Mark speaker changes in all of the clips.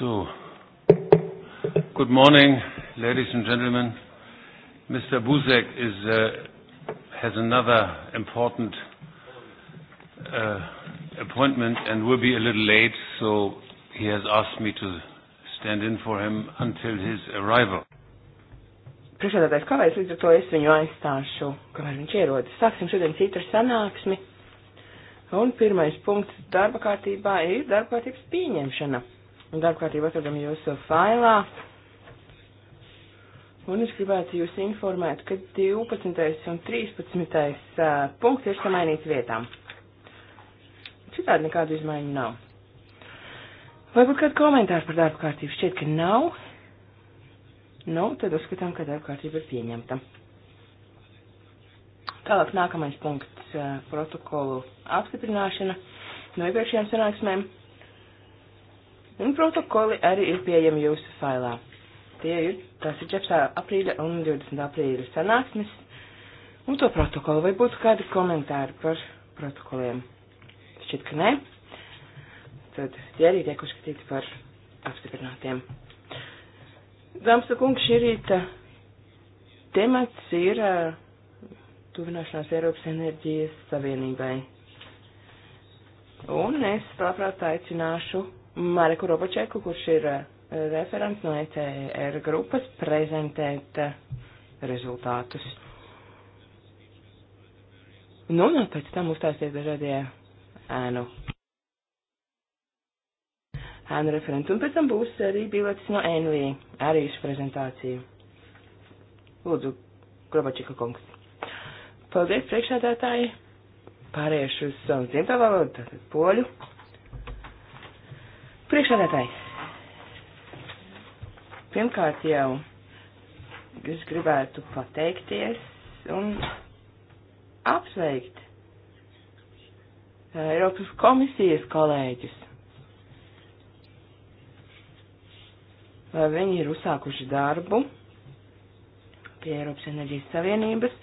Speaker 1: So, good morning, ladies and gentlemen. Mr. Buzek is, uh, has another important uh, appointment and will be a little late, so he has asked me to stand in for him until his arrival.
Speaker 2: Priekšādātais kavēs, līdz ar to es viņu aizstāšu, kamēr viņš ierodas. Sāksim šodien citu sanāksmi. Un pirmais punkts darba kārtībā ir darba kārtības pieņemšana darbkārtību atrodam jūsu failā. Un es gribētu jūs informēt, ka 12. un 13. punkts ir samainīts vietām. Citādi nekādu izmaiņu nav. Vai būtu kāds komentārs par darba kārtību? Šķiet, ka nav. Nu, tad uzskatām, ka darba kārtība ir pieņemta. Tālāk nākamais punkts - protokolu apstiprināšana no iepriekšējām sanāksmēm. Un protokoli arī ir pieejami jūsu failā. Tie ir, tas ir 4. aprīļa un 20. aprīļa sanāksmes. Un to protokolu vai būtu kādi komentāri par protokoliem? Šķiet, ka nē. Tad tie arī tiek uzskatīti par apstiprinātiem. Dāmas un kungi, šī rīta temats ir uh, tuvināšanās Eiropas enerģijas savienībai. Un es labprāt aicināšu Mareku Robočeku, kurš ir eh, referents no ECR grupas, prezentēt eh, rezultātus. Nu, un pēc tam uzstāsies dažādie ēnu. Ēnu referents. Un pēc tam būs arī bilets no Envī, arī uz prezentāciju. Lūdzu, Grobačika kungs. Paldies priekšādātāji. Pāriešu uz savu dzimtā valodu, tātad poļu. Priekšādātāji, pirmkārt jau es gribētu pateikties un apsveikt eh, Eiropas komisijas kolēģus. Viņi ir uzsākuši darbu pie Eiropas enerģijas savienības,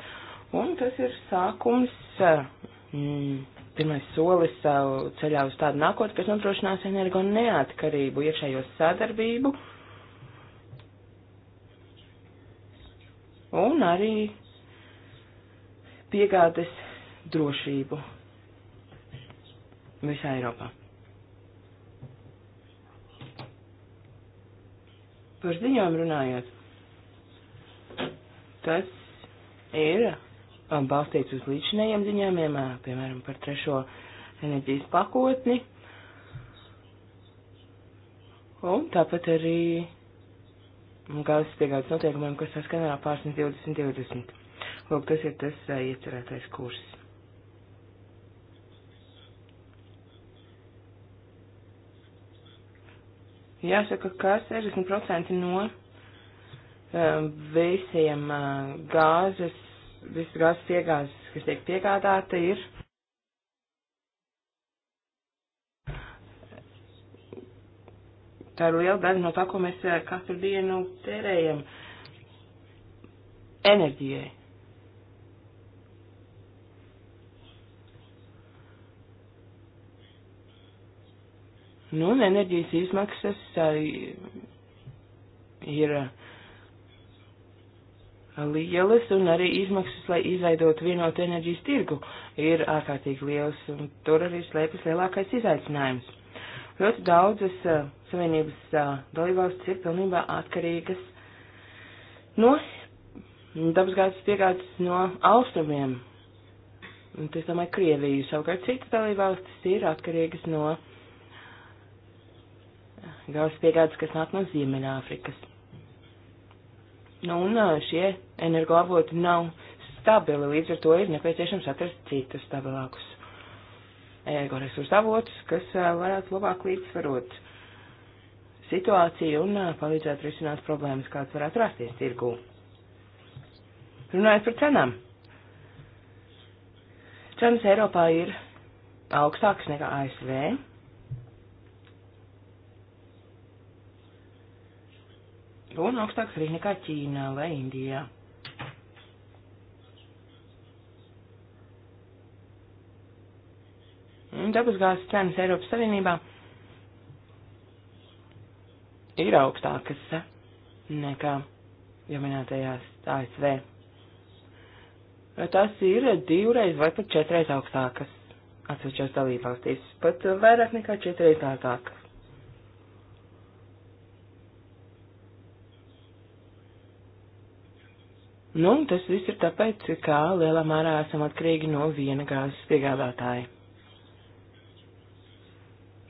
Speaker 2: un tas ir sākums mm, pirmais solis savu ceļā uz tādu nākotni, kas nodrošinās energo neatkarību, iekšējo sadarbību un arī piegādes drošību visā Eiropā. Par ziņām runājot, tas ir Um, balstīts uz līdzinējiem ziņojumiem, uh, piemēram, par trešo enerģijas pakotni. Un tāpat arī gāzes piegādes noteikumiem, kas saskanā ar pārsnes 2020. Lūk, tas ir tas uh, iecerētais kurs. Jāsaka, ka 60% no uh, visiem uh, gāzes visas gāzes piegāzes, kas tiek piegādāta, ir tā ir liela daļa no tā, ko mēs eh, katru dienu tērējam enerģijai. Nu, un enerģijas izmaksas eh, ir lielas un arī izmaksas, lai izveidot vienotu enerģijas tirgu, ir ārkārtīgi lielas un tur arī slēpjas lielākais izaicinājums. Ļoti daudzas uh, savienības uh, dalībvalstis ir pilnībā atkarīgas no dabasgādes piegādes no austrumiem. Un tas, domāju, Krieviju savukārt citas dalībvalstis ir atkarīgas no gāzes piegādes, kas nāk no Ziemeļāfrikas. Nu, un šie energoavoti nav stabili, līdz ar to ir nepieciešams atrast citus stabilākus energoresursu avotus, kas varētu labāk līdzsvarot situāciju un palīdzētu risināt problēmas, kādas varētu rasties tirgū. Runājot par cenām. Cenas Eiropā ir augstākas nekā ASV. Un augstākas arī nekā Ķīnā vai Indijā. dabasgāzes cenas Eiropas Savienībā ir augstākas nekā jau minētajās ASV. Tas ir divreiz vai pat četreiz augstākas atsevišķās dalībvalstīs, pat vairāk nekā četreiz dārgākas. Nu, tas viss ir tāpēc, ka lielā mērā esam atkarīgi no viena gāzes piegādātāja.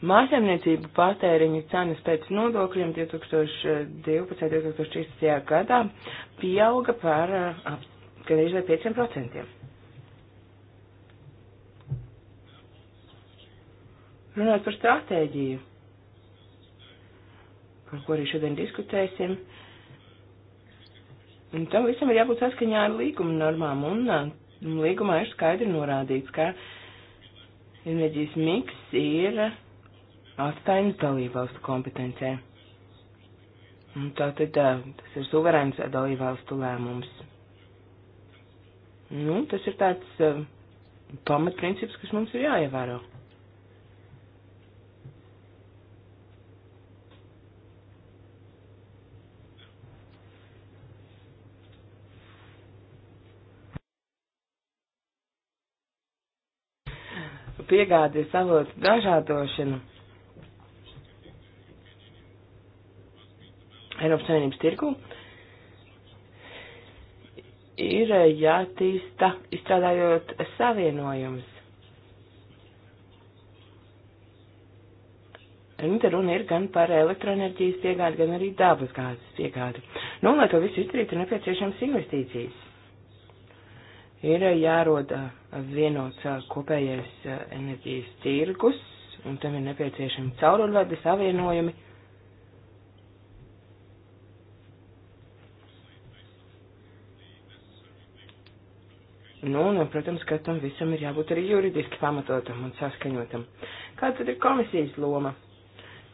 Speaker 2: Mājasemniecību patēriņa cenas pēc nodokļiem 2012.-2013. Eh, gadā pieauga par eh, gandrīz vai 5%. Runāt par stratēģiju, par ko arī šodien diskutēsim, un tam visam ir jābūt saskaņā ar līguma normām, un eh, līgumā ir skaidri norādīts, ka enerģijas miks ir atstājas dalībvalstu kompetencē. Un tātad tas ir suverēns dalībvalstu lēmums. Nu, tas ir tāds uh, pamatprincips, kas mums ir jāievēro. piegādes avotu dažādošanu Eiropas Savienības tirgu, ir eh, jātīsta izstrādājot savienojumus. Nu, te runa ir gan par elektroenerģijas piegādi, gan arī dabas gāzes piegādi. Nu, lai to visu izdarītu, ir nepieciešams investīcijas. Ir eh, jāroda vienots eh, kopējais enerģijas tirgus, un tam ir nepieciešami cauruļvadi savienojumi Nu, un, protams, ka tam visam ir jābūt arī juridiski pamatotam un saskaņotam. Kāda tad ir komisijas loma?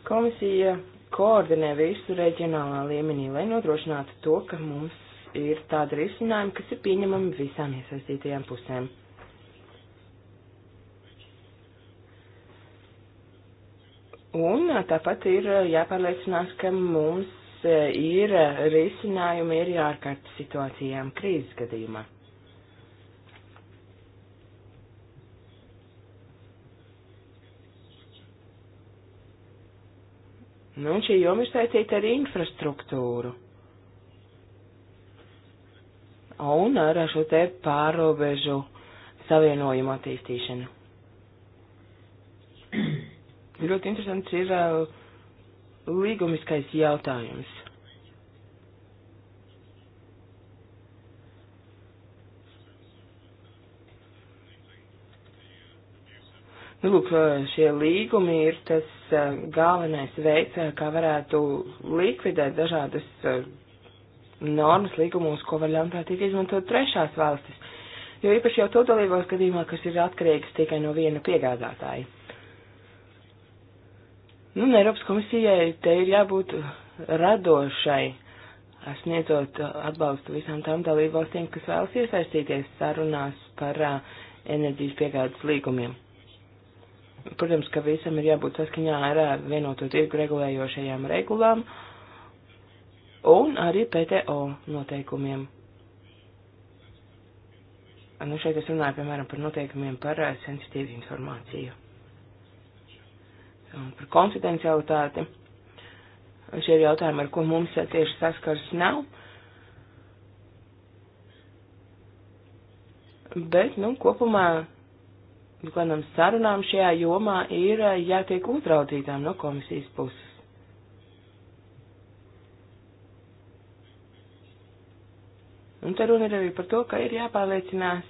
Speaker 2: Komisija koordinē visu reģionālā līmenī, lai nodrošinātu to, ka mums ir tāda risinājuma, kas ir pieņemama visām iesaistītajām pusēm. Un tāpat ir jāpārliecinās, ka mums eh, ir risinājumi arī ārkārtas situācijām krīzes gadījumā. Nu, un šī joma ir saistīta ar infrastruktūru. Un ar šo te pārobežu savienojumu attīstīšanu. Ļoti interesants ir uh, līgumiskais jautājums. Nu, lūk, eh, šie līgumi ir tas eh, galvenais veids, eh, kā varētu likvidēt dažādas normas līgumos, ko var ļaunprātīgi izmantot trešās valstis, jo īpaši jau to dalībās gadījumā, kas ir atkarīgs tikai no viena piegādātāja. Nu, un Eiropas komisijai te ir jābūt radošai, sniedzot atbalstu visām tām dalībvalstīm, kas vēlas iesaistīties sarunās par enerģijas piegādes līgumiem. Protams, ka visam ir jābūt saskaņā ar vienoto tirgu regulējošajām regulām un arī PTO noteikumiem. Nu, šeit es runāju, piemēram, par noteikumiem par sensitīvu informāciju un par konfidencialitāti. Šie ir jautājumi, ar ko mums tieši saskars nav. Bet, nu, kopumā kādām sarunām šajā jomā ir eh, jātiek uzraudzītām no komisijas puses. Un te runa ir arī par to, ka ir jāpārliecinās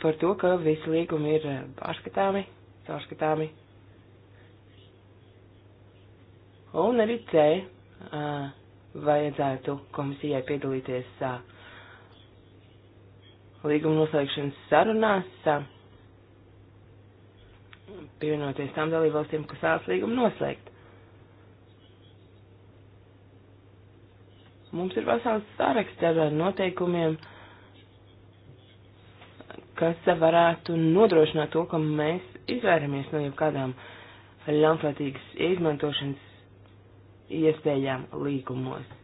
Speaker 2: par to, ka visi līgumi ir eh, pārskatāmi, caurskatāmi. Un arī C eh, vajadzētu komisijai piedalīties uh, līguma noslēgšanas sarunās pievienoties tām dalībvalstīm, kas vēlas līgumu noslēgt. Mums ir vesels saraksts ar noteikumiem, kas varētu nodrošināt to, ka mēs izvēramies no jau kādām ļaunprātīgas izmantošanas iespējām līgumos.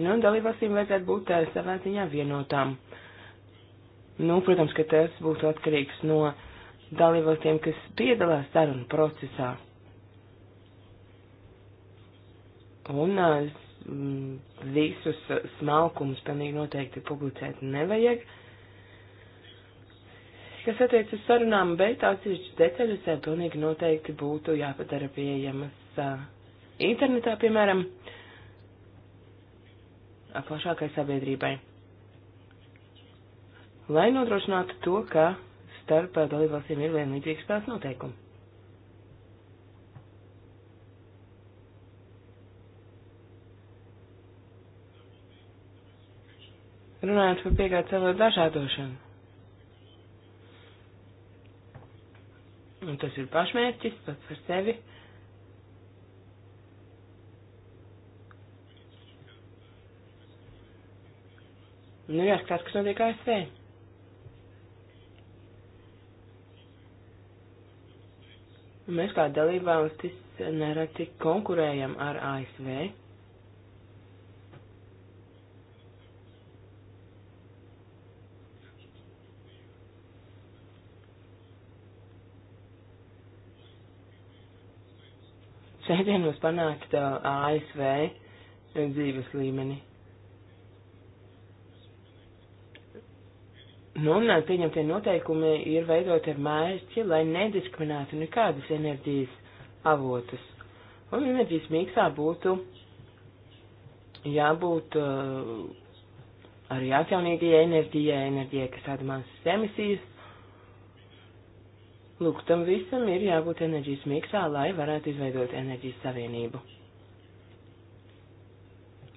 Speaker 2: Nu, dalībvalstīm vajadzētu būt eh, savā ziņā vienotām. Nu, protams, ka tas būtu atkarīgs no dalībvalstīm, kas piedalās sarunu procesā. Un uh, visus smalkumus pilnīgi noteikti publicēt nevajag. Kas attiec uz sarunām, bet atsevišķas detaļas eh, pilnīgi noteikti būtu jāpadara pieejamas uh, internetā, piemēram. Uh, plašākai sabiedrībai. Lai nodrošinātu to, ka starp dalībvalstīm ir vienlīdzīgs spēles noteikumi. Runājot par piegādes avotu dažādošanu. Un tas ir pašmērķis pats par sevi. Uh, Nu, jāskatās, kas notiek ASV. Mēs kā dalībvalstis nereti konkurējam ar ASV. Sēdienos panākt uh, ASV dzīves līmeni. Nu, un pieņemtie noteikumi ir veidot ar mērķi, lai nediskriminātu nekādus enerģijas avotus. Un enerģijas mīksā būtu jābūt uh, arī atjaunīgajai enerģijai, enerģijai, kas atmazas emisijas. Lūk, tam visam ir jābūt enerģijas mīksā, lai varētu izveidot enerģijas savienību.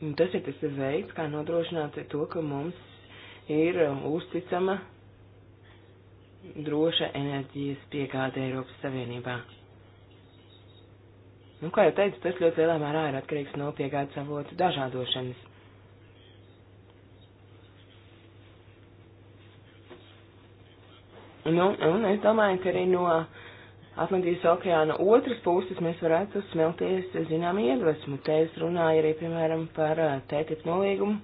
Speaker 2: Un tas ir tas veids, kā nodrošināt to, ka mums ir um, uzticama droša enerģijas piegāde Eiropas Savienībā. Nu, kā jau teicu, tas ļoti lielā mērā ir atkarīgs no piegādes avotu dažādošanas. Nu, un es domāju, ka arī no Atlantijas okeāna otras puses mēs varētu smelties zinām iedvesmu. Te es runāju arī, piemēram, par uh, tētip nolīgumu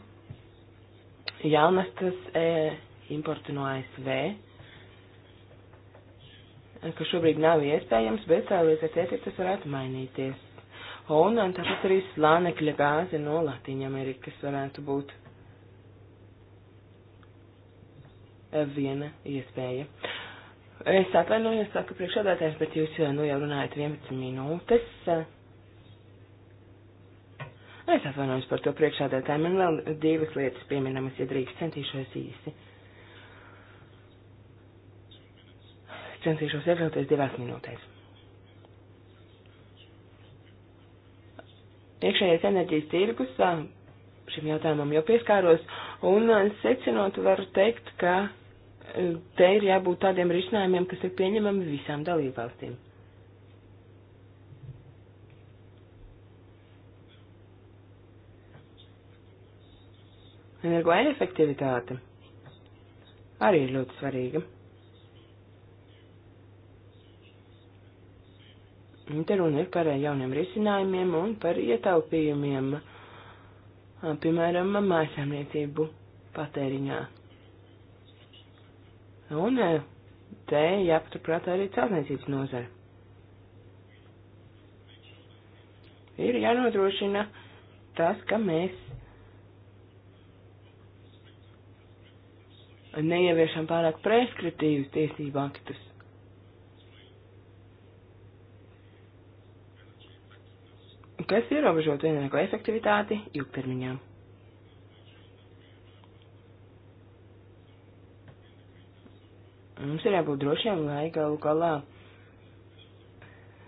Speaker 2: jaunastas e, importu no ASV, kas šobrīd nav iespējams, bet līdz ar tiecību tas varētu mainīties. Un, un tāpat arī slānekļa gāze no Latīņamerikas varētu būt viena iespēja. Es atvainojos, saka priekšādātājs, bet jūs jau, nu, jau runājat 11 minūtes. Uh, Es atvainojos par to priekšādētāju. Man vēl divas lietas pieminamas, ja drīkst centīšos īsi. Centīšos iekļauties divās minūtēs. Iekšējais enerģijas tirgus šim jautājumam jau pieskāros, un secinot varu teikt, ka te ir jābūt tādiem risinājumiem, kas ir pieņemami visām dalībvalstīm. Energoefektivitāte arī ir ļoti svarīga. Un te runa ir par jauniem risinājumiem un par ietaupījumiem, piemēram, mājasēmniecību patēriņā. Un te jāpaturprāt arī celtniecības nozara. Ir jānodrošina tas, ka mēs neieviešam pārāk preskriptīvus tiesību aktus. kas ierobežot vienīgo efektivitāti ilgtermiņā. Mums ir jābūt drošiem, lai galu galā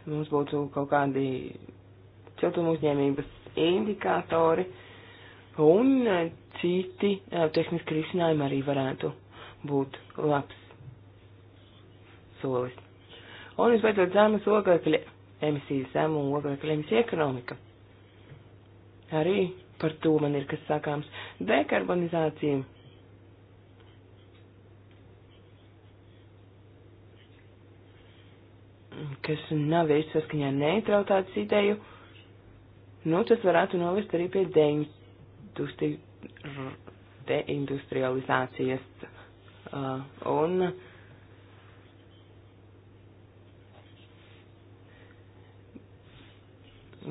Speaker 2: mums būtu kaut kādi ciltuma uzņēmības indikātori un eh, citi eh, tehniski risinājumi arī varētu būtu labs solis. Un visbeidzot zemes oglekļa emisijas, zemu oglekļa emisija ekonomika. Arī par to man ir kas sakāms. Dekarbonizācija. kas nav vērsts saskaņā neutralitātes ideju, nu, tas varētu novest arī pie deindustrializācijas. De Uh, un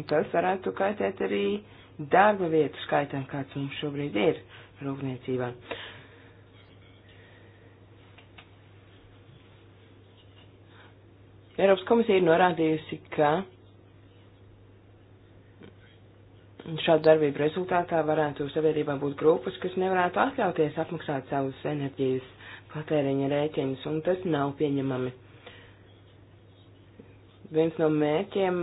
Speaker 2: tas varētu kaitēt arī darba vietu skaitam, kāds mums šobrīd ir rūpniecībā. Eiropas komisija ir norādījusi, ka šādu darbību rezultātā varētu sabiedrībā būt grupas, kas nevarētu atļauties apmaksāt savus enerģijas patēriņa rēķinus, un tas nav pieņemami. Viens no mērķiem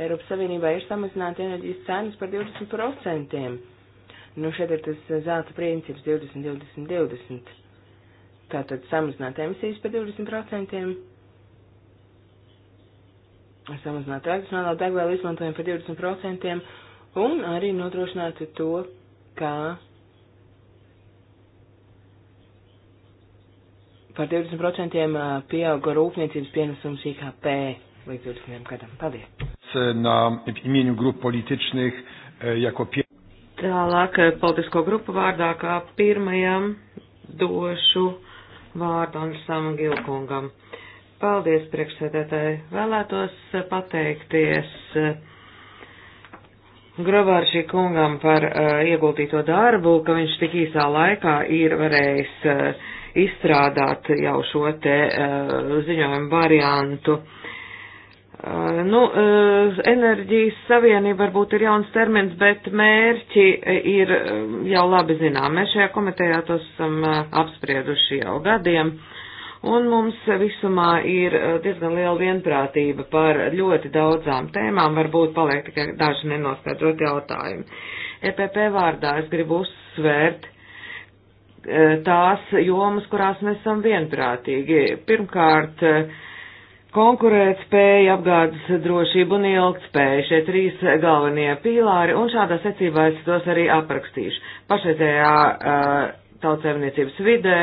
Speaker 2: Eiropas Savienībā ir samazināt enerģijas cenas par 20%. Nu, šeit ir tas zelta princips 20, 20, 20. Tātad samazināt emisijas par 20%, samazināt tradicionālā degvielu izmantojumu par 20% un arī nodrošināt to, ka par 20% pieauga rūpniecības pienesums IKP līdz 20 gadam. Paldies.
Speaker 1: Na imieniu grup političnih e, jako pie... Tālāk e,
Speaker 3: politisko grupu vārdā kā pirmajam došu vārdu Andrisam Gilkungam. Paldies, priekšsēdētāji. Vēlētos e, pateikties Gravāršī kungam par uh, ieguldīto darbu, ka viņš tik īsā laikā ir varējis uh, izstrādāt jau šo te uh, ziņojumu variantu. Uh, nu, uh, enerģijas savienība varbūt ir jauns termins, bet mērķi ir jau labi zinām. Mēs šajā komitejā tos esam apsprieduši jau gadiem, un mums visumā ir diezgan liela vienprātība par ļoti daudzām tēmām, varbūt paliek tikai daži nenoskaidrot jautājumi. EPP vārdā es gribu uzsvērt, E, tās jomas, kurās mēs esam vienprātīgi. Pirmkārt, e, konkurēt spēja, apgādes drošība un ilgtspēja. Šie trīs galvenie pīlāri, un šādā secībā es tos arī aprakstīšu. Pašreizējā uh, tautsēmniecības vidē,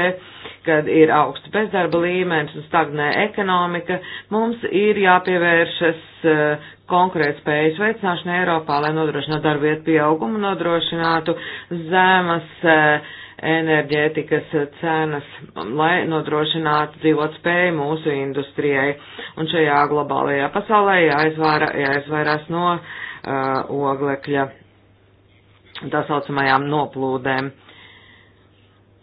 Speaker 3: kad ir augsts bezdarba līmenis un stagnē ekonomika, mums ir jāpievēršas uh, konkurētspējas veicināšanai Eiropā, lai nodrošinātu darbvietu pieaugumu, nodrošinātu zemas uh, enerģētikas cenas, lai nodrošinātu dzīvot spēju mūsu industrijai. Un šajā globālajā pasaulē jāizvairā, jāizvairās no uh, oglekļa tā saucamajām noplūdēm.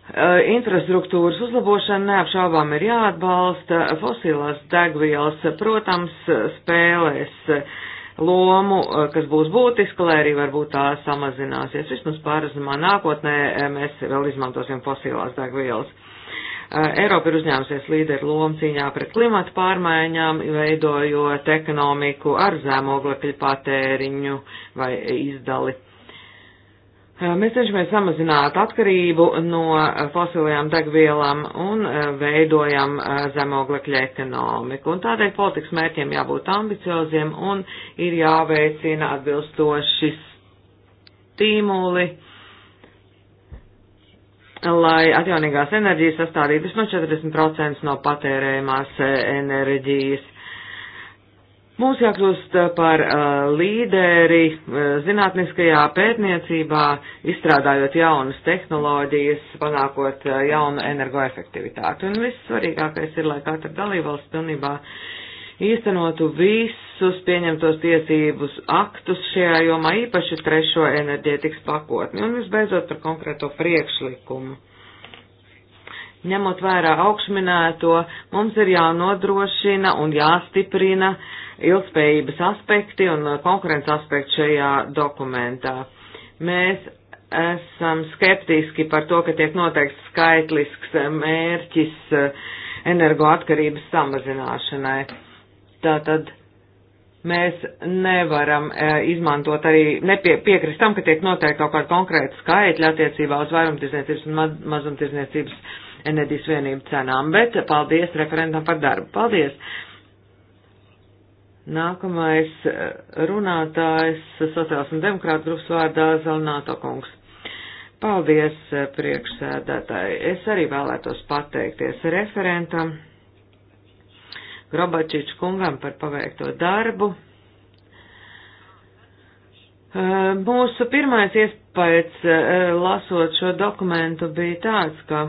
Speaker 3: Uh, infrastruktūras uzlabošana neapšaubām ir jāatbalsta, fosilās degvielas, protams, spēlēs uh, lomu, eh, kas būs būtiska, lai arī varbūt tā samazināsies. Vismaz pārzumā nākotnē eh, mēs vēl izmantosim fosilās degvielas. Eh, Eiropa ir uzņēmusies līderu lomu cīņā pret klimatu pārmaiņām, veidojot ekonomiku ar zemoglikļu patēriņu vai izdali Eh, mēs cenšamies samazināt atkarību no eh, fosilajām degvielām un eh, veidojam zemoglekļa ekonomiku. Un tādēļ politikas mērķiem jābūt ambicioziem un ir jāveicina atbilstoši stimuli, lai atjaunīgās enerģijas sastādītu vismaz 40% no patērējumās enerģijas Mums jākļūst eh, par uh, līderi uh, zinātniskajā pētniecībā, izstrādājot jaunas tehnoloģijas, panākot uh, jaunu energoefektivitāti. Un vissvarīgākais ir, lai katra dalībvalsts pilnībā īstenotu visus pieņemtos tiesības aktus šajā jomā, īpaši trešo enerģētikas pakotni. Un visbeidzot par konkrēto priekšlikumu. Ņemot vērā augšminēto, mums ir jānodrošina un jāstiprina uh, ilgspējības aspekti un uh, konkurences aspekti šajā dokumentā. Mēs esam skeptiski par to, ka tiek noteikts skaitlisks mērķis uh, energoatkarības samazināšanai. Tātad mēs nevaram uh, izmantot arī, nepiekrist nepie, tam, ka tiek noteikti kaut kāda konkrēta skaitļa attiecībā uz vairumtirdzniecības un maz, mazumtirdzniecības enerģijas vienību cenām, bet paldies referentam par darbu. Paldies! Nākamais eh, runātājs sociāls un demokrāta grupas vārdā Zalnāto kungs. Paldies, eh, priekšsēdētāji. Es arī vēlētos pateikties referentam Grobačiču kungam par paveikto darbu. Eh, mūsu pirmais iespējas lasot šo dokumentu bija tāds, ka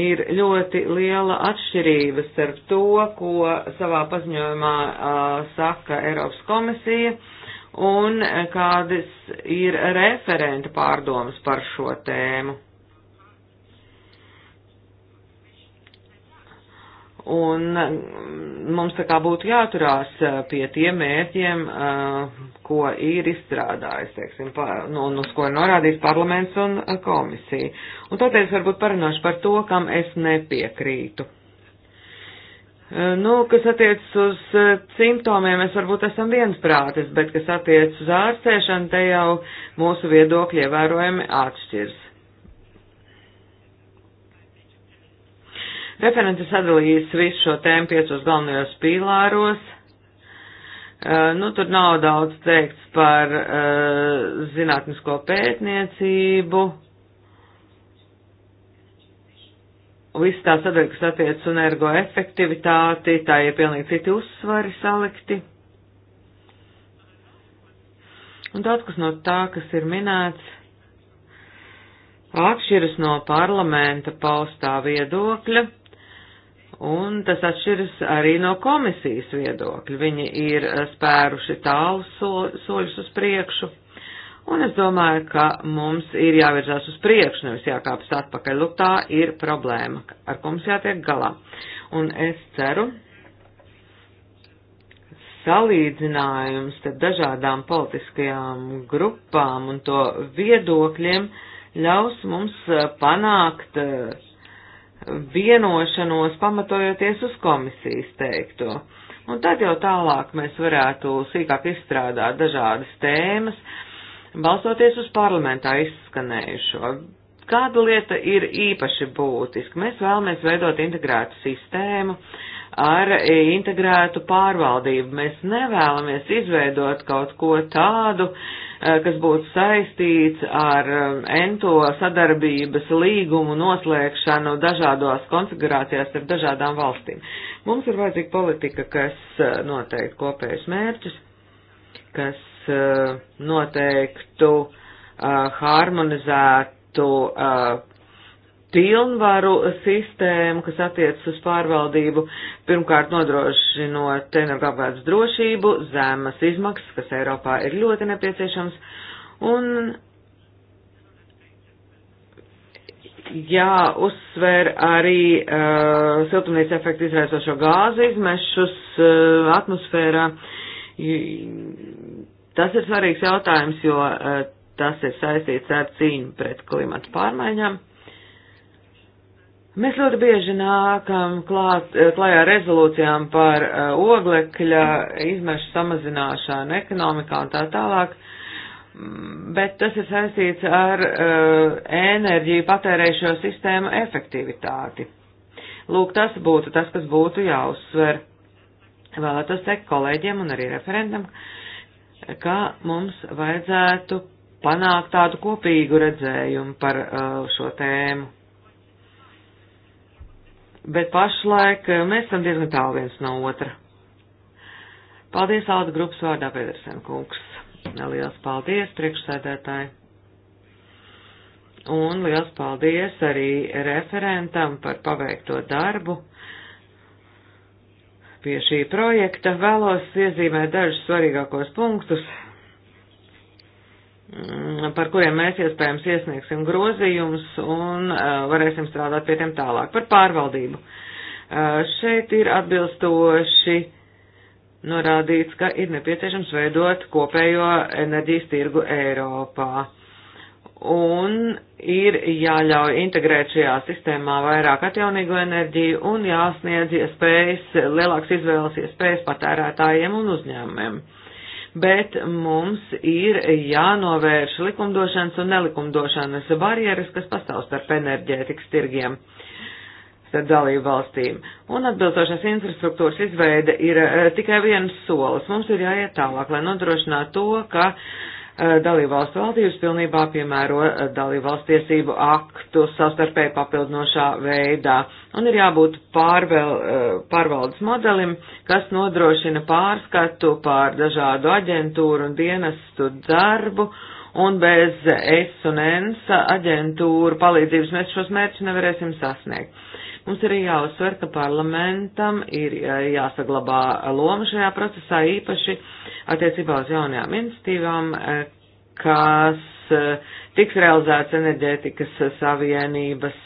Speaker 3: ir ļoti liela atšķirība starp to, ko savā paziņojumā uh, saka Eiropas komisija un kādas ir referenta pārdomas par šo tēmu. Un mm, mums tā kā būtu jāturās eh, pie tiem mērķiem, eh, ko ir izstrādājis, teiksim, nu, un uz ko ir norādījis parlaments un eh, komisija. Un tāpēc varbūt parunāšu par to, kam es nepiekrītu. Nu, kas attiecas uz simptomiem, mēs varbūt esam viensprātis, bet kas attiecas uz ārstēšanu, te jau mūsu viedokļi ievērojami atšķirs. Referents ir sadalījis visu šo tēmu piecos galvenajos pīlāros. Uh, nu, tur nav daudz teikts par uh, zinātnisko pētniecību. Viss tā sadaļa, kas attiec un ergoefektivitāti, tā ir pilnīgi citi uzsvari salikti. Un daudz kas no tā, kas ir minēts, atšķiras no parlamenta paustā viedokļa Un tas atšķiras arī no komisijas viedokļa. Viņi ir eh, spēruši tālu so, soļus uz priekšu. Un es domāju, ka mums ir jāvirzās uz priekšu, nevis jākāpjas atpakaļ. Lūk, tā ir problēma, ar ko mums jātiek galā. Un es ceru, salīdzinājums starp dažādām politiskajām grupām un to viedokļiem ļaus mums eh, panākt uh, vienošanos pamatojoties uz komisijas teikto. Un tad jau tālāk mēs varētu sīkāk izstrādāt dažādas tēmas, balstoties uz parlamentā izskanējušo. Kāda lieta ir īpaši būtiska? Mēs vēlamies veidot integrētu sistēmu ar integrētu pārvaldību. Mēs nevēlamies izveidot kaut ko tādu, uh, Eh, kas būtu saistīts ar eh, ENTO sadarbības līgumu noslēgšanu dažādās konfigurācijās ar dažādām valstīm. Mums ir vajadzīga politika, kas eh, noteikti kopējus mērķus, kas noteiktu harmonizētu pilnvaru sistēmu, kas attiecas uz pārvaldību, pirmkārt nodrošinot energoapgādes drošību, zemes izmaksas, kas Eiropā ir ļoti nepieciešams, un jāuzsver arī uh, siltumnīca efektu izraisošo gāzu izmešus uh, atmosfērā. Tas ir svarīgs jautājums, jo uh, tas ir saistīts ar cīņu pret klimatu pārmaiņām. Mēs ļoti bieži nākam klāt, eh, klājā rezolūcijām par eh, oglekļa izmešu samazināšanu ekonomikā un tā tālāk, mm, bet tas ir saistīts ar uh, enerģiju patērējušo sistēmu efektivitāti. Lūk, tas būtu tas, kas būtu jāuzsver. Vēlētos teikt kolēģiem un arī referentam, ka mums vajadzētu panākt tādu kopīgu redzējumu par uh, šo tēmu bet pašlaik eh, mēs esam diezgan tālu viens no otra. Paldies, Alda grupas vārdā, Pedersen kungs. Liels paldies, priekšsēdētāji. Un liels paldies arī referentam par paveikto darbu. Pie šī projekta vēlos iezīmēt dažus svarīgākos punktus, Mm, par kuriem mēs iespējams iesniegsim grozījumus un uh, varēsim strādāt pie tiem tālāk. Par pārvaldību. Uh, šeit ir atbilstoši norādīts, ka ir nepieciešams veidot kopējo enerģijas tirgu Eiropā. Un ir jāļauj integrēt šajā sistēmā vairāk atjaunīgo enerģiju un jāsniedz iespējas, lielāks izvēles iespējas patērētājiem un uzņēmumiem. Uh, bet mums ir jānovērš likumdošanas un nelikumdošanas barjeras, kas pastāv starp enerģētikas tirgiem starp dalību valstīm. Un atbilstošās infrastruktūras izveide ir eh, tikai viens solis. Mums ir jāiet tālāk, lai nodrošinātu to, ka uh, Eh, dalībvalstu valdības pilnībā piemēro eh, dalībvalstu tiesību aktu sastarpēji papildinošā veidā, un ir jābūt pārvel, eh, pārvaldes modelim, kas nodrošina pārskatu pār dažādu aģentūru un dienestu darbu, un bez S un ENS aģentūru palīdzības mēs šos mērķus nevarēsim sasniegt. Mums arī jāuzsver, ka parlamentam ir e, jāsaglabā loma šajā procesā īpaši attiecībā uz jaunajām institīvām, e, kas e, tiks realizēts enerģētikas savienības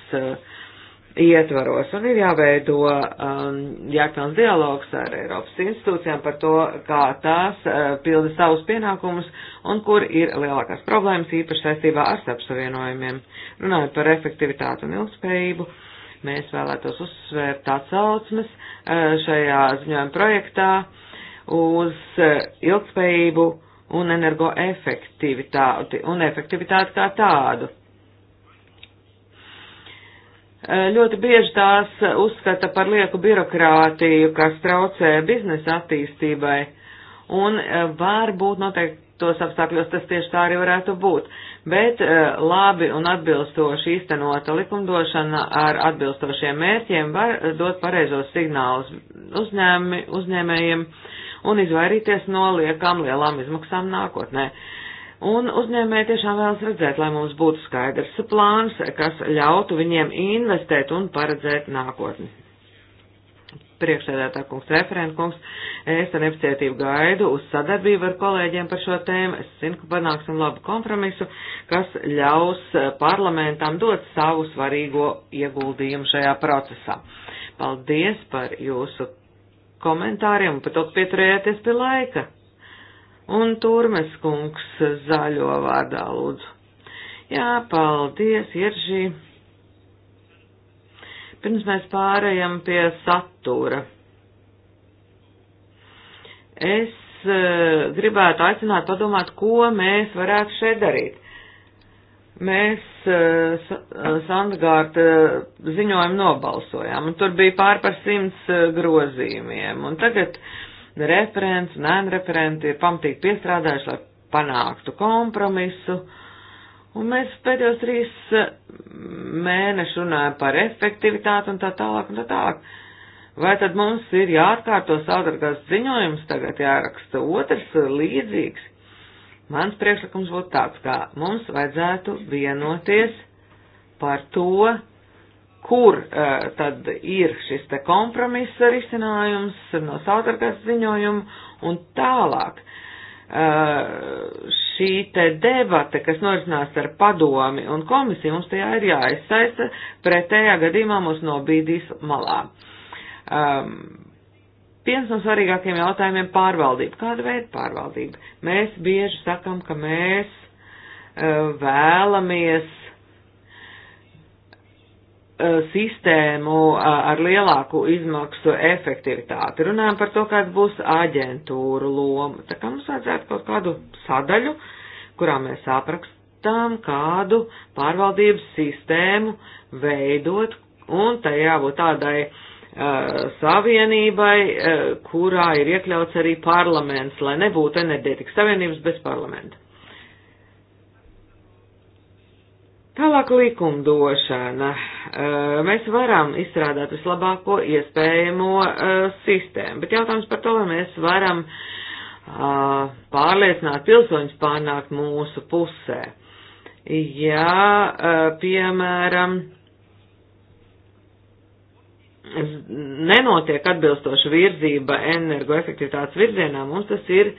Speaker 3: ietvaros un ir jāveido um, jāktāns dialogs ar Eiropas institūcijām par to, kā tās uh, pilda savus pienākumus un kur ir lielākās problēmas īpaši saistībā ar starpsavienojumiem. Runājot par efektivitātu un ilgspējību, uh, Mēs vēlētos uzsvērt atsaucmes eh, šajā ziņojuma projektā uz eh, ilgspējību un energoefektivitāti un efektivitāti kā tādu. Eh, ļoti bieži tās uzskata par lieku birokrātiju, kas traucē biznesa attīstībai, un var būt noteikti tos apstākļos tas tieši tā arī varētu būt. Bet eh, labi un atbilstoši īstenota likumdošana ar atbilstošiem mērķiem var dot pareizos signālus uzņēmi, uzņēmējiem un izvairīties no liekām lielām izmaksām nākotnē. Un uzņēmēji tiešām vēlas redzēt, lai mums būtu skaidrs plāns, kas ļautu viņiem investēt un paredzēt nākotni priekšsēdētā kungs, referenta kungs. Es ar nepacietību gaidu uz sadarbību ar kolēģiem par šo tēmu. Es zinu, ka panāksim labu kompromisu, kas ļaus parlamentam dot savu svarīgo ieguldījumu šajā procesā. Paldies par jūsu komentāriem un par to, ka pieturējāties pie laika. Un Turmes kungs zaļo vārdā lūdzu. Jā, paldies, Iržī. Pirms mēs pārējām pie satura. Es uh, gribētu aicināt padomāt, ko mēs varētu šeit darīt. Mēs uh, Sandgārta uh, ziņojumu nobalsojām, un tur bija pār par simts grozījumiem, un tagad referents un ēnreferenti ir pamatīgi piestrādājuši, lai panāktu kompromisu. Uh, Un mēs pēdējos trīs eh, mēnešus runājam par efektivitāti un tā tālāk un tā tālāk. Vai tad mums ir jāatkārto saudargās ziņojums, tagad jāraksta otrs eh, līdzīgs? Mans priekšlikums būtu tāds, ka mums vajadzētu vienoties par to, kur uh, tad ir šis te kompromisa risinājums no saudargās ziņojuma un tālāk. Uh, Eh, šī te debate, kas norisinās ar padomi un komisiju, mums tajā ir jāizsaista, pretējā gadījumā mūs nobīdīs malā. Um, viens no svarīgākiem jautājumiem - pārvaldība. Kāda veida pārvaldība? Mēs bieži sakam, ka mēs uh, vēlamies Uh, sistēmu uh, ar lielāku izmaksu efektivitāti. Runājam par to, kāda būs aģentūra loma. Tā kā mums vajadzētu kaut kādu sadaļu, kurā mēs aprakstām, kādu pārvaldības sistēmu veidot, un tajā būtu tādai uh, savienībai, uh, kurā ir iekļauts arī parlaments, lai nebūtu enerģētikas savienības bez parlamenta. Tālāk likumdošana. Eh, mēs varam izstrādāt vislabāko iespējamo eh, sistēmu, bet jautājums par to, vai mēs varam eh, pārliecināt pilsoņus pārnākt mūsu pusē. Ja, piemēram, nenotiek atbilstoša virzība energoefektivitātes virzienā, mums tas ir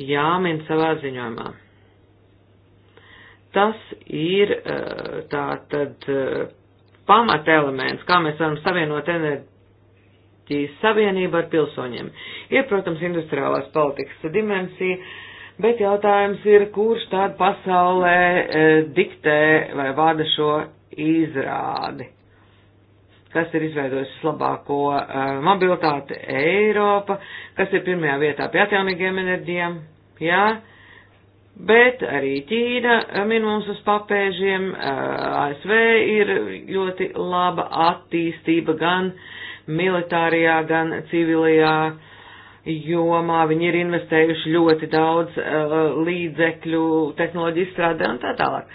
Speaker 3: jāmin savā ziņojumā. Tas ir eh, tā tad eh, pamatelements, kā mēs varam savienot enerģijas savienību ar pilsoņiem. Ir, protams, industriālās politikas dimensija, bet jautājums ir, kurš tād pasaulē eh, diktē vai vada šo izrādi kas ir izveidojis vislabāko uh, mobilitāti Eiropa, kas ir pirmajā vietā pie atjaunīgiem enerģijām, jā, ja? bet arī Ķīna min mums uz papēžiem, ASV ir ļoti laba attīstība gan militārajā, gan civilajā jomā. Viņi ir investējuši ļoti daudz līdzekļu, tehnoloģiju strādē un tā tālāk.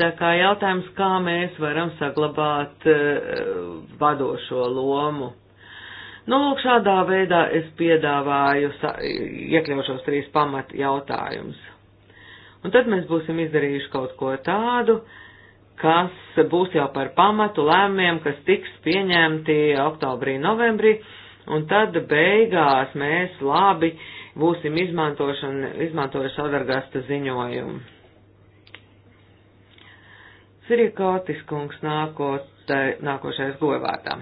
Speaker 3: Tā kā jautājums, kā mēs varam saglabāt vadošo lomu. Nu, lūk, šādā veidā es piedāvāju, iekļaušos trīs pamat jautājumus. Un tad mēs būsim izdarījuši kaut ko tādu, kas būs jau par pamatu lēmumiem, kas tiks pieņemti oktobrī, novembrī, un tad beigās mēs labi būsim izmantojuši adargasta ziņojumu. Sirikātis kungs nākotē, nākošais govātā.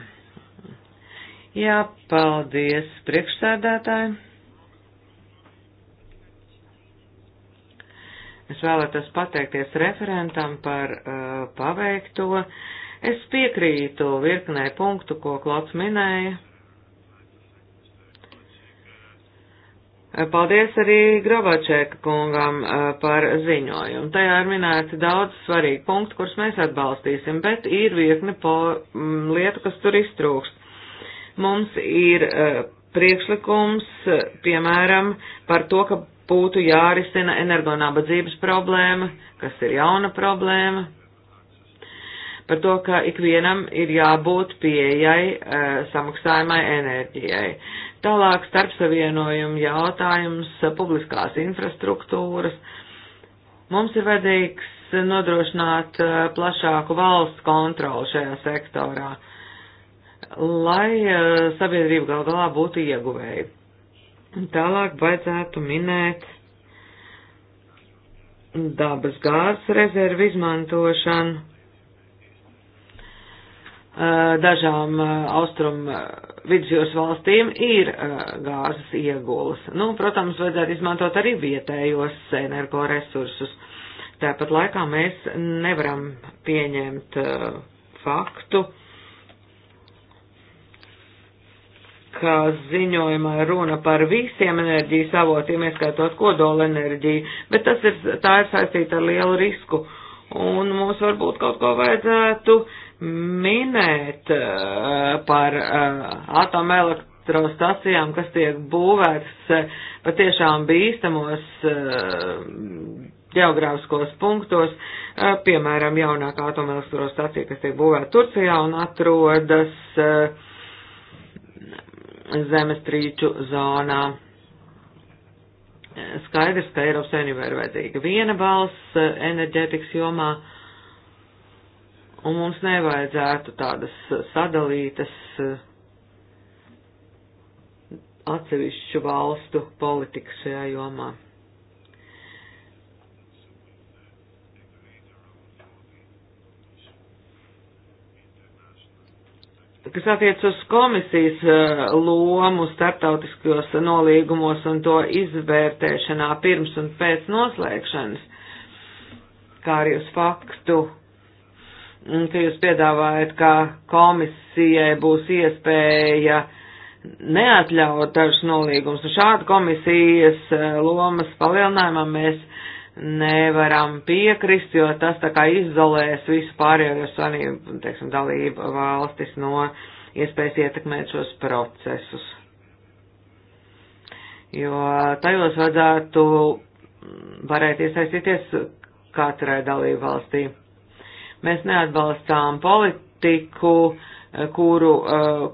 Speaker 3: Jā, paldies priekšsēdētāji. Es vēlētos pateikties referentam par uh, paveikto. Es piekrītu virknē punktu, ko Klots minēja. Paldies arī Gravačēka kungam uh, par ziņojumu. Tajā ir minēti daudz svarīgi punkti, kurus mēs atbalstīsim, bet ir virkne mm, lietu, kas tur iztrūkst. Mums ir uh, priekšlikums, uh, piemēram, par to, ka būtu jārisina energonabadzības problēma, kas ir jauna problēma, par to, ka ikvienam ir jābūt pieejai e, samaksājumai enerģijai. Tālāk starpsavienojumu jautājums eh, publiskās infrastruktūras. Mums ir vajadzīgs nodrošināt eh, plašāku valsts kontroli šajā sektorā, lai sabiedrība gal galā būtu ieguvēja. Tālāk vajadzētu minēt dabas gāzes rezervu izmantošanu dažām austrum vidusjūras valstīm ir gāzes iegulas. Nu, protams, vajadzētu izmantot arī vietējos energoresursus. Tāpat laikā mēs nevaram pieņemt faktu, uh, ka ziņojumā runa par visiem enerģijas avotiem, ieskaitot kodola enerģiju, bet tas ir, tā ir saistīta ar lielu risku. Un mums varbūt kaut ko vajadzētu minēt uh, par uh, atomelektrostacijām, kas tiek būvētas uh, patiešām bīstamos geogrāfiskos punktos, piemēram, jaunākā atomelektrostacija, kas tiek būvēta Turcijā un atrodas uh, zemestrīču zonā. Skaidrs, ka Eiropas Savienībā ir vajadzīga viena balss eh, enerģētikas jomā, un mums nevajadzētu tādas sadalītas eh, atsevišķu valstu politikas šajā jomā. Kas attiec uz komisijas eh, lomu starptautiskos nolīgumos un to izvērtēšanā pirms un pēc noslēgšanas, kā arī uz faktu, ka jūs piedāvājat, ka komisijai būs iespēja neatļaut dažus nolīgumus. Šādu komisijas eh, lomas palielinājumam mēs nevaram piekrist, jo tas tā kā izolēs visu pārējo savienību, teiksim, dalību valstis no iespējas ietekmēt šos procesus. Jo tajos vajadzētu varēt iesaistīties katrai dalību valstī. Mēs neatbalstām politiku, kuru,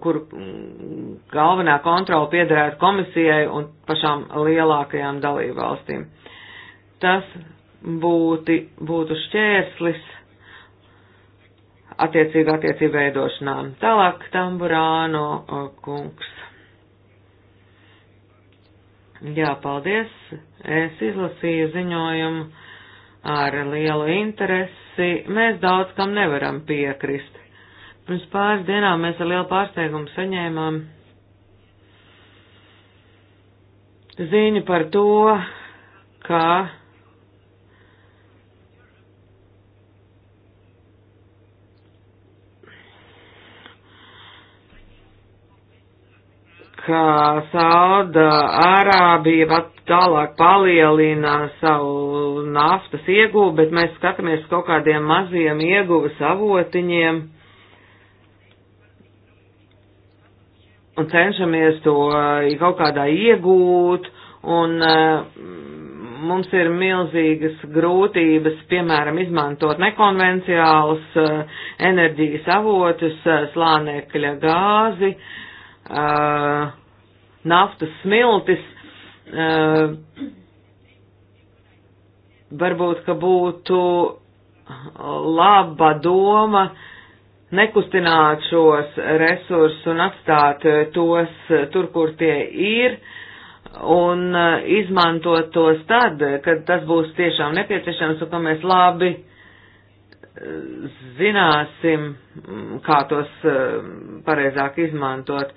Speaker 3: kuru galvenā kontrola piederētu komisijai un pašām lielākajām dalību valstīm tas būti, būtu šķērslis attiecīgā attiecība veidošanā. Tālāk Tamburāno kungs. Jā, paldies. Es izlasīju ziņojumu ar lielu interesi. Mēs daudz kam nevaram piekrist. Pirms pāris dienām mēs ar lielu pārsteigumu saņēmām ziņu par to, ka ka Sauda Arābija pat tālāk palielina savu naftas ieguvu, bet mēs skatāmies kaut kādiem maziem ieguvas avotiņiem un cenšamies to kaut kādā iegūt, un eh, mums ir milzīgas grūtības, piemēram, izmantot nekonvenciālus eh, enerģijas avotus, eh, slānekļa gāzi, uh, uh, naftas smiltis, uh, varbūt, ka būtu laba doma nekustināt šos resursus un atstāt uh, tos uh, tur, kur tie ir, un uh, izmantot tos tad, kad tas būs tiešām nepieciešams un ka mēs labi zināsim, mm, kā tos pareizāk izmantot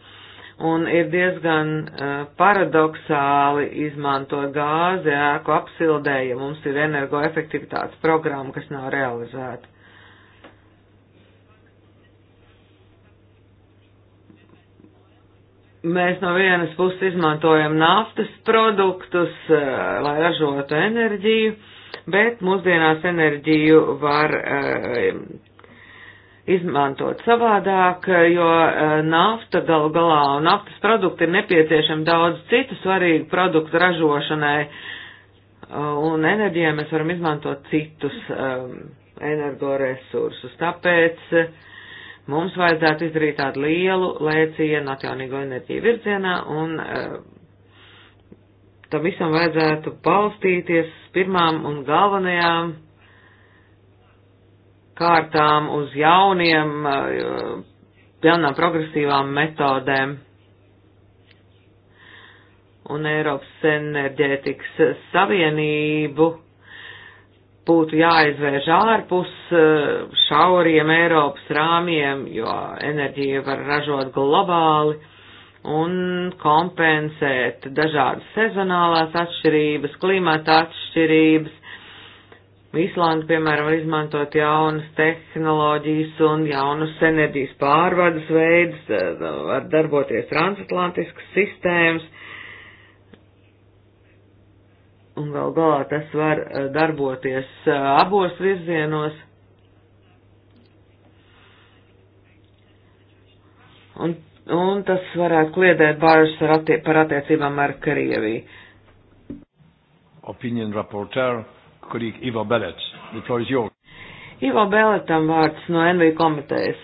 Speaker 3: un ir diezgan uh, paradoxāli izmantot gāzi ēku apsildē, ja mums ir energoefektivitātes programma, kas nav realizēta. Mēs no vienas puses izmantojam naftas produktus, uh, lai ražotu enerģiju, bet mūsdienās enerģiju var uh, izmantot savādāk, jo eh, nafta galu galā un naftas produkti ir nepieciešami daudz citu svarīgu produktu ražošanai, eh, un enerģijai mēs varam izmantot citus um, energoresursus. Tāpēc mums vajadzētu izdarīt tādu lielu lēcienu atjaunīgo enerģiju virzienā, un um, tam visam vajadzētu balstīties pirmām un galvenajām kārtām, uz jauniem, eh, jaunām progresīvām metodēm. Un Eiropas enerģētikas savienību būtu jāizvērš ārpus eh, šauriem Eiropas rāmjiem, jo enerģija var ražot globāli un kompensēt dažādas sezonālās atšķirības, klimata atšķirības, Īslanda, piemēram, var izmantot jaunas tehnoloģijas un jaunus enerģijas pārvades veidus, eh, var darboties transatlantiskas sistēmas, un gal galā tas var eh, darboties eh, abos virzienos. Un, un tas varētu kliedēt bāžas par, attie par attiecībām ar Krieviju.
Speaker 1: Opinion rapporteur colleague Ivo
Speaker 3: Bellet. The floor is yours. Ivo Belletam vārds no NV komitejas.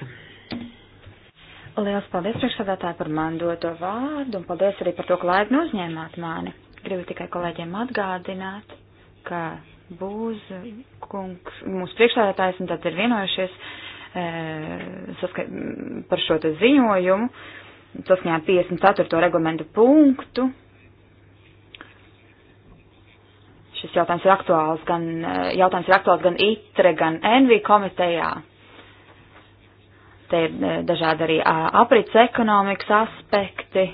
Speaker 1: Liels paldies priekšsādātāji par man doto vārdu un paldies arī par to, ka laipni uzņēmāt mani. Gribu tikai kolēģiem atgādināt, ka būs kungs, mūsu priekšsādātājs un tad ir vienojušies e, saska, par šo te ziņojumu saskaņā 54. reglamentu punktu šis jautājums ir aktuāls gan, eh, jautājums ir aktuāls gan ITRE, gan ENVI komitejā. Te ir eh, dažādi arī aprits ekonomikas aspekti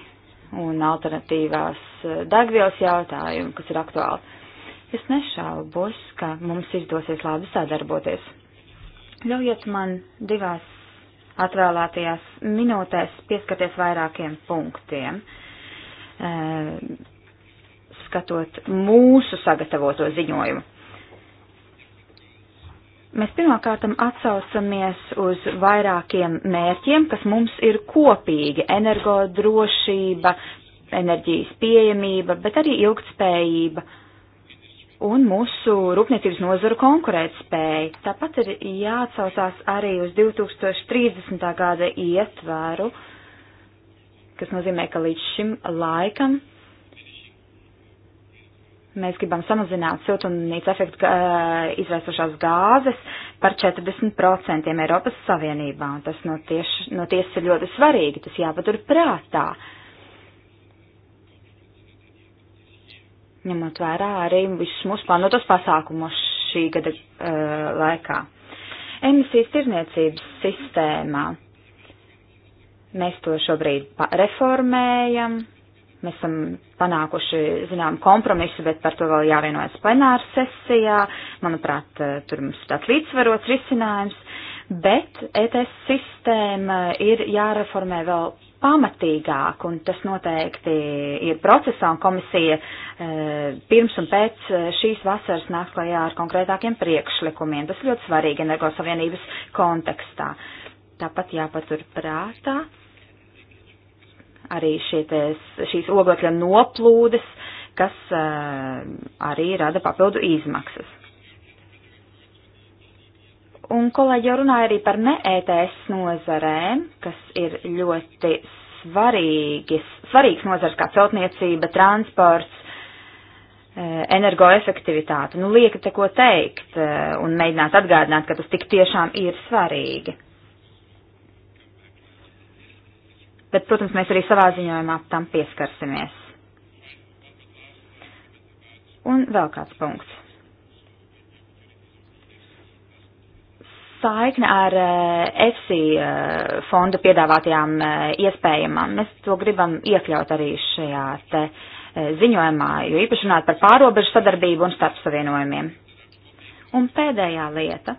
Speaker 1: un alternatīvās eh, degvielas jautājumi, kas ir aktuāli. Es nešaubos, ka mums izdosies labi sadarboties. Ļaujiet man divās atvēlētajās minūtēs pieskarties vairākiem punktiem. Uh, skatot mūsu sagatavoto ziņojumu. Mēs pirmkārtam atsaucamies uz vairākiem mērķiem, kas mums ir kopīgi - energodrošība, enerģijas pieejamība, bet arī ilgtspējība un mūsu rūpniecības nozaru konkurētspēja. Tāpat ir jāatsaucās arī uz 2030. gada ietvaru, kas nozīmē, ka līdz šim laikam Mēs gribam samazināt siltumnīca efektu uh, izraisošās gāzes par 40% Eiropas Savienībā. Un tas no, tieš, no tiesas ir ļoti svarīgi, tas jāpatur prātā. Ņemot vērā arī visus mūsu plānotos pasākumus šī gada uh, laikā. Emisijas tirniecības sistēmā. Mēs to šobrīd reformējam, Mēs esam panākuši, zinām, kompromisu, bet par to vēl jāvienojas plenāra sesijā. Manuprāt, eh, tur mums tāds līdzsvarots risinājums. Bet ETS sistēma ir jāreformē vēl pamatīgāk, un tas noteikti ir procesā, un komisija eh, pirms un pēc eh, šīs vasaras nāks klajā ar konkrētākiem priekšlikumiem. Tas ļoti svarīgi energosavienības kontekstā. Tāpat jāpatur prātā, arī šieties, šīs oglekļa noplūdes, kas uh, arī rada papildu izmaksas. Un kolēģi jau runāja arī par ne ETS nozarēm, kas ir ļoti svarīgas, svarīgas nozars kā celtniecība, transports, energoefektivitāte. Nu, lieka te ko teikt un mēģināt atgādināt, ka tas tik tiešām ir svarīgi. bet, protams, mēs arī savā ziņojumā tam pieskarsimies. Un vēl kāds punkts. Saikne ar EFSI eh, eh, fonda piedāvātajām eh, iespējamām. Mēs to gribam iekļaut arī šajā te ziņojumā, jo īpaši runāt par pārobežu sadarbību un starpsavienojumiem. Un pēdējā lieta.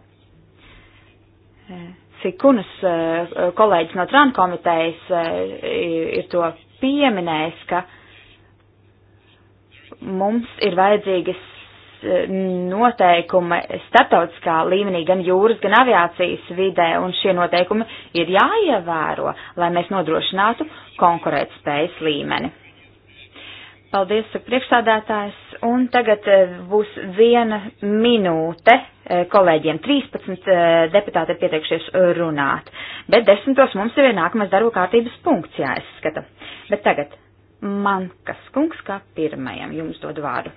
Speaker 1: Sikunas eh, kolēģis no Trānu komitejas eh, ir to pieminējis, ka mums ir vajadzīgas eh, noteikumi starptautiskā līmenī, gan jūras, gan aviācijas vidē, un šie noteikumi ir jāievēro, lai mēs nodrošinātu konkurētspējas līmeni. Paldies, priekšsādātājs. Un tagad eh, būs viena minūte eh, kolēģiem. 13 eh, deputāti ir pieteikšies runāt. Bet desmitos mums ir nākamais darba kārtības punkts, jā, es skatu. Bet tagad man kas kungs kā pirmajam jums dod vārdu.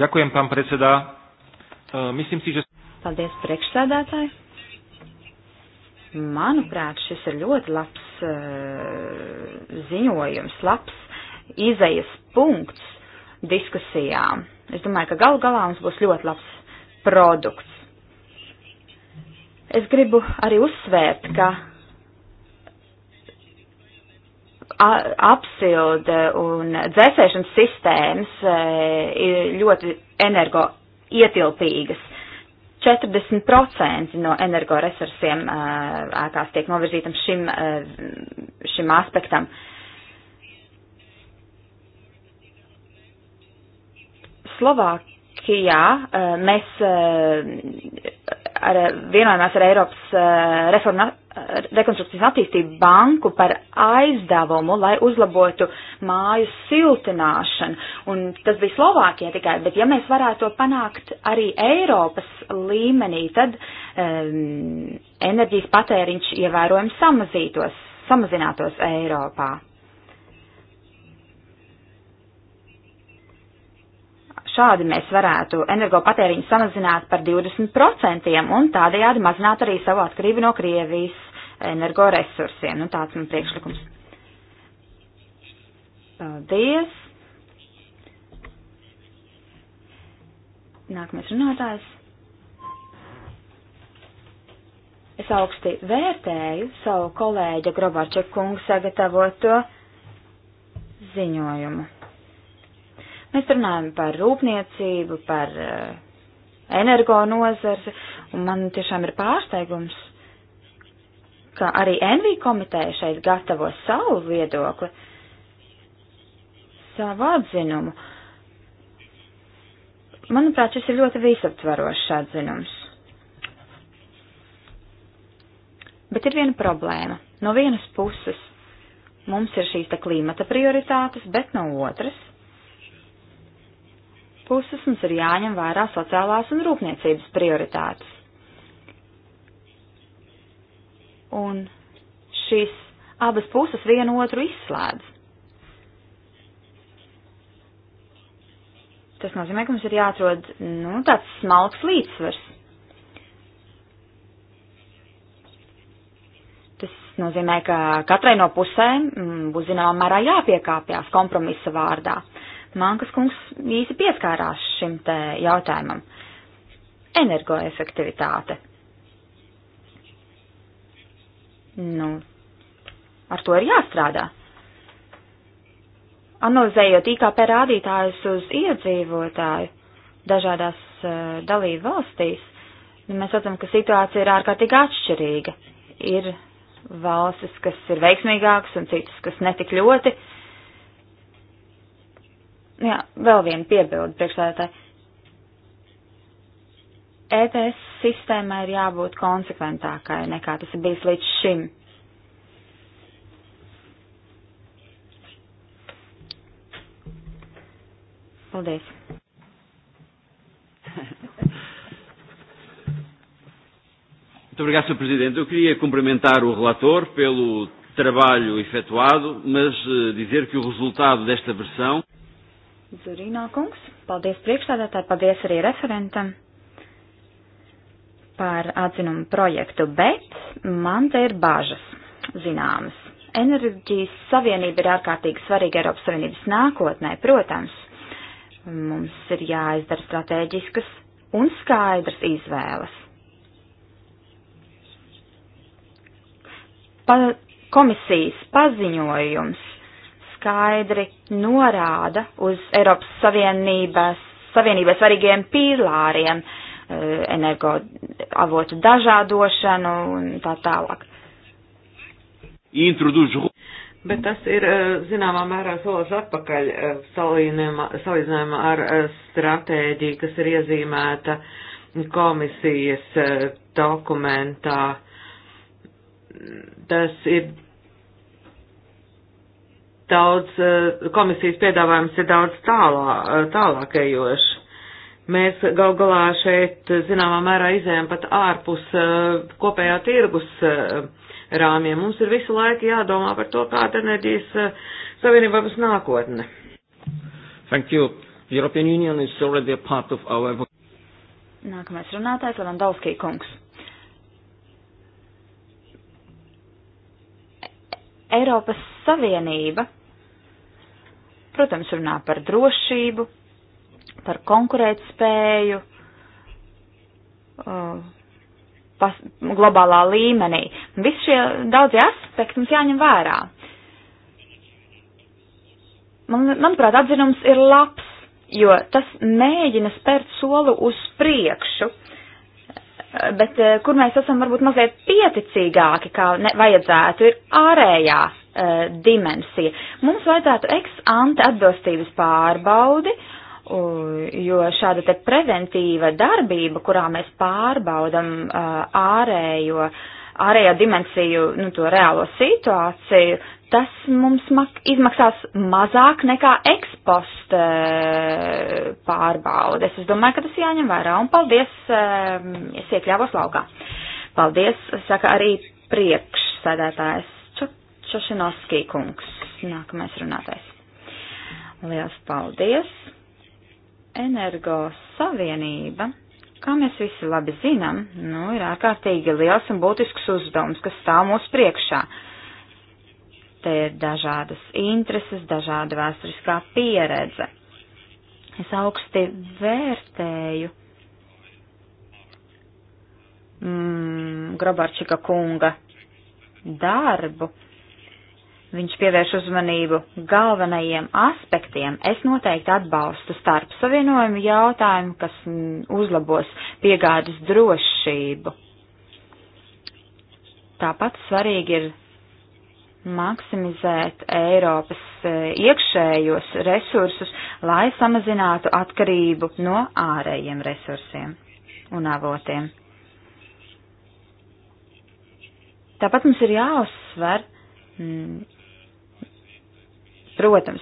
Speaker 3: Ďakujem, pán predsedā. E, myslím si, že...
Speaker 1: Paldies, priekšsādātāji. Manuprāt, šis ir ļoti labs uh, ziņojums, labs izejas punkts diskusijām. Es domāju, ka galu galā mums būs ļoti labs produkts. Es gribu arī uzsvērt, ka apsilde un dzēsēšanas sistēmas e, ir ļoti energo ietilpīgas. 40% no energoresursiem e, ēkās tiek novirzītam šim, e, šim aspektam. Uh, Slovākijā eh, mēs eh, ar, vienojāmies ar Eiropas eh, reforma, rekonstrukcijas attīstību banku par aizdevumu, lai uzlabotu māju siltināšanu. Un tas bija Slovākijā tikai, bet ja mēs varētu to panākt arī Eiropas līmenī, tad um, enerģijas patēriņš ievērojami samazītos, samazinātos Eiropā. Šādi mēs varētu energopatēriņu samazināt par 20% un tādējādi mazināt arī savu atkarību no Krievijas energoresursiem. Nu, tāds man priekšlikums. Paldies. Nākamais runātājs. Es augsti vērtēju savu kolēģa Grobārčeku kungu sagatavoto ziņojumu. Mēs runājam par rūpniecību, par eh, energo nozari, un man tiešām ir pārsteigums, ka arī NV komiteja šeit gatavo savu viedokli, savu atzinumu. Manuprāt, šis ir ļoti visaptvarošs atzinums. Bet ir viena problēma. No vienas puses mums ir šīs te klimata prioritātes, bet no otras puses mums ir jāņem vērā sociālās un rūpniecības prioritātes. Un šīs abas puses vienu otru izslēdz. Tas nozīmē, ka mums ir jāatrod nu, tāds smalks līdzsvars. Tas nozīmē, ka katrai no pusēm mm, būs zināmā mērā jāpiekāpjas kompromisa vārdā. Uh, Mankas kungs īsi pieskārās šim te jautājumam. Energoefektivitāte. Nu, ar to ir jāstrādā. Analizējot IKP rādītājus uz iedzīvotāju dažādās uh, dalību valstīs, nu, mēs redzam, ka situācija ir ārkārtīgi atšķirīga. Ir valstis, kas ir veiksmīgākas un citas, kas netik ļoti. Uh, Jā, vēl viena piebilda priekšsēdētāji. ETS sistēmai ir jābūt konsekventākai nekā tas ir bijis līdz šim. Paldies. Muito obrigado, Sr. Presidente. Eu queria cumprimentar o relator pelo trabalho efetuado, mas eh, dizer que o resultado desta versão Zurīnā kungs. Paldies priekšstādātāji, paldies arī referentam par atzinumu projektu, bet man te ir bāžas zināmas. Enerģijas savienība ir ārkārtīgi svarīga Eiropas Savienības nākotnē, protams. Mums ir jāizdara strateģiskas un skaidras izvēles. Pa komisijas paziņojums skaidri norāda uz Eiropas Savienības, Savienības svarīgiem pīlāriem, eh, energo avotu dažādošanu un tā tālāk. Introdužu.
Speaker 3: Bet tas ir eh, zināmā mērā solis atpakaļ eh, salīdzinājumā ar stratēģiju, kas ir iezīmēta komisijas dokumentā. Tas ir daudz, eh, komisijas piedāvājums ir daudz tālā, eh, tālākajošs. Mēs gal galā šeit eh, zināmā mērā izējām pat ārpus kopējā tirgus rāmjiem. Mums ir visu laiku jādomā par to, kāda enerģijas savienībā būs nākotne. Thank you. European Union is already a part of our.
Speaker 1: Nākamais runātājs Levandovskij kungs. Eiropas Savienība Protams, runā par drošību, par konkurētspēju uh, pas, globālā līmenī. Visi šie daudzie aspekti mums jāņem vērā. Man, manuprāt, atzinums ir labs, jo tas mēģina spērt soli uz priekšu, bet eh, kur mēs esam varbūt mazliet pieticīgāki, kā ne, vajadzētu, ir ārējā Eh, dimensija. Mums vajadzētu ex ante atbilstības pārbaudi, jo šāda te preventīva darbība, kurā mēs pārbaudam eh, ārējo, ārējo dimensiju, nu, to reālo situāciju, tas mums izmaksās mazāk nekā ekspost eh, pārbaudes. Es domāju, ka tas jāņem vērā, un paldies, es iekļāvos laukā. Paldies, saka arī priekšsēdētājs. Čašinovskī kungs, nākamais runātais. Liels paldies! Energo savienība, kā mēs visi labi zinām, nu, ir ārkārtīgi liels un būtisks uzdevums, kas stāv mūsu priekšā. Te ir dažādas intereses, dažāda vēsturiskā pieredze. Es augsti vērtēju mm, Grobarčika kunga darbu Viņš pievērš uzmanību galvenajiem aspektiem. Es noteikti atbalstu starp savienojumu jautājumu, kas mm, uzlabos piegādes drošību. Tāpat svarīgi ir maksimizēt Eiropas e, iekšējos resursus, lai samazinātu atkarību no ārējiem resursiem un avotiem. Tāpat mums ir jāuzsver, mm, Protams,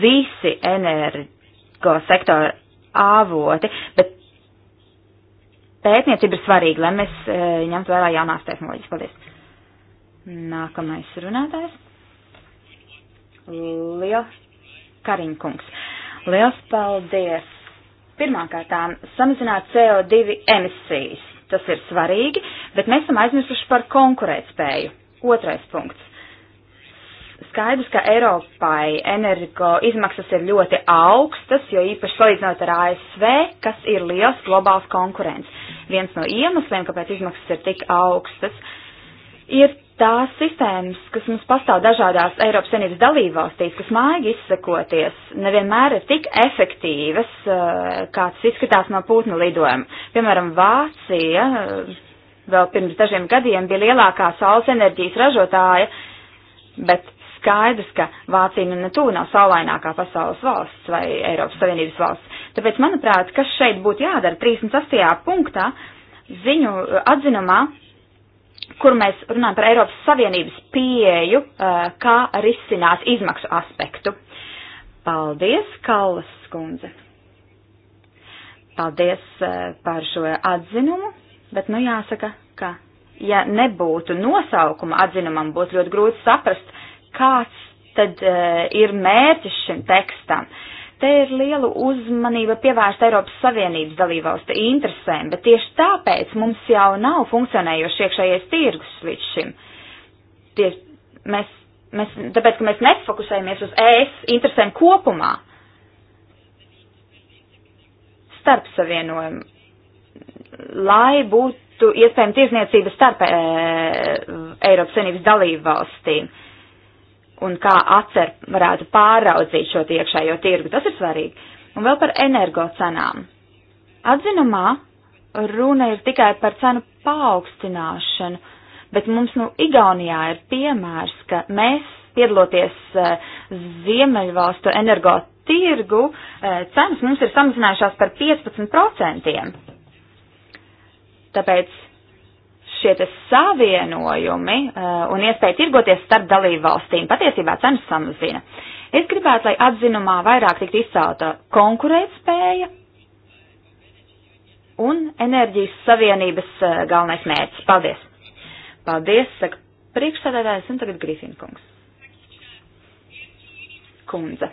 Speaker 1: visi energo sektora avoti, bet pētniecība ir svarīga, lai mēs e, ņemtu vērā jaunās tehnoloģijas. Paldies! Nākamais runātājs. Liels Kariņkungs. Liels paldies! Pirmkārtām, samazināt CO2 emisijas. Tas ir svarīgi, bet mēs esam aizmirsuši par konkurētspēju. Otrais punkts skaidrs, ka Eiropai energo izmaksas ir ļoti augstas, jo īpaši salīdzinot ar ASV, kas ir liels globāls konkurents. Viens no iemesliem, kāpēc izmaksas ir tik augstas, ir tās sistēmas, kas mums pastāv dažādās Eiropas Savienības dalībvalstīs, kas maigi izsakoties, nevienmēr ir tik efektīvas, eh, kā tas izskatās no pūtna lidojuma. Piemēram, Vācija eh, vēl pirms dažiem gadiem bija lielākā saules enerģijas ražotāja, bet skaidrs, ka Vācija nu netūlī nav saulainākā pasaules valsts vai Eiropas Savienības valsts. Tāpēc, manuprāt, kas šeit būtu jādara 38. punktā ziņu atzinumā, kur mēs runājam par Eiropas Savienības pieeju, uh, kā risināt izmaksu aspektu. Paldies, Kallas skundze. Paldies uh, par šo atzinumu, bet nu jāsaka, ka ja nebūtu nosaukuma atzinumam, būtu ļoti grūti saprast, kāds tad uh, ir mērķis šim tekstam. Te ir liela uzmanība pievērsta Eiropas Savienības dalībvalstu interesēm, bet tieši tāpēc mums jau nav funkcionējošs iekšējais tirgus līdz šim. Ties, mēs, mēs, tāpēc, ka mēs nefokusējamies uz ES interesēm kopumā. Starp savienojumu. Lai būtu iespējama tirzniecība starp e, Eiropas Savienības dalībvalstīm un kā atcer varētu pāraudzīt šo iekšējo tirgu. Tas ir svarīgi. Un vēl par energo cenām. Atzinumā runa ir tikai par cenu paaugstināšanu, bet mums nu Igaunijā ir piemērs, ka mēs piedaloties uh, Ziemeļvalstu energo tirgu, uh, cenas mums ir samazinājušās par 15%. Tāpēc šie savienojumi eh, un iespēja tirgoties starp dalību valstīm patiesībā cenas samazina. Es gribētu, lai atzinumā vairāk tiktu izcelta konkurētspēja un enerģijas savienības eh, galvenais mērķis. Paldies! Paldies, saka priekšsēdētājs un tagad Grifinkungs. Kundze.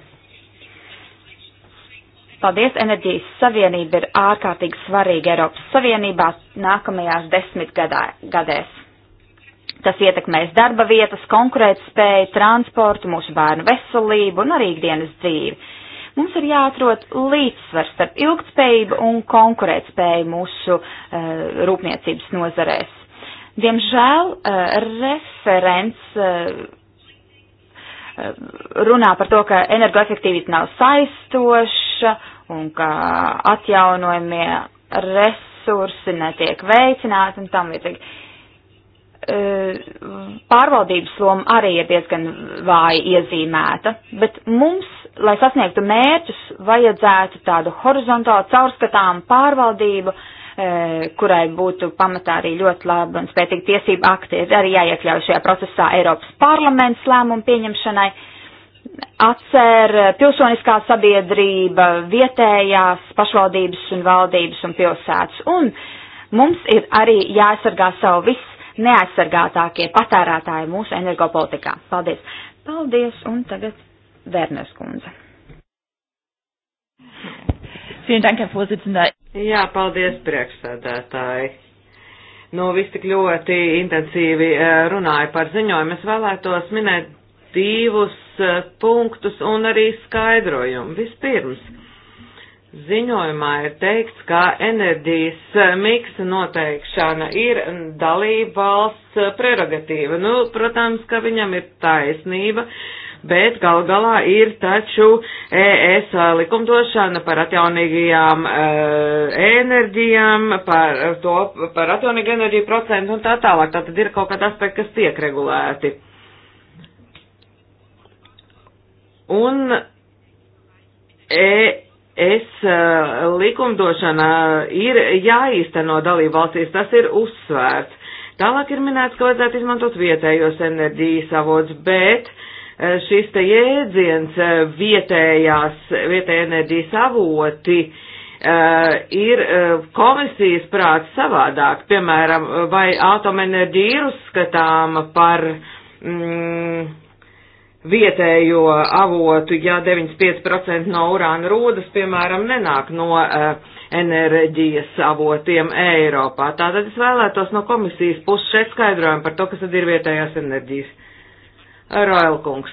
Speaker 1: Paldies, enerģijas savienība ir ārkārtīgi svarīga Eiropas Savienībā nākamajās desmit gadā, gadēs. Tas ietekmēs darba vietas, konkurētspēju, transportu, mūsu bērnu veselību un arī ikdienas dzīvi. Mums ir jāatrod līdzsvars starp ilgtspējību un konkurētspēju mūsu uh, rūpniecības nozarēs. Diemžēl uh, referents uh, runā par to, ka energoefektīvitāte nav saistoša un ka atjaunojamie resursi netiek veicināti un tam līdzīgi. E, pārvaldības loma arī ir diezgan vāji iezīmēta, bet mums, lai sasniegtu mērķus, vajadzētu tādu horizontālu caurskatām pārvaldību, uh, E, kurai būtu pamatā arī ļoti laba un spētīga tiesība akti, ir arī jāiekļauj šajā procesā Eiropas parlaments lēmumu pieņemšanai. Atcer pilsoniskā sabiedrība, vietējās pašvaldības un valdības un pilsētas. Un mums ir arī jāaizsargā savu viss neaizsargātākie patērētāji mūsu energopolitikā. Paldies! Paldies! Un tagad Vērnes kundze. Vielen Dank, Herr Vorsitzender.
Speaker 3: Jā, paldies priekšsēdētāji. Nu, viss tik ļoti intensīvi eh, runāja par ziņojumu. Es vēlētos minēt divus eh, punktus un arī skaidrojumu. Vispirms, ziņojumā ir teikts, ka enerģijas eh, miksa noteikšana ir dalība valsts prerogatīva. Nu, protams, ka viņam ir taisnība. Uh, bet gal galā ir taču ES likumdošana par atjaunīgajām eh, enerģijām, par to, par atjaunīgu enerģiju procentu un tā tālāk. Tātad ir kaut kādi aspekti, kas tiek regulēti. Un e es likumdošana ir jāīsteno dalību valstīs, tas ir uzsvērts. Tālāk ir minēts, ka vajadzētu izmantot vietējos enerģijas avots, bet uh, Eh, šis te jēdziens eh, vietējās, vietējā enerģijas avoti eh, ir komisijas prāts savādāk. Piemēram, vai atomenerģija ir uzskatāma par mm, vietējo avotu, ja 95% no urāna rūdas, piemēram, nenāk no uh, enerģijas avotiem Eiropā. Tātad es vēlētos no komisijas puses šeit skaidrojumu par to, kas tad ir vietējās enerģijas Roilkungs.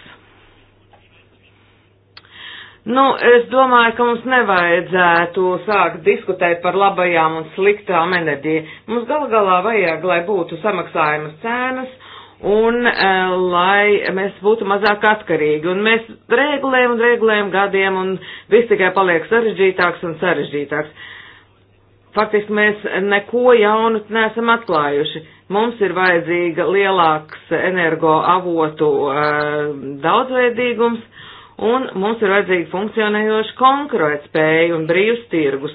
Speaker 3: Nu, es domāju, ka mums nevajadzētu sākt diskutēt par labajām un sliktām enerģijām. Mums gal galā vajag, lai būtu samaksājumas cenas un e, lai mēs būtu mazāk atkarīgi. Un mēs regulējam un regulējam gadiem un viss tikai paliek sarežģītāks un sarežģītāks. Faktiski mēs neko jaunu neesam atklājuši. Mums ir vajadzīga lielāks energoavotu eh, daudzveidīgums, un mums ir vajadzīga funkcionējoša konkurētspēja un brīvs tirgus.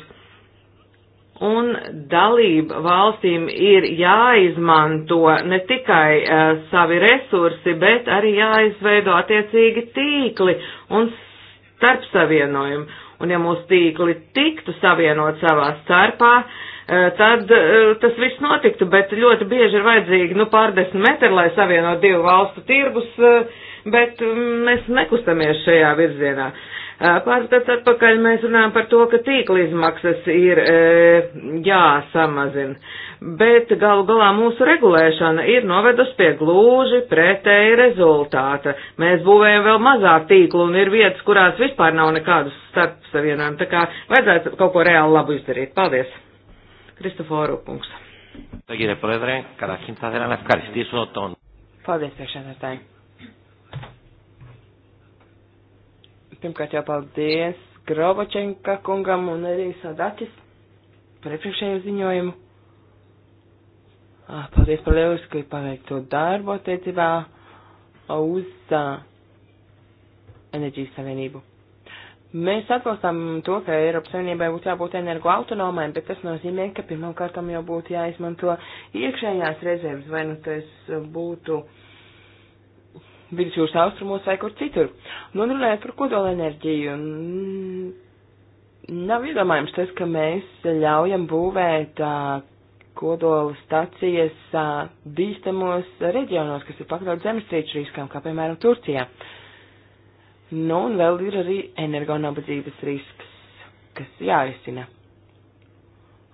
Speaker 3: Un dalība valstīm ir jāizmanto ne tikai uh, savi resursi, bet arī jāizveido attiecīgi tīkli un starpsavienojumi. Un ja mūsu tīkli tiktu savienot savā starpā, Eh, tad eh, tas viss notiktu, bet ļoti bieži ir vajadzīgi, nu, pārdesmit metri, lai savienot divu valstu tirgus, eh, bet mm, mēs nekustamies šajā virzienā. Pāris gads atpakaļ mēs runājam par to, ka tīkla izmaksas ir jāsamazina, bet galu galā mūsu regulēšana ir novedusi pie gluži pretēji rezultāta. Mēs būvējam vēl mazāk tīklu un ir vietas, kurās vispār nav nekādus starpsavienojumu, tā kā vajadzētu kaut ko reāli labu izdarīt. Paldies! Kristoforu kungs. Κύριε Πρόεδρε, καταρχήν θα ήθελα να ευχαριστήσω τον. Paldies,
Speaker 2: priekšsēdētāji. Pirmkārt jau paldies Grobočenka kungam un arī Sadaķis par iepriekšējo ziņojumu. Ah, paldies par lieliski paveikto darbu attiecībā uz uh, enerģijas savienību. Mēs atbalstām to, ka Eiropas Savienībai būtu jābūt energoautonomai, bet tas nozīmē, ka pirmkārtam jau būtu jāizmanto iekšējās rezerves, vai nu tas būtu vidusjūras austrumos vai kur citur. Nu, un runājot par kodolenerģiju, mm, nav iedomājams tas, ka mēs ļaujam būvēt uh, kodola stacijas uh, bīstamos reģionos, kas ir pakļauts zemestrīču riskam, kā piemēram Turcijā. Uh, Nu, un vēl ir arī energonabadzības risks, kas jārisina.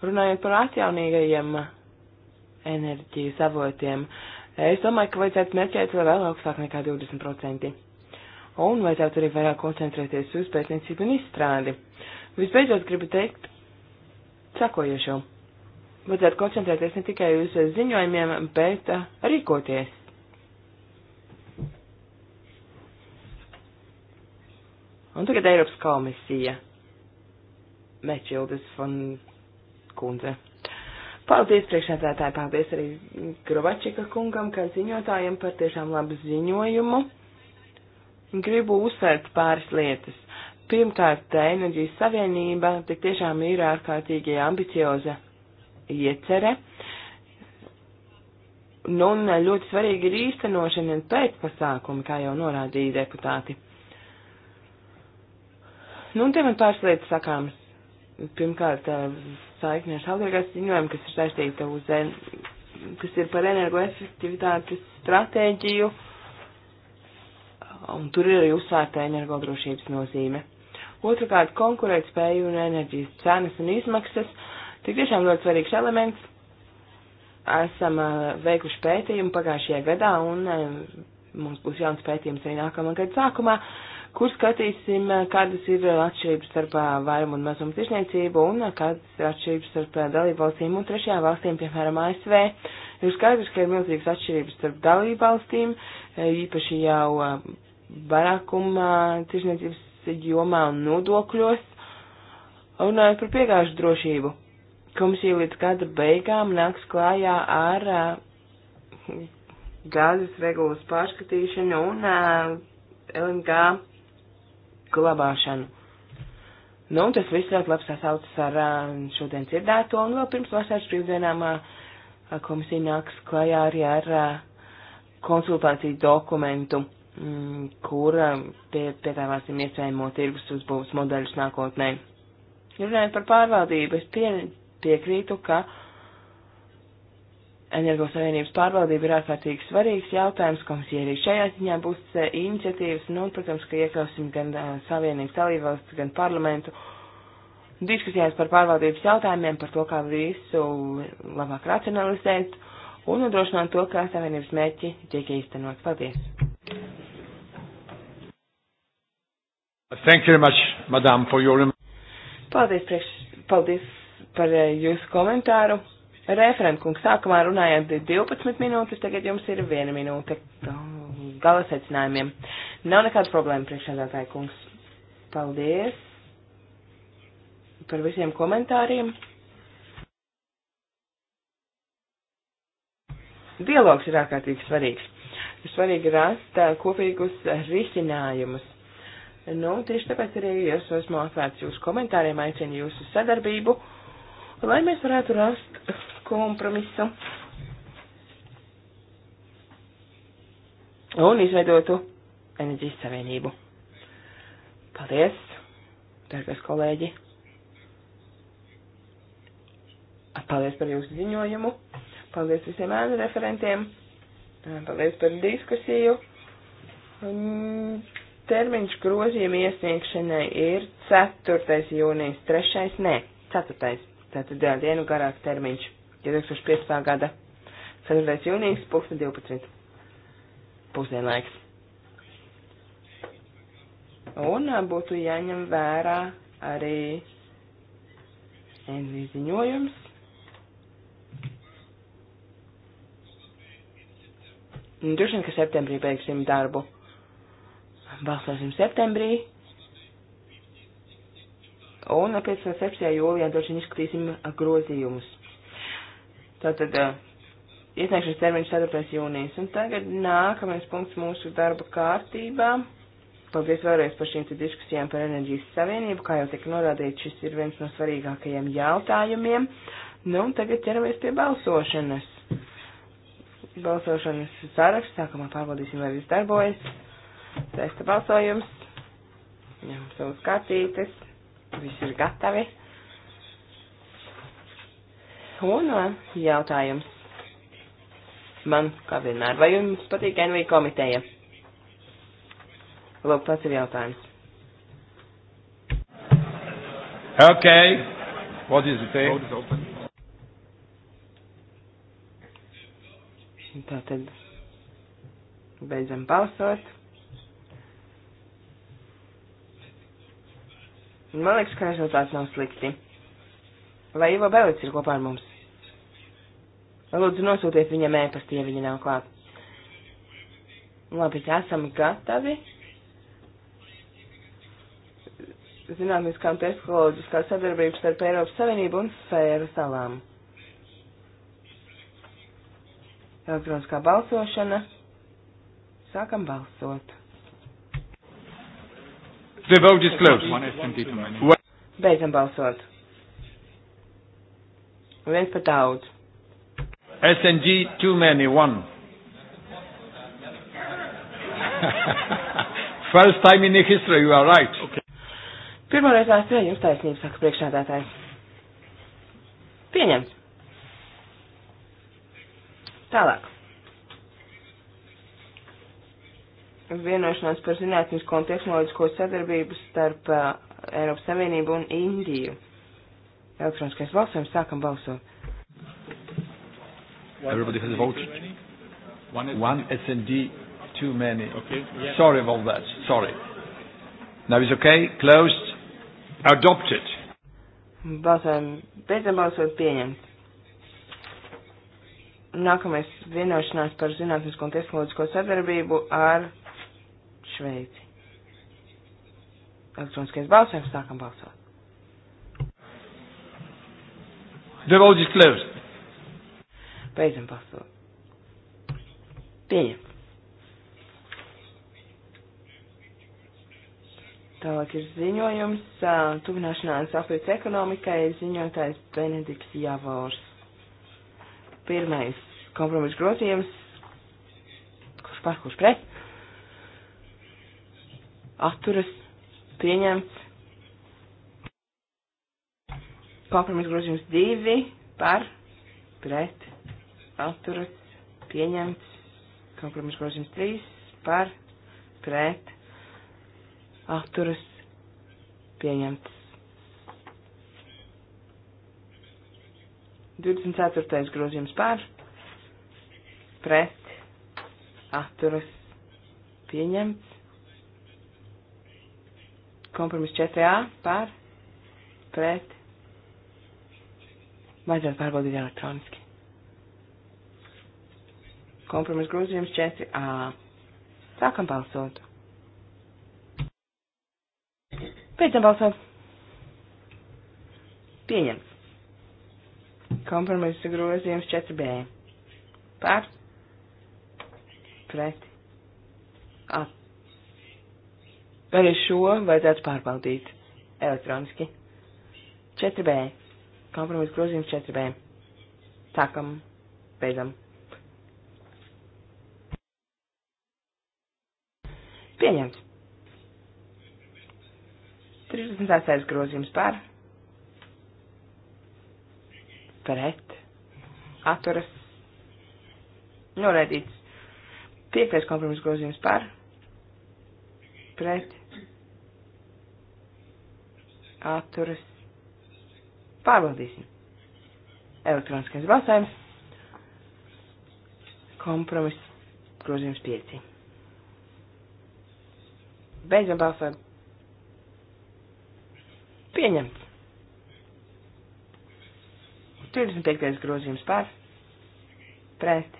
Speaker 2: Runājot par atjaunīgajiem enerģijas avotiem, es domāju, ka vajadzētu mērķēt vēl augstāk nekā 20%. Un vajadzētu arī vairāk koncentrēties uz pētniecību un izstrādi. Visbeidzot, gribu teikt sakojošo. Vajadzētu koncentrēties ne tikai uz ziņojumiem, bet uh, rīkoties. Un tagad Eiropas komisija. Mečildes un kundze. Paldies priekšsēdētāji, paldies arī Grovačika kungam, kā ziņotājiem par tiešām labu ziņojumu. Gribu uzsvērt pāris lietas. Pirmkārt, enerģijas savienība tik tiešām ir ārkārtīgi ambicioza iecere. Nu, un ļoti svarīgi ir īstenošana un pēcpasākumi, kā jau norādīja deputāti. Nu, un te man pāris lietas sakāmas. Pirmkārt, saikni ar saulriegās ziņojumu, kas ir saistīta uz, kas ir par energoefektivitātes stratēģiju, un tur ir arī uzsvērta energodrošības nozīme. Otrakārt, konkurētspēja un enerģijas cenas un izmaksas. Tik tiešām ļoti svarīgs elements. Esam veikuši pētījumu pagājušajā gadā, un mums būs jauns pētījums arī nākamā gada sākumā. Uh, kur skatīsim, eh, kādas ir atšķirības starp eh, vairumu un mazumu tirsniecību un eh, kādas ir atšķirības starp dalību valstīm un trešajām valstīm, piemēram, ASV. Ir skaidrs, ka ir milzīgas atšķirības starp dalību valstīm, īpaši jau vairākuma tirsniecības jomā un nodokļos. Runājot par piegāžu drošību, komisija līdz gada beigām nāks klājā ar gāzes regulas pārskatīšanu un LNG glabāšanu. Nu, un tas viss ļoti labi sasaucas ar šodien dzirdēto, un vēl pirms vasaras brīvdienām komisija nāks klajā arī ar konsultāciju dokumentu, mm, kur pie, piedāvāsim iespējamo tirgus uzbūves modeļus nākotnē. Runājot par pārvaldību, es pie, piekrītu, ka uh, Energosavienības pārvaldība ir ārkārtīgi svarīgs jautājums, komisija arī šajā ziņā būs e, iniciatīvas, nu, un, protams, ka iekļausim gan uh, Savienības dalībvalsts, gan parlamentu diskusijās par pārvaldības jautājumiem, par to, kā visu labāk racionalizēt un nodrošināt to, kā Savienības mērķi tiek īstenot. Paldies!
Speaker 1: Thank you very much, madam, for your...
Speaker 2: Paldies, priekš... Paldies par uh, jūsu komentāru. Referentkungs, sākumā runājāt 12 minūtes, tagad jums ir 1 minūte gala secinājumiem. Nav nekāda problēma priekšādātāja kungs. Paldies par visiem komentāriem. Dialogs ir ārkārtīgi svarīgs. Svarīgi rast uh, kopīgus risinājumus. Nu, tieši tāpēc arī es esmu atvērts jūsu komentāriem, aicinu jūsu sadarbību, lai mēs varētu rast kompromisu un izveidotu enerģijas savienību. Paldies, dargais kolēģi! Paldies par jūsu ziņojumu, paldies visiem ēnu referentiem, paldies par diskusiju. Termiņš grozījuma iesniegšanai ir 4. jūnijas, 3. nē, 4. Tātad dienu garāks termiņš. 2015. gada 4. jūnijas 2012. pusdienlaiks. Un būtu jāņem vērā arī NV ziņojums. Droši vien, ka septembrī beigsim darbu. Balsosim septembrī. Un 15. un 17. jūlijā droši vien izskatīsim grozījumus. Tātad iesniegšanas termiņš 4. jūnijas. Un tagad nākamais punkts mūsu darba kārtībā. Paldies vēlreiz par šīm diskusijām par enerģijas savienību. Kā jau tika norādīts, šis ir viens no svarīgākajiem jautājumiem. Nu, un tagad ķeramies pie balsošanas. Balsošanas saraksts. Sākumā pārbaudīsim, vai viss darbojas. Testa balsojums. Ņemam savus kartītes. Viss ir gatavi. Un jautājums man, kā vienmēr, vai jums patīk NV komiteja? Lūk, tas ir jautājums. Ok, what is the thing? Tātad beidzam balsot. Man liekas, ka rezultāts nav slikti. Vai Ivo Belits ir kopā ar mums? Lūdzu, nosūtiet viņam ēpastu, ja viņa nav klāt. Labi, esam gatavi. Zinātniskām tehnoloģiskā sadarbības starp Eiropas Savienību un Sfēru salām. Elektroniskā balsošana. Sākam balsot.
Speaker 3: The vote is closed.
Speaker 2: Beidzam balsot. Viens par daudz.
Speaker 1: SNG too many, one. First time in history, you are right. Okay. Pirmoreiz
Speaker 2: vēsturē jums taisnība, saka priekšsēdētājs. Pieņemts. Tālāk. Vienošanās par zinātnes un tehnoloģisko sadarbību starp uh, Eiropas Savienību un Indiju. Elektroniskais balsojums. Sākam balsot.
Speaker 1: Everybody has voted. One SND too many. Okay. Yeah. Sorry about that. Sorry. Now it's okay. Closed. Adopted.
Speaker 2: Balsojam. Beidzam balsot pieņemts. Nākamais vienošanās par zinātnisko un tehnoloģisko sadarbību ar Šveici. Elektroniskais balsojums. Sākam
Speaker 3: balsot. The vote is closed.
Speaker 2: Beidzam balsot. Pieņem. Tālāk ir ziņojums tuvināšanās Afrikas ekonomikai ziņotājs Benedikts Javors. Pirmais kompromis grozījums. Kurš par, kurš pret? Atturas pieņemts. Kompromis grozījums 2 par pret atturas pieņemts. Kompromis grozījums 3 par pret atturas pieņemts. 24. grozījums par pret atturas pieņemts. Kompromis 4a par pret Vajadzētu pārbaudīt elektroniski. Kompromis grozījums 4a. Sākam balsot. Beidzam balsot. Pieņemts. Kompromisa grozījums 4b. Par. Pret. At. Arī šo vajadzētu pārbaudīt elektroniski. 4b. Kompromis grozījums 4B. Sākam, beidzam. Pieņemts. 36. grozījums par. Pret. Atturas. Noraidīts. 5. kompromis grozījums par. Pret. Atturas Pārbaudīsim. Elektroniskais balsājums. Kompromiss grozījums 5. Beidzam balsojumu. Pieņemts. 35. grozījums pār. Pret.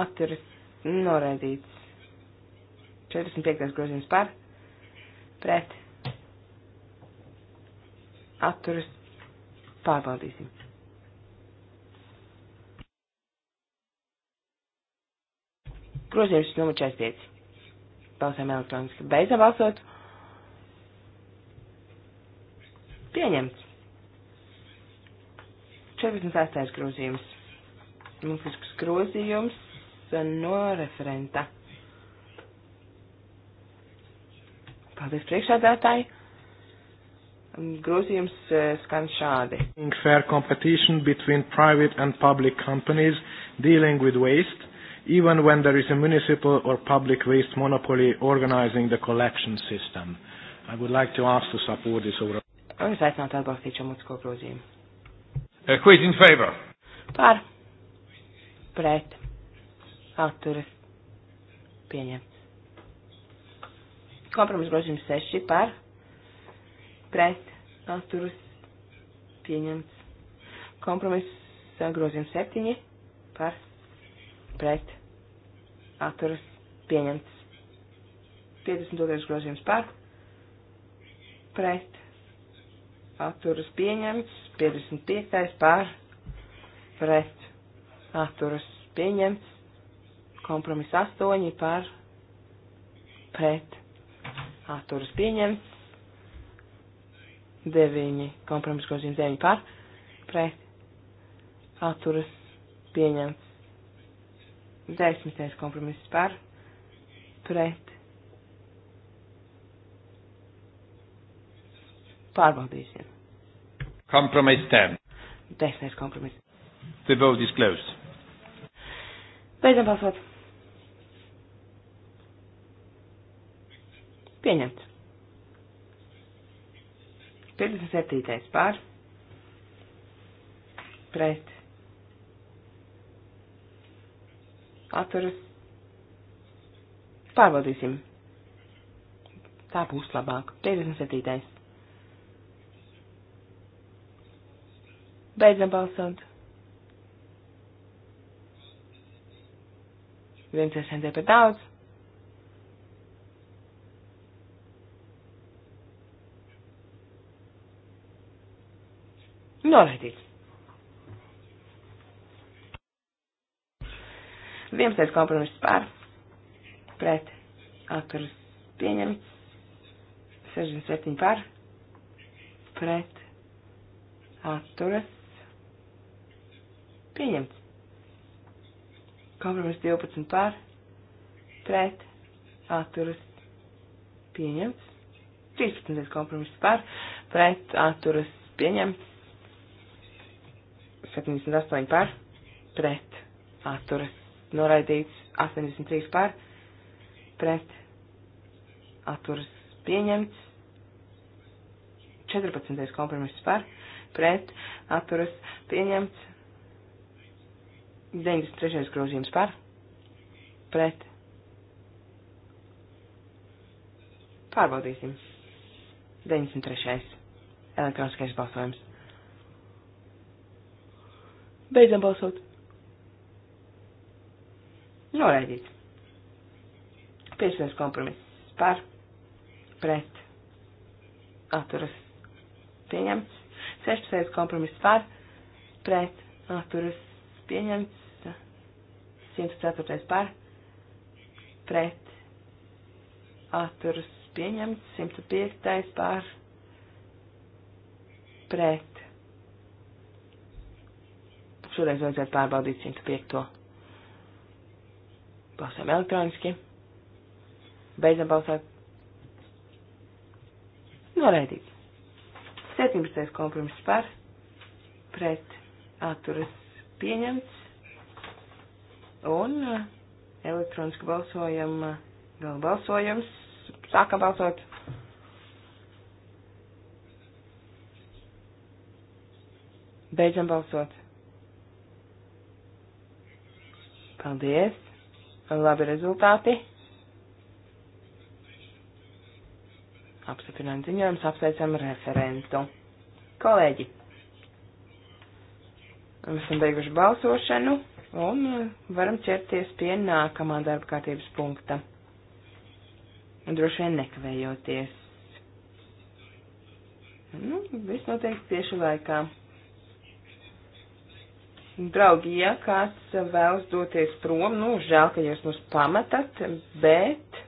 Speaker 2: Atturis. Noraidīts. 45. grozījums pār. Pret. Atturis Pārbaudīsim. Grozījums numur 45. Balsām elektroniski. Beidzam balsot. Pieņemts. 14. grozījums. Mūsisks grozījums no referenta. Paldies priekšādātāji. Grozījums e, skan šādi.
Speaker 1: Fair competition between private and public companies dealing with waste, even when there is a municipal or public waste monopoly organizing the collection system. I would like to ask to support this overall.
Speaker 2: Es aicinātu atbalstīt šo mutisko grozījumu.
Speaker 3: Uh, who is in favor?
Speaker 2: Par. Pret. Atturas. Pieņemts. Kompromis grozījums 6 par pret atturas pieņemts. Kompromiss grozījums 7 par pret atturas pieņemts. 52. grozījums par pret atturas pieņemts. 55. par pret atturas pieņemts. Kompromiss 8 par pret atturas pieņemts. 9, kompromiss grozījums 9 par, pret, atturas, pieņemts. 10. kompromiss par, pret, pārbaudīsim. Kompromiss 10. 10. kompromiss. The vote is closed. Beidzam balsot. Pieņemts. 57. pār pret atturas pārbaudīsim. Tā būs labāk. 57. Beidzam balsot. Viens SND par daudz. Noraidīts. 11. kompromiss pār, pret, atturas pieņemts, 67 pār, pret, atturas pieņemts. Kompromiss 12 pār, pret, atturas pieņemts, 13. kompromiss pār, pret, atturas pieņemts. 78 par, pret, atturas, noraidīts, 83 par, pret, atturas, pieņemts, 14. kompromiss par, pret, atturas, pieņemts, 93. grozījums par, pret. Pārbaudīsim. 93. elektroniskais balsojums. Beidzam balsot. Noraidīts. Piesaies kompromiss par, pret, atturas, pieņemts. 16. kompromiss par, pret, atturas, pieņemts. 104. par, pret, atturas, pieņemts. 105. par, pret, Šoreiz vajadzētu pārbaudīt 105. Balsām elektroniski. Beidzam balsāt. Noraidīts. 17. kompromiss par, pret atturas pieņemts un uh, elektroniski balsojam, uh, vēl balsojams, sākam balsot. Beidzam balsot. Paldies. Labi rezultāti. Apstiprinām ziņojums, apsveicam referentu. Kolēģi, esam beiguši balsošanu un varam ķerties pie nākamā darba kārtības punkta. Un droši vien nekavējoties. Nu, viss noteikti tieši laikā. Draugi, ja kāds vēlas doties prom, nu, žēl, ka jūs mūs pamatat, bet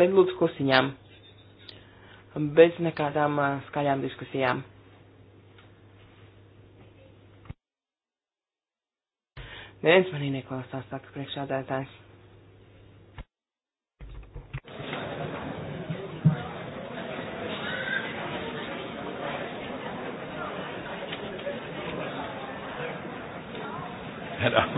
Speaker 2: tad lūdzu klusiņām, bez nekādām skaļām diskusijām. Neviens manī neklausās, saka priekšādētājs. Hello.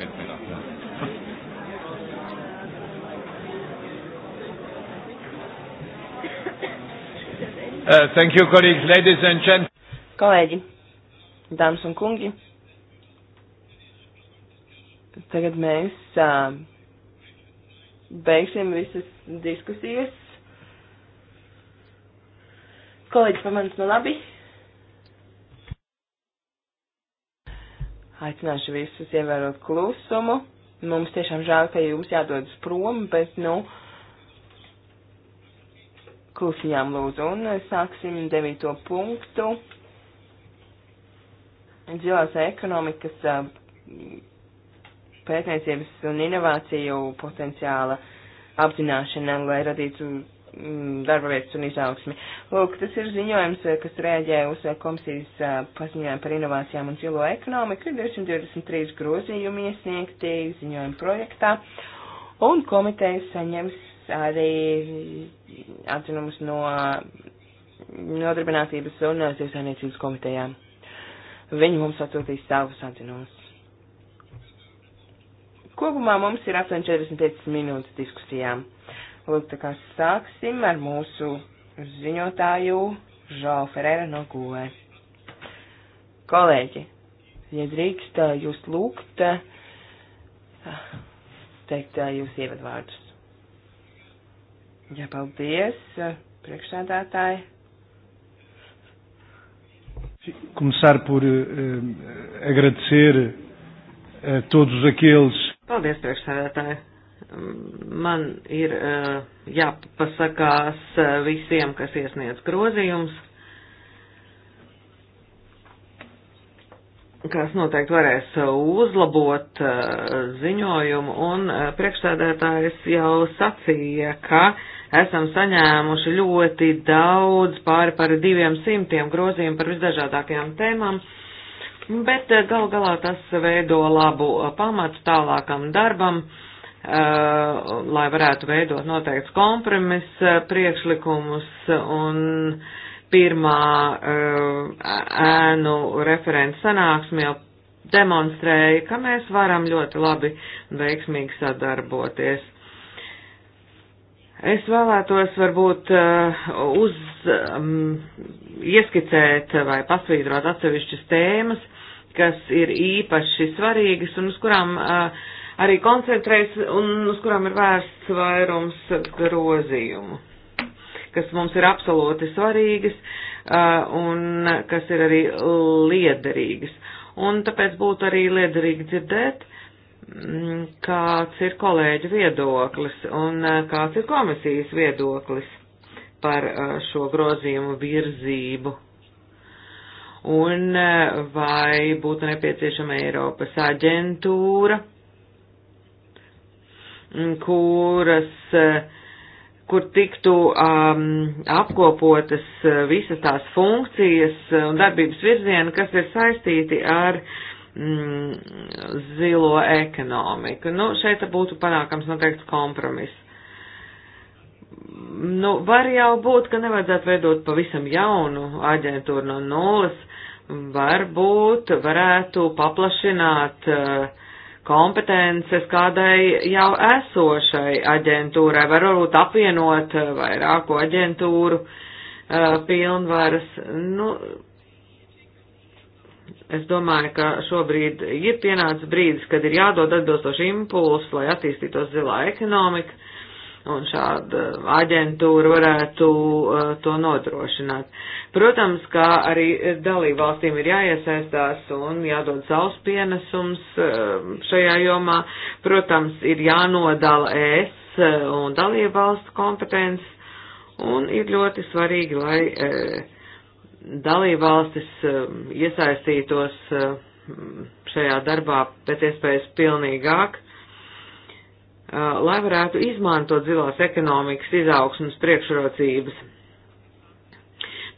Speaker 2: que esperar. Uh, thank you, colleagues,
Speaker 3: ladies and gentlemen.
Speaker 2: Kolēģi, dāmas un kungi, tagad mēs uh, beigsim visas diskusijas. Kolēģis pamanis man nu labi. Aicināšu visus ievērot klusumu. Mums tiešām žēl, ka jums jādodas prom, bet, nu, klusiņām lūdzu. Un eh, sāksim devīto punktu. Dzīvās ekonomikas eh, pētniecības un inovāciju potenciāla apzināšana, lai radītu Mm, darba vietas un izaugsmi. Lūk, tas ir ziņojums, eh, kas rēģē uz eh, komisijas eh, paziņojumu par inovācijām un zilo ekonomiku. 223 grozījumi iesniegti ziņojuma projektā, un komiteja saņems arī atzinumus no nodarbinātības un zivsainiecības komitejām. Viņi mums atsūtīs savus atzinumus. Kopumā mums ir aptuveni 45 minūtes diskusijām. Lūk, tā kā sāksim ar mūsu ziņotāju Žau Ferēra no Gulē. Kolēģi, ja drīkst eh, jūs lūgt, eh, teikt eh, jūs ievadvārdus. Jā, paldies, priekšsēdētāji.
Speaker 1: Começar por uh, agradecer a todos aqueles.
Speaker 3: Paldies, priekšsēdētāji man ir eh, jāpasakās eh, visiem, kas iesniedz grozījums, kas noteikti varēs uzlabot eh, ziņojumu, un priekšsēdētājs jau sacīja, ka esam saņēmuši ļoti daudz pāri par diviem simtiem grozījumu par visdažādākajām tēmām bet gal galā tas veido labu pamatu tālākam darbam, Uh, lai varētu veidot noteikts kompromis uh, priekšlikumus un pirmā uh, ēnu referents sanāksme jau demonstrēja, ka mēs varam ļoti labi un veiksmīgi sadarboties. Es vēlētos varbūt uz, um, ieskicēt vai pasvītrot atsevišķas tēmas, kas ir īpaši svarīgas un uz kurām uh, arī koncentrējas un uz kurām ir vērsts vairums grozījumu, kas mums ir absolūti svarīgas uh, un kas ir arī liederīgas. Un tāpēc būtu arī liederīgi dzirdēt, mm, kāds ir kolēģu viedoklis un uh, kāds ir komisijas viedoklis par uh, šo grozījumu virzību. Un vai būtu nepieciešama Eiropas aģentūra, kuras, eh, kur tiktu um, apkopotas eh, visas tās funkcijas un darbības virzieni, kas ir saistīti ar mm, zilo ekonomiku. Nu, šeit būtu panākams noteikts kompromiss. Nu, var jau būt, ka nevajadzētu veidot pavisam jaunu aģentūru no nulles, varbūt varētu paplašināt uh, kompetences kādai jau esošai aģentūrai, varbūt apvienot eh, vairāku aģentūru uh, pilnvaras. Nu, es domāju, ka šobrīd ir pienācis brīdis, kad ir jādod atbilstoši impulsi, lai attīstītos zilā ekonomika, un šāda aģentūra varētu uh, to nodrošināt. Protams, kā arī dalībvalstīm ir jāiesaistās un jādod savs pienesums eh, šajā jomā. Protams, ir jānodala ES eh, un dalībvalstu kompetences un ir ļoti svarīgi, lai eh, dalībvalstis iesaistītos šajā darbā pēc iespējas pilnīgāk lai varētu izmantot zilās ekonomikas izaugsmas priekšrocības.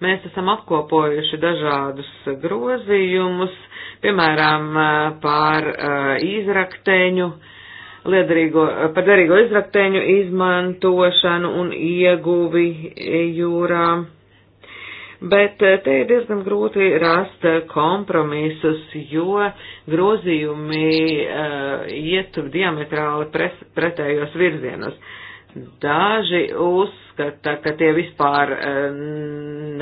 Speaker 3: Mēs esam apkopojuši dažādus grozījumus, piemēram, pār eh, izrakteņu, liederīgo, par derīgo izrakteņu izmantošanu un ieguvi jūrā. Bet eh, te ir diezgan grūti rast eh, kompromisus, jo grozījumi uh, iet diametrāli pres, pretējos virzienos. Uh, Daži uzskata, ka tie vispār eh,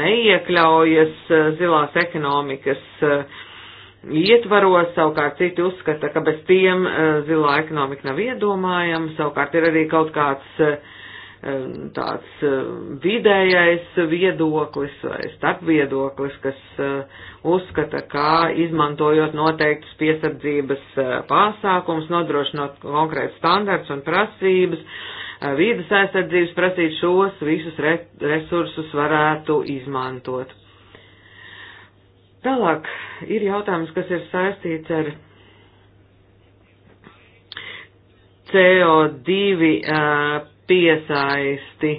Speaker 3: neiekļaujas eh, zilās ekonomikas eh, ietvaros, savukārt citi uzskata, ka bez tiem zilā ekonomika nav iedomājama, savukārt ir arī kaut kāds tāds vidējais viedoklis vai starpviedoklis, kas uzskata, ka izmantojot noteiktus piesardzības pasākums, nodrošinot konkrētus standarts un prasības, vīdas aizsardzības prasīt šos visus re resursus varētu izmantot. Tālāk ir jautājums, kas ir saistīts ar CO2 uh, piesaisti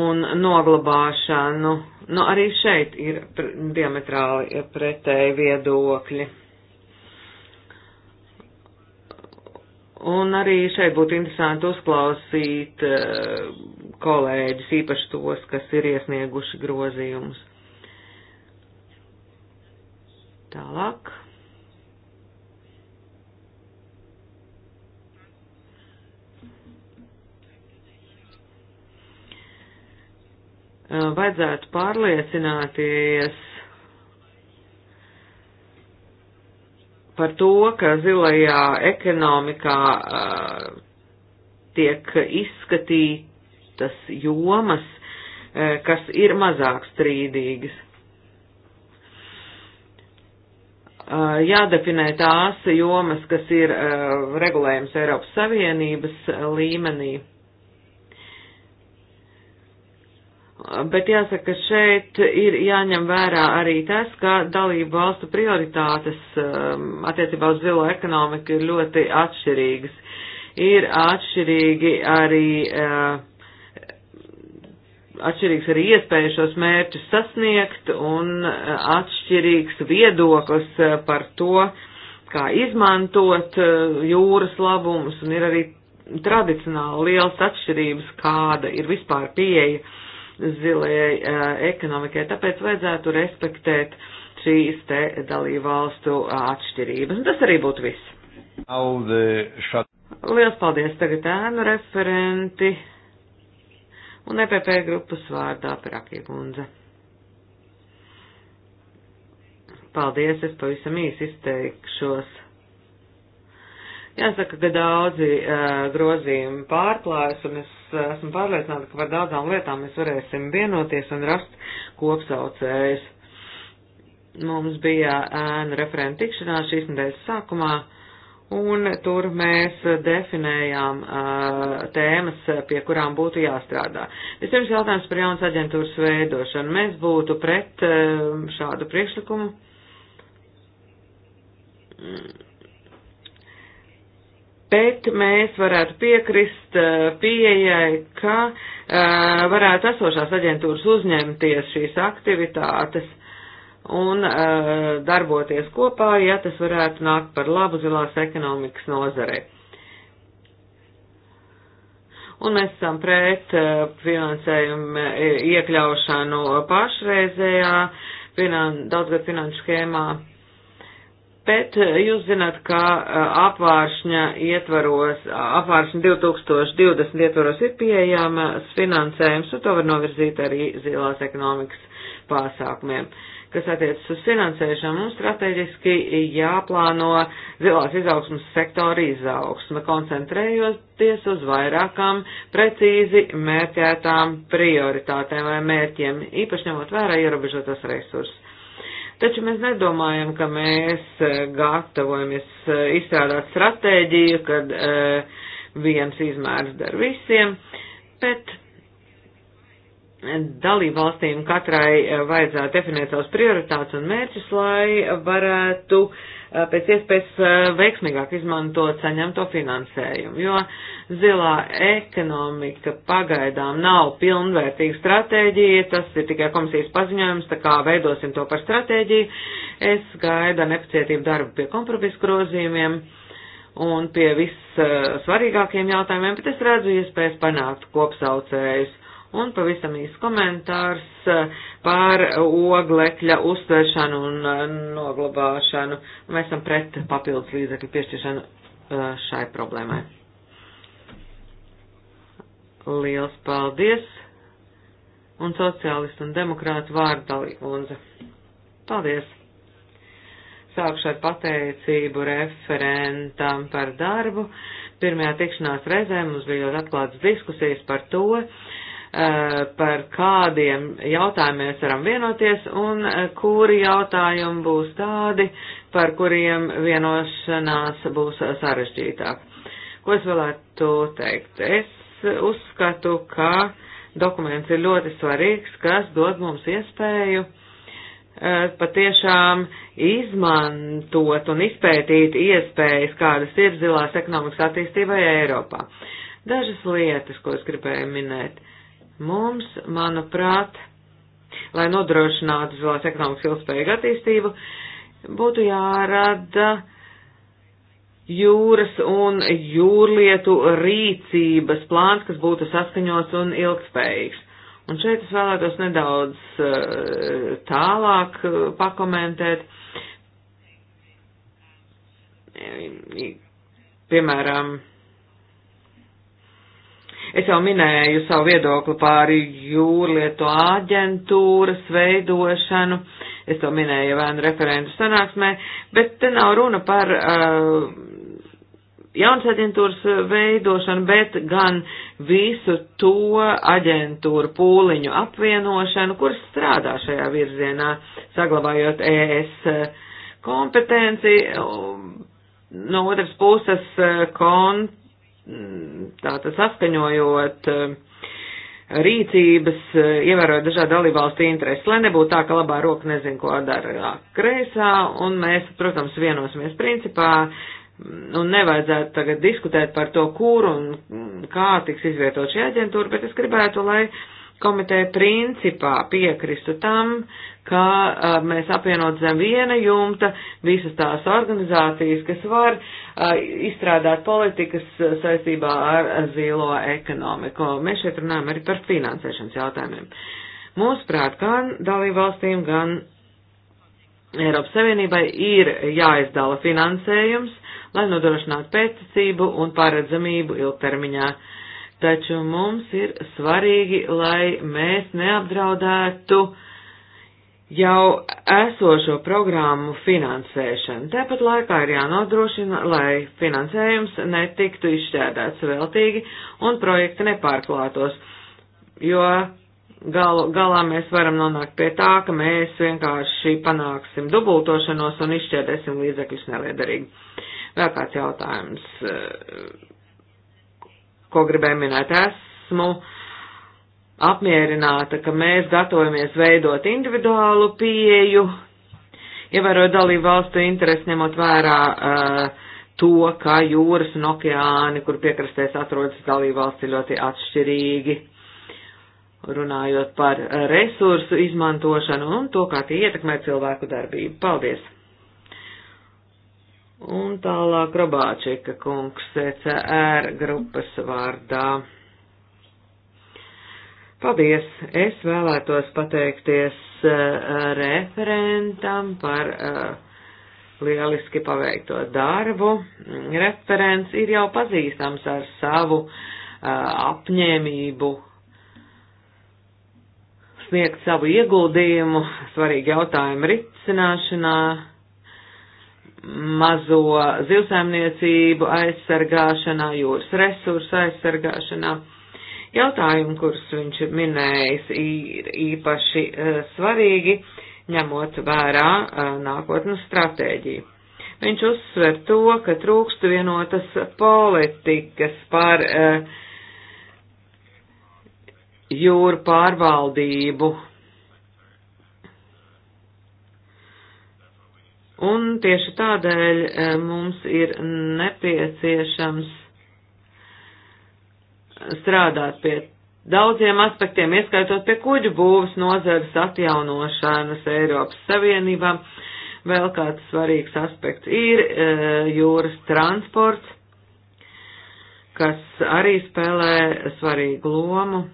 Speaker 3: un noglabāšanu. Nu, arī šeit ir diametrāli pretēji viedokļi. Un arī šeit būtu interesanti uzklausīt eh, kolēģis, īpaši tos, kas ir iesnieguši grozījumus. Tālāk. Eh, vajadzētu pārliecināties, par to, ka zilajā ekonomikā uh, tiek izskatītas jomas, uh, kas ir mazāk strīdīgas. Uh, jādefinē tās jomas, kas ir uh, regulējums Eiropas Savienības uh, līmenī bet jāsaka, šeit ir jāņem vērā arī tas, ka dalību valstu prioritātes um, attiecībā uz zilo ekonomiku ir ļoti atšķirīgas. Ir atšķirīgi arī. Uh, atšķirīgs arī iespēja šos mērķus sasniegt un uh, atšķirīgs viedoklis uh, par to, kā izmantot jūras labumus, un ir arī tradicionāli liels atšķirības, kāda ir vispār pieeja uh, zilajai ekonomikai, tāpēc vajadzētu respektēt šīs te dalībvalstu atšķirības. Un tas arī būtu viss. Lielas paldies tagad ēnu referenti un EPP grupas vārdā Perakī kundze. Paldies, es pavisam īsi izteikšos. Jāsaka, ka daudzi uh, grozījumi pārklājas, un es Eh, esmu pārliecināta, ka par daudzām lietām mēs varēsim vienoties un rast kopsaucējus. Mums bija ēnu referenta tikšanās šīs nedēļas sākumā, un tur mēs definējām uh, tēmas, pie kurām būtu jāstrādā. Vispirms jautājums par jaunas aģentūras veidošanu. Mēs būtu pret uh, šādu priekšlikumu. Mm bet mēs varētu piekrist eh, pieejai, ka uh, varētu esošās aģentūras uzņemties šīs aktivitātes un uh, darboties kopā, ja tas varētu nākt par labu zilās ekonomikas nozarei. Un mēs esam pret uh, finansējumu iekļaušanu pašreizējā finan, daudzgad finanšu schēmā Bet eh, jūs zināt, ka eh, apvāršņa ietvaros, apvāršņa 2020 ietvaros ir pieejamas finansējums, un to var novirzīt arī zilās ekonomikas pasākumiem. Kas attiecas uz finansēšanu, mums strateģiski jāplāno zilās izaugsmas sektora izaugsme, koncentrējoties uz vairākām precīzi mērķētām prioritātēm vai mērķiem, īpaši ņemot vērā ierobežotos resursus Taču mēs nedomājam, ka mēs e, gatavojamies e, izstrādāt stratēģiju, kad e, viens izmērs dar visiem, bet dalībvalstīm katrai vajadzētu definēt savus prioritātus un mērķus, lai varētu uh, Eh, pēc iespējas eh, veiksmīgāk izmantot saņemto finansējumu, jo zilā ekonomika pagaidām nav pilnvērtīga stratēģija, tas ir tikai komisijas paziņojums, tā kā veidosim to par stratēģiju. Es gaidu nepacietību darbu pie kompromisu grozījumiem un pie vissvarīgākiem eh, jautājumiem, bet es redzu iespējas panākt kopsaucējus Un pavisam īsts komentārs eh, par oglekļa uztveršanu un eh, noglabāšanu. Mēs esam pret papildus līdzekļu piešķiršanu eh, šai problēmai. Liels paldies! Un sociālistu un demokrātu vārdu dalīkundze. Paldies! Sākšu ar pateicību referentam par darbu. Pirmajā tikšanās reizē mums bija ļoti atklātas diskusijas par to, uh, Eh, par kādiem jautājumiem mēs varam vienoties un eh, kuri jautājumi būs tādi, par kuriem vienošanās būs sarežģītāk. Ko es vēlētu teikt? Es uzskatu, ka dokuments ir ļoti svarīgs, kas dod mums iespēju eh, patiešām izmantot un izpētīt iespējas, kādas ir zilās ekonomikas attīstībai Eiropā. Dažas lietas, ko es gribēju minēt. Uh, Mums, manuprāt, lai nodrošinātu zilās ekonomikas ilgspējīgu attīstību, būtu jārada jūras un jūrlietu rīcības plāns, kas būtu saskaņots un ilgspējīgs. Un šeit es vēlētos nedaudz eh, tālāk eh, pakomentēt. Piemēram, Es jau minēju savu viedokli pār jūrlietu aģentūras veidošanu, es to minēju vēnu referentu sanāksmē, bet te nav runa par uh, jaunas aģentūras veidošanu, bet gan visu to aģentūru pūliņu apvienošanu, kuras strādā šajā virzienā, saglabājot ES uh, kompetenci, no otras puses uh, kont Mm, tātad saskaņojot eh, rīcības, eh, ievērojot dažādu dalībvalstu intereses, lai nebūtu tā, ka labā roka nezin, ko dara kreisā, un mēs, protams, vienosimies principā, mm, un nevajadzētu tagad diskutēt par to, kur un mm, kā tiks izvietot šī aģentūra, bet es gribētu, lai uh, komiteja principā piekristu tam, ka a, mēs apvienot zem viena jumta visas tās organizācijas, kas var a, izstrādāt politikas saistībā ar zilo ekonomiku. Mēs šeit runājam arī par finansēšanas jautājumiem. Mūsuprāt, gan dalībvalstīm, gan Eiropas Savienībai ir jāizdala finansējums, lai nodrošinātu pēcticību un paredzamību ilgtermiņā. Uh, taču mums ir svarīgi, lai mēs neapdraudētu jau esošo programmu finansēšanu. Tāpat laikā ir jānodrošina, lai finansējums netiktu izšķērdēts veltīgi un projekti nepārklātos, jo galu, galā mēs varam nonākt pie tā, ka mēs vienkārši panāksim dubultošanos un izšķērdēsim līdzekļus neliederīgi. Vēl kāds jautājums eh, ko gribēju minēt, esmu apmierināta, ka mēs gatavojamies veidot individuālu pieju, ievērot dalību valstu interesi, ņemot vērā uh, to, ka jūras un okeāni, kur piekrastēs atrodas dalību valsts, ir ļoti atšķirīgi. Runājot par uh, resursu izmantošanu un to, kā tie ietekmē cilvēku darbību. Paldies! Un tālāk Grabāčeka kungs CCR grupas vārdā. Paldies! Es vēlētos pateikties uh, referentam par uh, lieliski paveikto darbu. Referents ir jau pazīstams ar savu uh, apņēmību sniegt savu ieguldījumu svarīgi jautājumu risināšanā mazo zivsaimniecību aizsargāšanā, jūras resursu aizsargāšanā. Jautājumi, kurus viņš ir minējis, ir īpaši eh, svarīgi, ņemot vērā eh, nākotnes stratēģiju. Viņš uzsver to, ka trūkst vienotas politikas par eh, jūru pārvaldību Un tieši tādēļ eh, mums ir nepieciešams strādāt pie daudziem aspektiem, ieskaitot pie kuģu būvas nozares atjaunošanas Eiropas Savienībā. Vēl kāds svarīgs aspekts ir eh, jūras transports, kas arī spēlē svarīgu lomu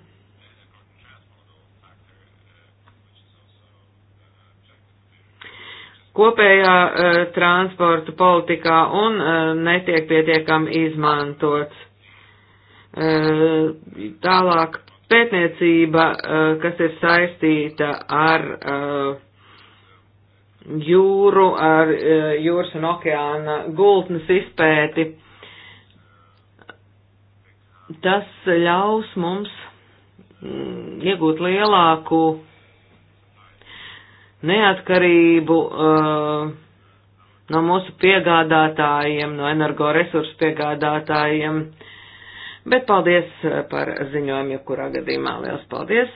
Speaker 3: kopējā uh, transporta politikā un uh, netiek pietiekami izmantots. Uh, tālāk pētniecība, uh, kas ir saistīta ar uh, jūru, ar uh, jūras un okeāna gultnes izpēti. Tas ļaus mums mm, iegūt lielāku uh, neatkarību uh, no mūsu piegādātājiem, no energoresursu piegādātājiem. Bet paldies par ziņojumu, jebkurā gadījumā liels paldies!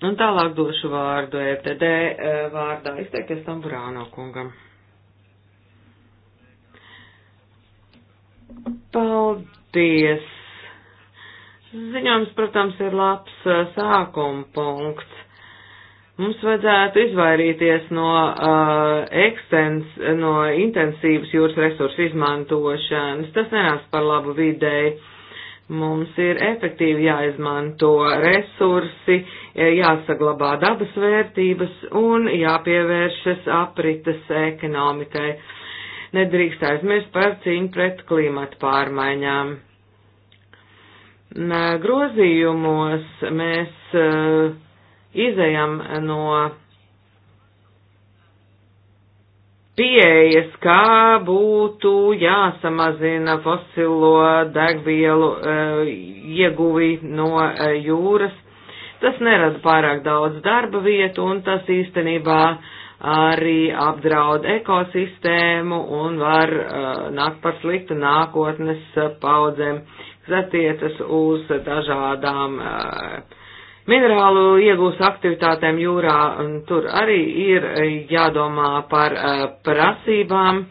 Speaker 3: Un tālāk došu vārdu FTD e uh, vārdā izteikties tam Burāno kungam. Paldies! Ziņojums, protams, ir labs sākuma punkts. Mums vajadzētu izvairīties no, uh, ekstens, no intensīvas jūras resursu izmantošanas. Tas nenāks par labu videi. Mums ir efektīvi jāizmanto resursi, jāsaglabā dabas vērtības un jāpievēršas aprites ekonomikai. Nedrīkst aizmirst par cīņu pret klimatu pārmaiņām grozījumos mēs eh, izējam no pieejas, kā būtu jāsamazina fosilo degvielu eh, ieguvi no eh, jūras. Tas nerada pārāk daudz darba vietu un tas īstenībā arī apdraud ekosistēmu un var uh, nākt par sliktu nākotnes paudzēm, attiecas uz dažādām eh, minerālu iegūstu aktivitātēm jūrā. Tur arī ir jādomā par eh, prasībām,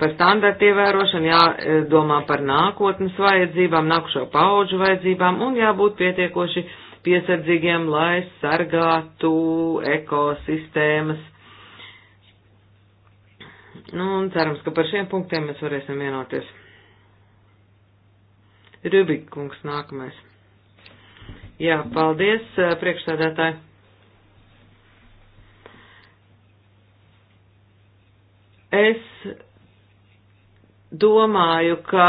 Speaker 3: par standartu ievērošanu, jādomā par nākotnes vajadzībām, nākušo pauģu vajadzībām un jābūt pietiekoši piesardzīgiem, lai sargātu ekosistēmas. Nu, un cerams, ka par šiem punktiem mēs varēsim vienoties. Rubikungs nākamais. Jā, paldies, priekšsēdētāji. Es domāju, ka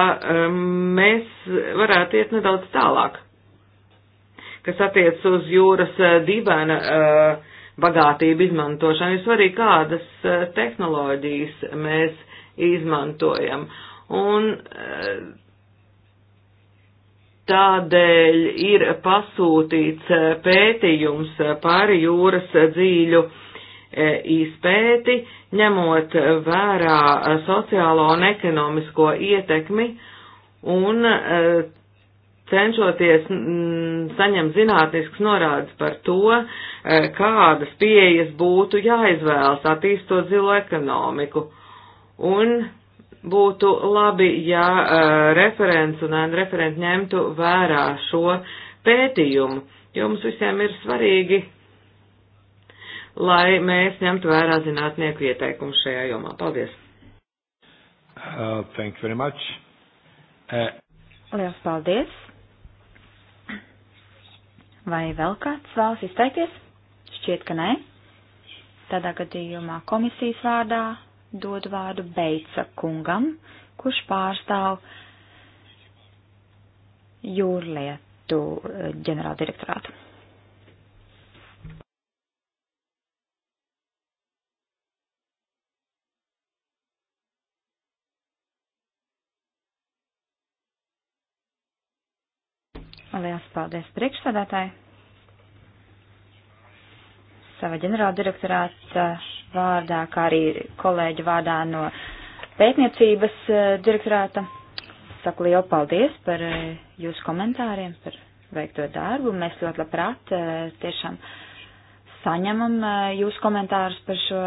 Speaker 3: mēs varētu iet nedaudz tālāk, kas attiec uz jūras dibena bagātību izmantošanu. Ir svarīgi, kādas tehnoloģijas mēs izmantojam. Un Tādēļ ir pasūtīts eh, pētījums eh, par jūras dzīļu eh, izpēti, ņemot vērā sociālo un ekonomisko ietekmi un cenšoties saņemt zinātnisks norādes par to, kādas pieejas būtu jāizvēlas attīstot zilo ekonomiku. Un būtu labi, ja uh, referents un uh, referenti ņemtu vērā šo pētījumu, jo mums visiem ir svarīgi, lai mēs ņemtu vērā zinātnieku ieteikumu šajā jomā. Paldies! Uh, thank you very much. Uh.
Speaker 1: Lielas paldies! Vai vēl kāds vēlas izteikties? Šķiet, ka nē. Tādā gadījumā komisijas vārdā dod vārdu Beica kungam, kurš pārstāv jūrlietu eh, ģenerāldirektorātu. Lielas paldies priekšsādātāji! Sava ģenerāldirektorāts vārdā, kā arī kolēģi vārdā no pētniecības eh, direktorāta. Saku lielu paldies par eh, jūsu komentāriem, par veikto darbu. Mēs ļoti labprāt eh, tiešām saņemam jūsu komentārus par šo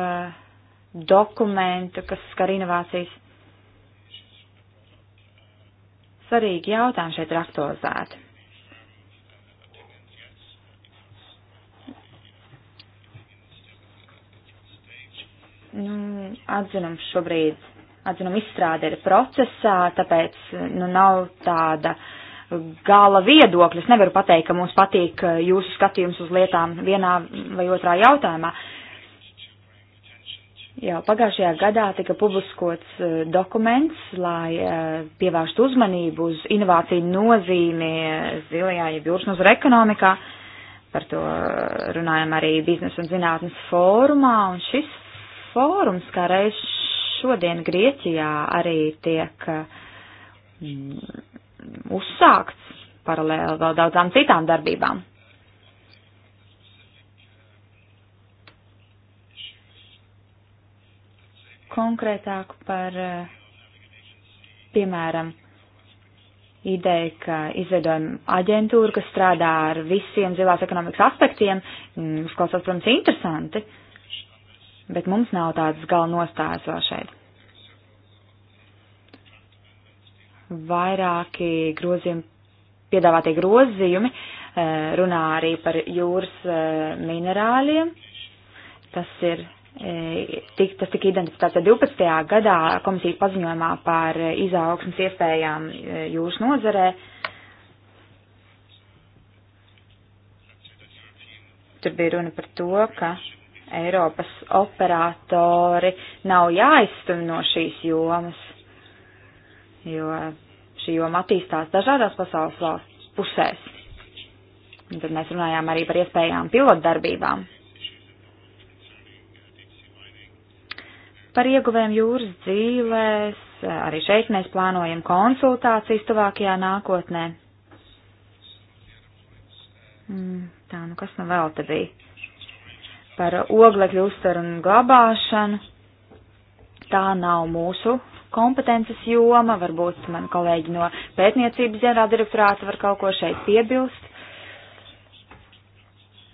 Speaker 1: dokumentu, kas skar inovācijas. Svarīgi jautājumi šeit ir aktualizēti. Nu, mm, atzinums šobrīd, atzinuma izstrāde ir procesā, tāpēc nu, nav tāda gala viedokļa. Es nevaru pateikt, ka mums patīk eh, jūsu skatījums uz lietām vienā vai otrā jautājumā. Jau pagājušajā gadā tika publiskots eh, dokuments, lai eh, pievērstu uzmanību uz inovāciju nozīmi zilajā, ja jūrasnozara ekonomikā. Par to runājam arī biznesa un zinātnes fórumā, un šis fórums, kā reiz šodien Grieķijā arī tiek mm, uzsākts paralēli vēl daudzām citām darbībām. Konkrētāk par, piemēram, ideja, ka izveidojam aģentūru, kas strādā ar visiem zilās ekonomikas aspektiem, mm, uzklausās, protams, interesanti. Uh, bet mums nav tādas gala nostājas vēl šeit. Vairāki grozījumi, piedāvātie grozījumi eh, runā arī par jūras eh, minerāliem. Tas ir eh, tik, tas tika identificēts 12. gadā komisijas paziņojumā par izaugsmas iespējām jūras nozarē. Tur bija runa par to, ka Eiropas operatori nav jāizstum no šīs jomas, jo šī joma attīstās dažādās pasaules valsts pusēs. Un tad mēs runājām arī par iespējām pilotdarbībām. Par ieguvēm jūras dzīvēs, arī šeit mēs plānojam konsultācijas tuvākajā nākotnē. Mm, tā, nu kas nu vēl te bija? par oglekļu uztveru un glabāšanu. Tā nav mūsu kompetences joma, varbūt man kolēģi no pētniecības ģenerāla direktorāta var kaut ko šeit piebilst.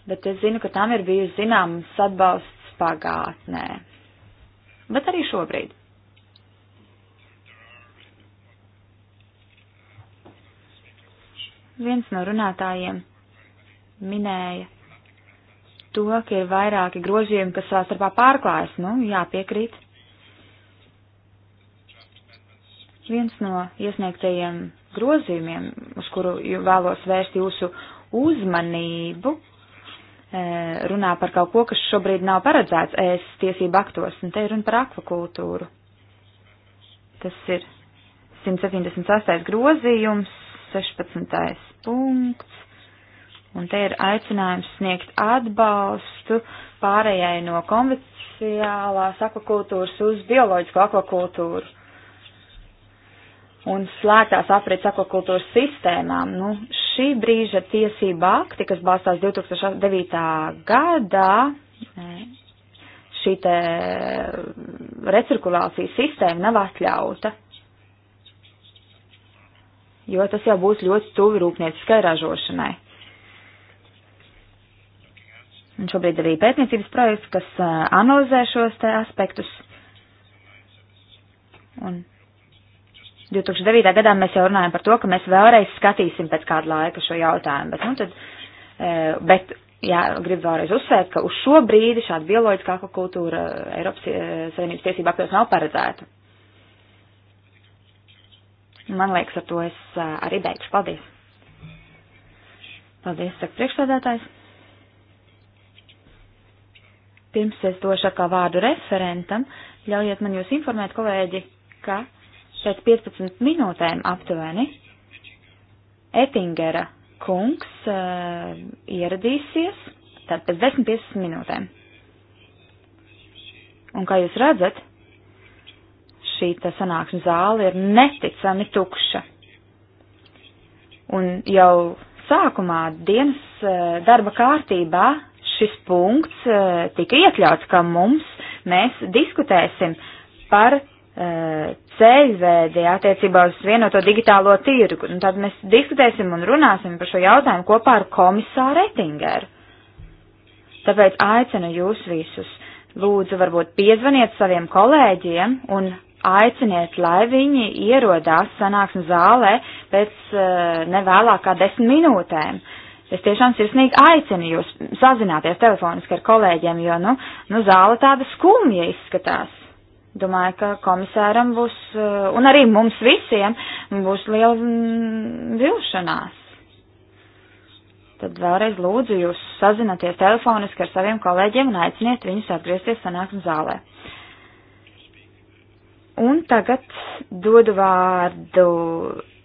Speaker 1: Bet es zinu, ka tam ir bijis zināms atbalsts pagātnē. Bet arī šobrīd. Viens no runātājiem minēja to, ka ir vairāki grozījumi, kas savā starpā pārklājas. Nu, jā, piekrīt. Viens no iesniegtajiem grozījumiem, uz kuru vēlos vērst jūsu uzmanību, e, runā par kaut ko, kas šobrīd nav paredzēts ES tiesību aktos, un te ir runa par akvakultūru. Tas ir 178. grozījums, 16. punkts. Un te ir aicinājums sniegt atbalstu pārējai no konvencionālās akvakultūras uz bioloģisko akvakultūru un slēgtās aprits akvakultūras sistēmām. Nu, šī brīža tiesība akti, kas balstās 2009. gadā, e, šī te recirkulācijas sistēma nav atļauta, jo tas jau būs ļoti tuvi rūpnieciskai ražošanai. Un šobrīd arī pētniecības projekts, kas analizē šos te aspektus. Un 2009. gadā mēs jau runājam par to, ka mēs vēlreiz skatīsim pēc kāda laika šo jautājumu, bet, nu, tad, bet jā, gribu vēlreiz uzsvērt, ka uz šo brīdi šāda bioloģiskā akvakultūra Eiropas Savienības tiesība aktos nav paredzēta. Man liekas, ar to es arī beigšu. Paldies. Paldies, saka priekšsēdētājs. Pirms es došu atkal vārdu referentam, ļaujiet man jūs informēt, kolēģi, ka pēc 15 minūtēm aptuveni Ettingera kungs uh, ieradīsies, tad pēc 10-15 minūtēm. Un kā jūs redzat, šī tā sanāksmes zāle ir neticami tukša. Un jau sākumā dienas eh, darba kārtībā šis punkts e, tika iekļauts, ka mums mēs diskutēsim par e, ceļvēdi attiecībā uz vienoto digitālo tirgu. Un tad mēs diskutēsim un runāsim par šo jautājumu kopā ar komisāru Ettingeru. Tāpēc aicinu jūs visus, lūdzu, varbūt piezvaniet saviem kolēģiem un aiciniet, lai viņi ierodās sanāksmes zālē pēc e, nevēlākā desmit minūtēm. Uh, Es tiešām sirsnīgi aicinu jūs sazināties telefoniski ar kolēģiem, jo, nu, nu zāle tāda skumja izskatās. Domāju, ka komisāram būs, eh, un arī mums visiem, būs liela mm, vilšanās. Tad vēlreiz lūdzu jūs sazināties telefoniski ar saviem kolēģiem un aiciniet viņus atgriezties sanāksmes zālē. Un tagad dodu vārdu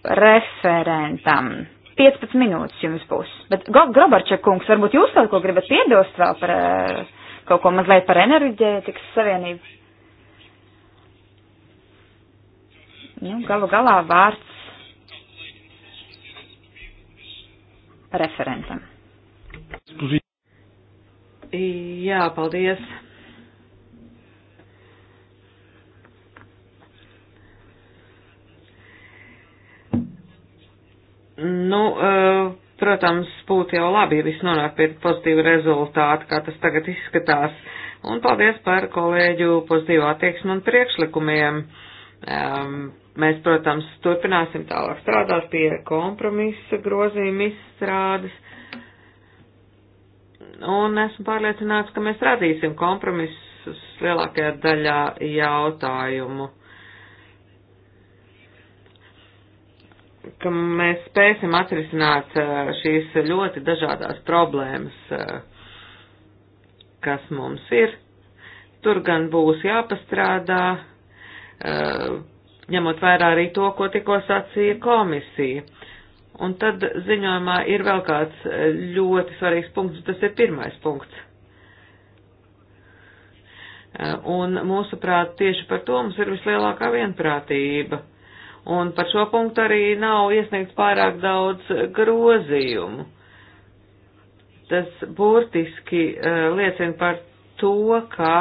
Speaker 1: referentam. 15 minūtes jums būs. Bet Grobarčak kungs, varbūt jūs kaut ko gribat piebilst vēl par eh, kaut ko mazliet par enerģētikas savienību? Nu, galu galā vārds referentam.
Speaker 3: Jā, paldies. Nu, eh, protams, būtu jau labi, ja viss nonāk pie pozitīva rezultāta, kā tas tagad izskatās. Un paldies par kolēģu pozitīvā attieksmu un priekšlikumiem. Mēs, protams, turpināsim tālāk strādāt pie kompromisa grozījuma izstrādes un esmu pārliecināts, ka mēs radīsim kompromisus lielākajā daļā jautājumu. ka mēs spēsim atrisināt šīs ļoti dažādās problēmas, kas mums ir. Tur gan būs jāpastrādā, ņemot vērā arī to, ko tikko sacīja komisija. Un tad ziņojumā ir vēl kāds ļoti svarīgs punkts, tas ir pirmais punkts. Un mūsuprāt, tieši par to mums ir vislielākā vienprātība un par šo punktu arī nav iesniegts pārāk daudz grozījumu. Tas burtiski uh, liecina par to, ka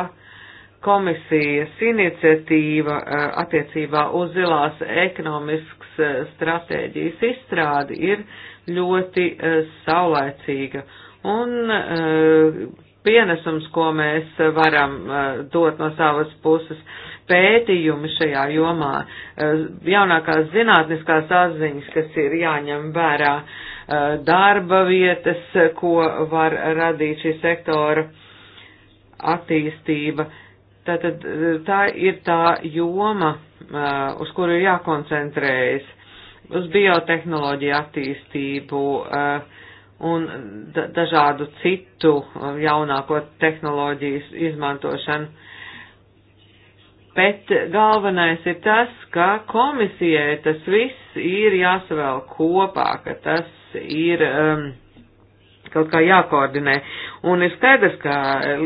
Speaker 3: komisijas iniciatīva uh, attiecībā uz zilās ekonomiskas uh, eh, stratēģijas izstrādi ir ļoti uh, saulēcīga. Un uh, pienesums, ko mēs varam uh, dot no savas puses, uh, pētījumi šajā jomā, eh, jaunākās zinātniskās atziņas, kas ir jāņem vērā eh, darba vietas, ko var radīt šī sektora attīstība. Tātad eh, tā ir tā joma, uz kuru ir jākoncentrējas, uz biotehnoloģiju attīstību un dažādu citu jaunāko tehnoloģiju izmantošanu Bet galvenais ir tas, ka komisijai tas viss ir jāsavēl kopā, ka tas ir um, kaut kā jākoordinē. Un ir skaidrs, ka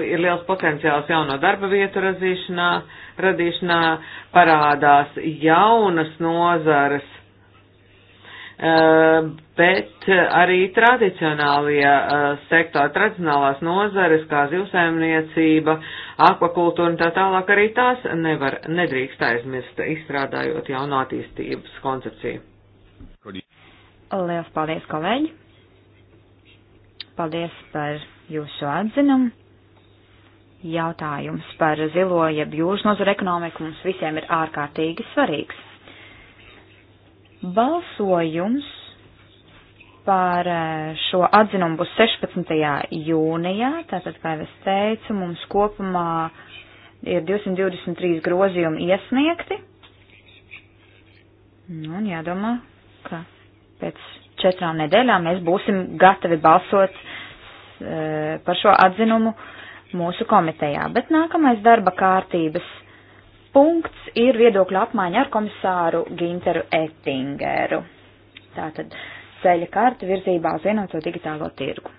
Speaker 3: ir liels potenciāls jauno darba vietu radīšanā, radīšanā parādās jaunas nozares, Uh, bet arī tradicionālie uh, sektori, tradicionālās nozares, kā zivsaimniecība, akvakultūra un tā tālāk arī tās nevar, nedrīkst aizmirst, izstrādājot jaunu attīstības koncepciju.
Speaker 1: Lielas paldies, kolēģi! Paldies par jūsu atzinumu! Jautājums par zilo jeb jūras nozara ekonomiku mums visiem ir ārkārtīgi svarīgs. Balsojums par eh, šo atzinumu būs 16. jūnijā. Tātad, kā jau es teicu, mums kopumā ir 223 grozījumi iesniegti. Nu, un jādomā, ka pēc četrām nedēļām mēs būsim gatavi balsot e, par šo atzinumu mūsu komitejā. Bet nākamais darba kārtības punkts ir viedokļu apmaiņa ar komisāru Ginteru Ettingeru. Tātad ceļa karti virzībā uz vienoto digitālo tirgu.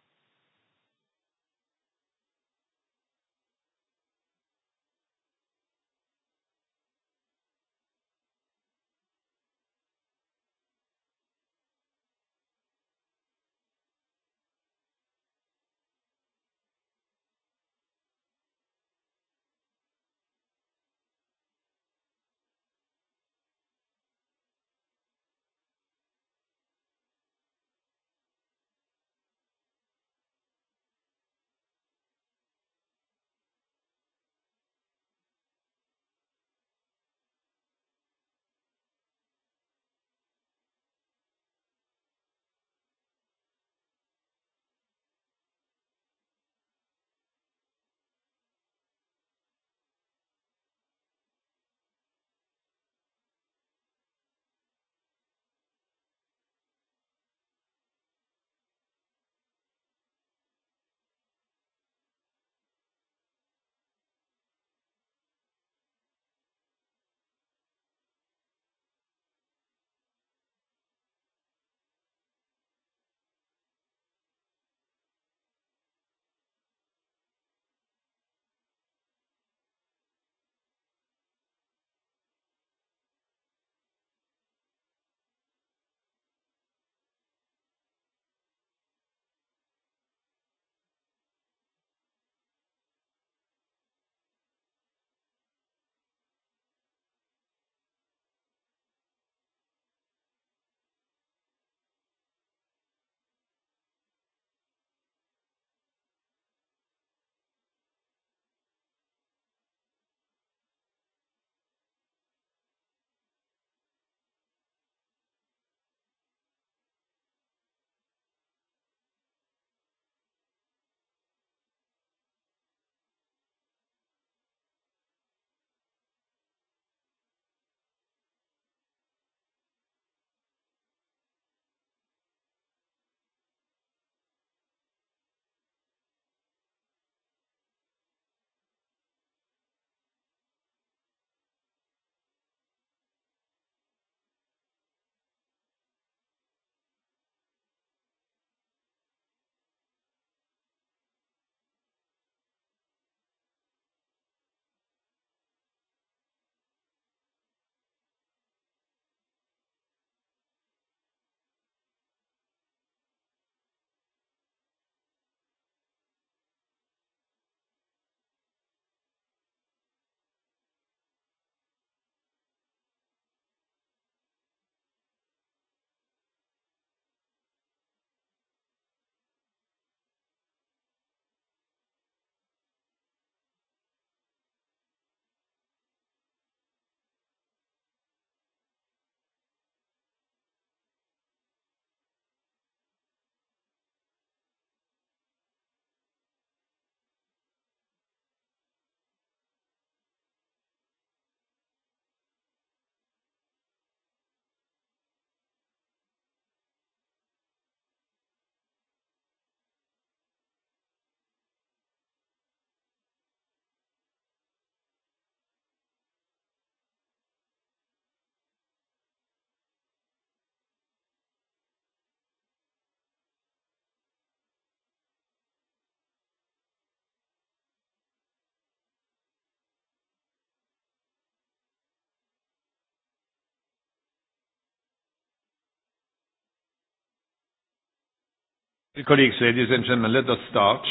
Speaker 3: Kolīgs, ladies and gentlemen, let us start.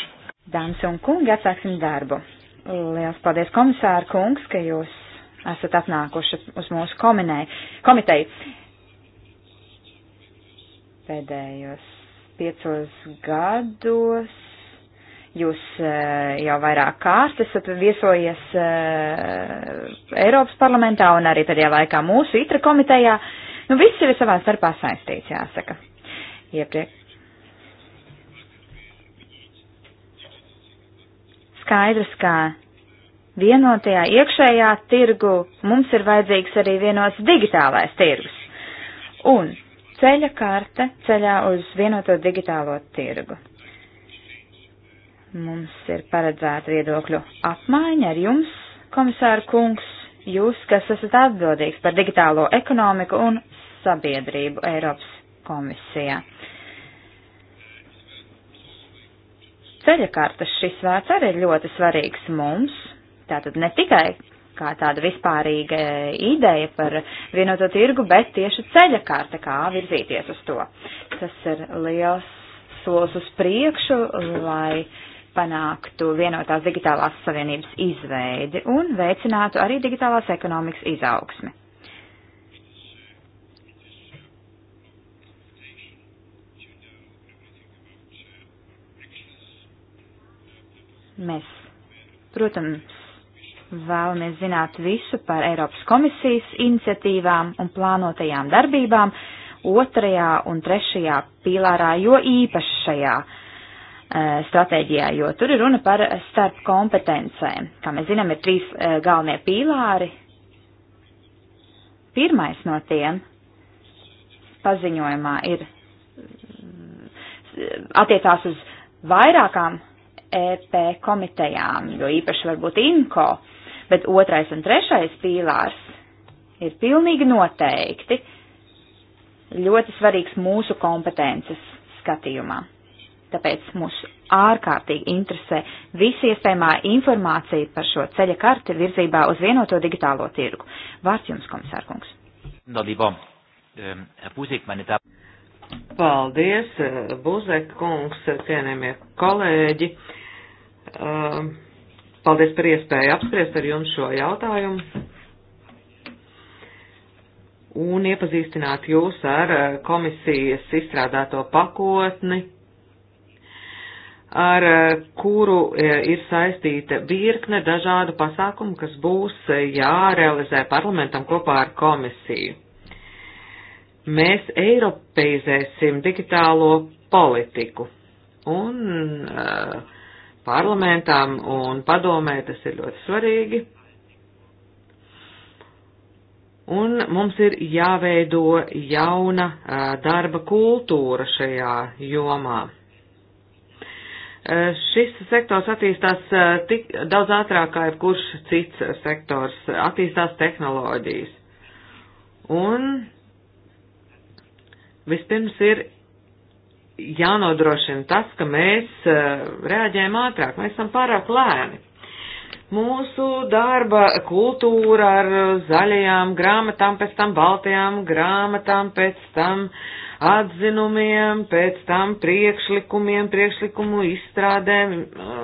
Speaker 1: Dāmas un kungi, atsāksim darbu. Liels paldies, komisāra kungs, ka jūs esat atnākuši uz mūsu kominē, komiteju. Pēdējos piecos gados jūs eh, jau vairāk kārt esat viesojies eh, Eiropas parlamentā un arī pēdējā laikā mūsu itra komitejā. Nu, viss ir savā starpā saistīts, jāsaka. Iepriek skaidrs, ka vienotajā iekšējā tirgu mums ir vajadzīgs arī vienots digitālais tirgus. Un ceļa karte ceļā uz vienoto digitālo tirgu. Mums ir paredzēta viedokļu apmaiņa ar jums, komisāra kungs, jūs, kas esat atbildīgs par digitālo ekonomiku un sabiedrību Eiropas komisijā. Ceļakartas šis vārds arī ir ļoti svarīgs mums, tātad ne tikai kā tāda vispārīga ideja par vienoto tirgu, bet tieši ceļakārta, kā virzīties uz to. Tas ir liels solis uz priekšu, lai panāktu vienotās digitālās savienības izveidi un veicinātu arī digitālās ekonomikas izaugsmi. Mēs, protams, vēlamies zināt visu par Eiropas komisijas iniciatīvām un plānotajām darbībām otrajā un trešajā pīlārā, jo īpaši šajā e, stratēģijā, jo tur ir runa par starp kompetencēm. Kā mēs zinām, ir trīs e, galvenie pīlāri. Pirmais no tiem paziņojumā ir e, attiecās uz vairākām EP komitejām, jo īpaši varbūt INCO, bet otrais un trešais pīlārs ir pilnīgi noteikti ļoti svarīgs mūsu kompetences skatījumā. Tāpēc mūs ārkārtīgi interesē visi iespējamā informācija par šo ceļa karti virzībā uz vienoto digitālo tirgu. Vārds jums, komisārkungs.
Speaker 3: Paldies, Buzek kungs, cienējamie kolēģi. Um, paldies par iespēju apspriest ar jums šo jautājumu un iepazīstināt jūs ar uh, komisijas izstrādāto pakotni, ar uh, kuru uh, ir saistīta virkne dažādu pasākumu, kas būs jārealizē parlamentam kopā ar komisiju. Mēs eiropeizēsim digitālo politiku un uh, parlamentam un padomē tas ir ļoti svarīgi. Un mums ir jāveido jauna darba kultūra šajā jomā. Šis sektors attīstās tik daudz ātrāk kā jebkurš cits sektors, attīstās tehnoloģijas. Un vispirms ir jānodrošina tas, ka mēs eh, reaģējam ātrāk, mēs esam pārāk lēni. Mūsu darba kultūra ar zaļajām grāmatām, pēc tam baltajām grāmatām, pēc tam atzinumiem, pēc tam priekšlikumiem, priekšlikumu izstrādēm, eh,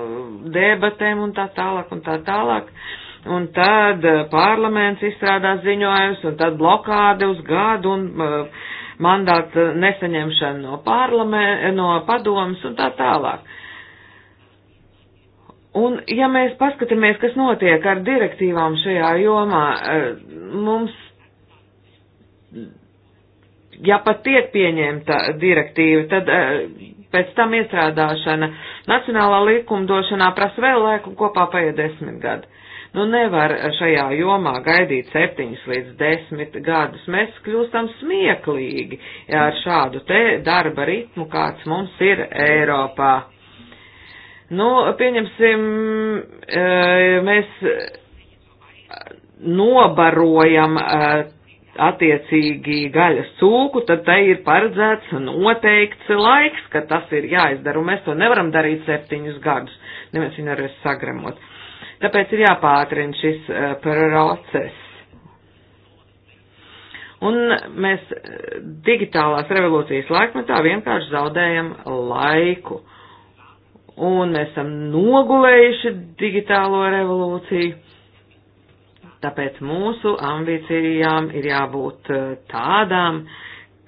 Speaker 3: debatēm un tā tālāk un tā tālāk. Un tad eh, parlaments izstrādā ziņojums, un tad blokāde uz gadu, un uh, mandāta nesaņemšanu no, parlamē, no padomas un tā tālāk. Un, ja mēs paskatāmies, kas notiek ar direktīvām šajā jomā, eh, mums, ja pat tiek pieņemta direktīva, tad eh, pēc tam iestrādāšana nacionālā likumdošanā prasa vēl laiku kopā paiet desmit gadi. Nu nevar šajā jomā gaidīt septiņus līdz desmit gadus. Mēs kļūstam smieklīgi ar šādu te darba ritmu, kāds mums ir Eiropā. Nu, pieņemsim, e, mēs nobarojam e, attiecīgi gaļas cūku, tad tai ir paredzēts noteikts laiks, ka tas ir jāizdara, un mēs to nevaram darīt septiņus gadus. Neviens viņu nevarēs sagremot. Tāpēc ir jāpātrina šis eh, process. Un mēs eh, digitālās revolūcijas laikmetā vienkārši zaudējam laiku. Un mēs esam nogulējuši digitālo revolūciju. Tāpēc mūsu ambīcijām ir jābūt eh, tādām,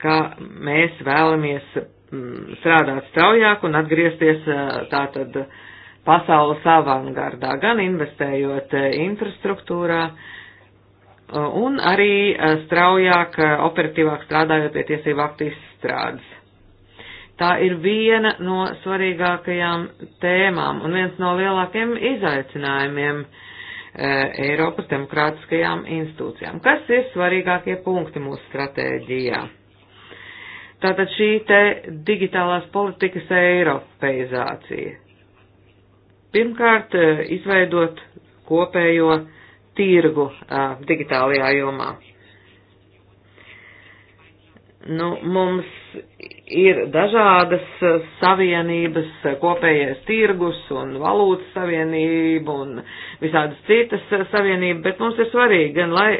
Speaker 3: ka mēs vēlamies mm, strādāt straujāk un atgriezties tātad pasaules avangardā, gan investējot eh, infrastruktūrā, eh, un arī eh, straujāk, operatīvāk strādājot pie tiesību aktu izstrādes. Tā ir viena no svarīgākajām tēmām un viens no lielākiem izaicinājumiem Eiropas demokrātiskajām institūcijām. Kas ir svarīgākie punkti mūsu stratēģijā? Tātad šī te digitālās politikas eiropeizācija, Pirmkārt, eh, izveidot kopējo tirgu eh, digitālajā jomā. Nu, mums ir dažādas eh, savienības, kopējais tirgus un valūtas savienība un visādas citas savienība, bet mums ir svarīgi gan, lai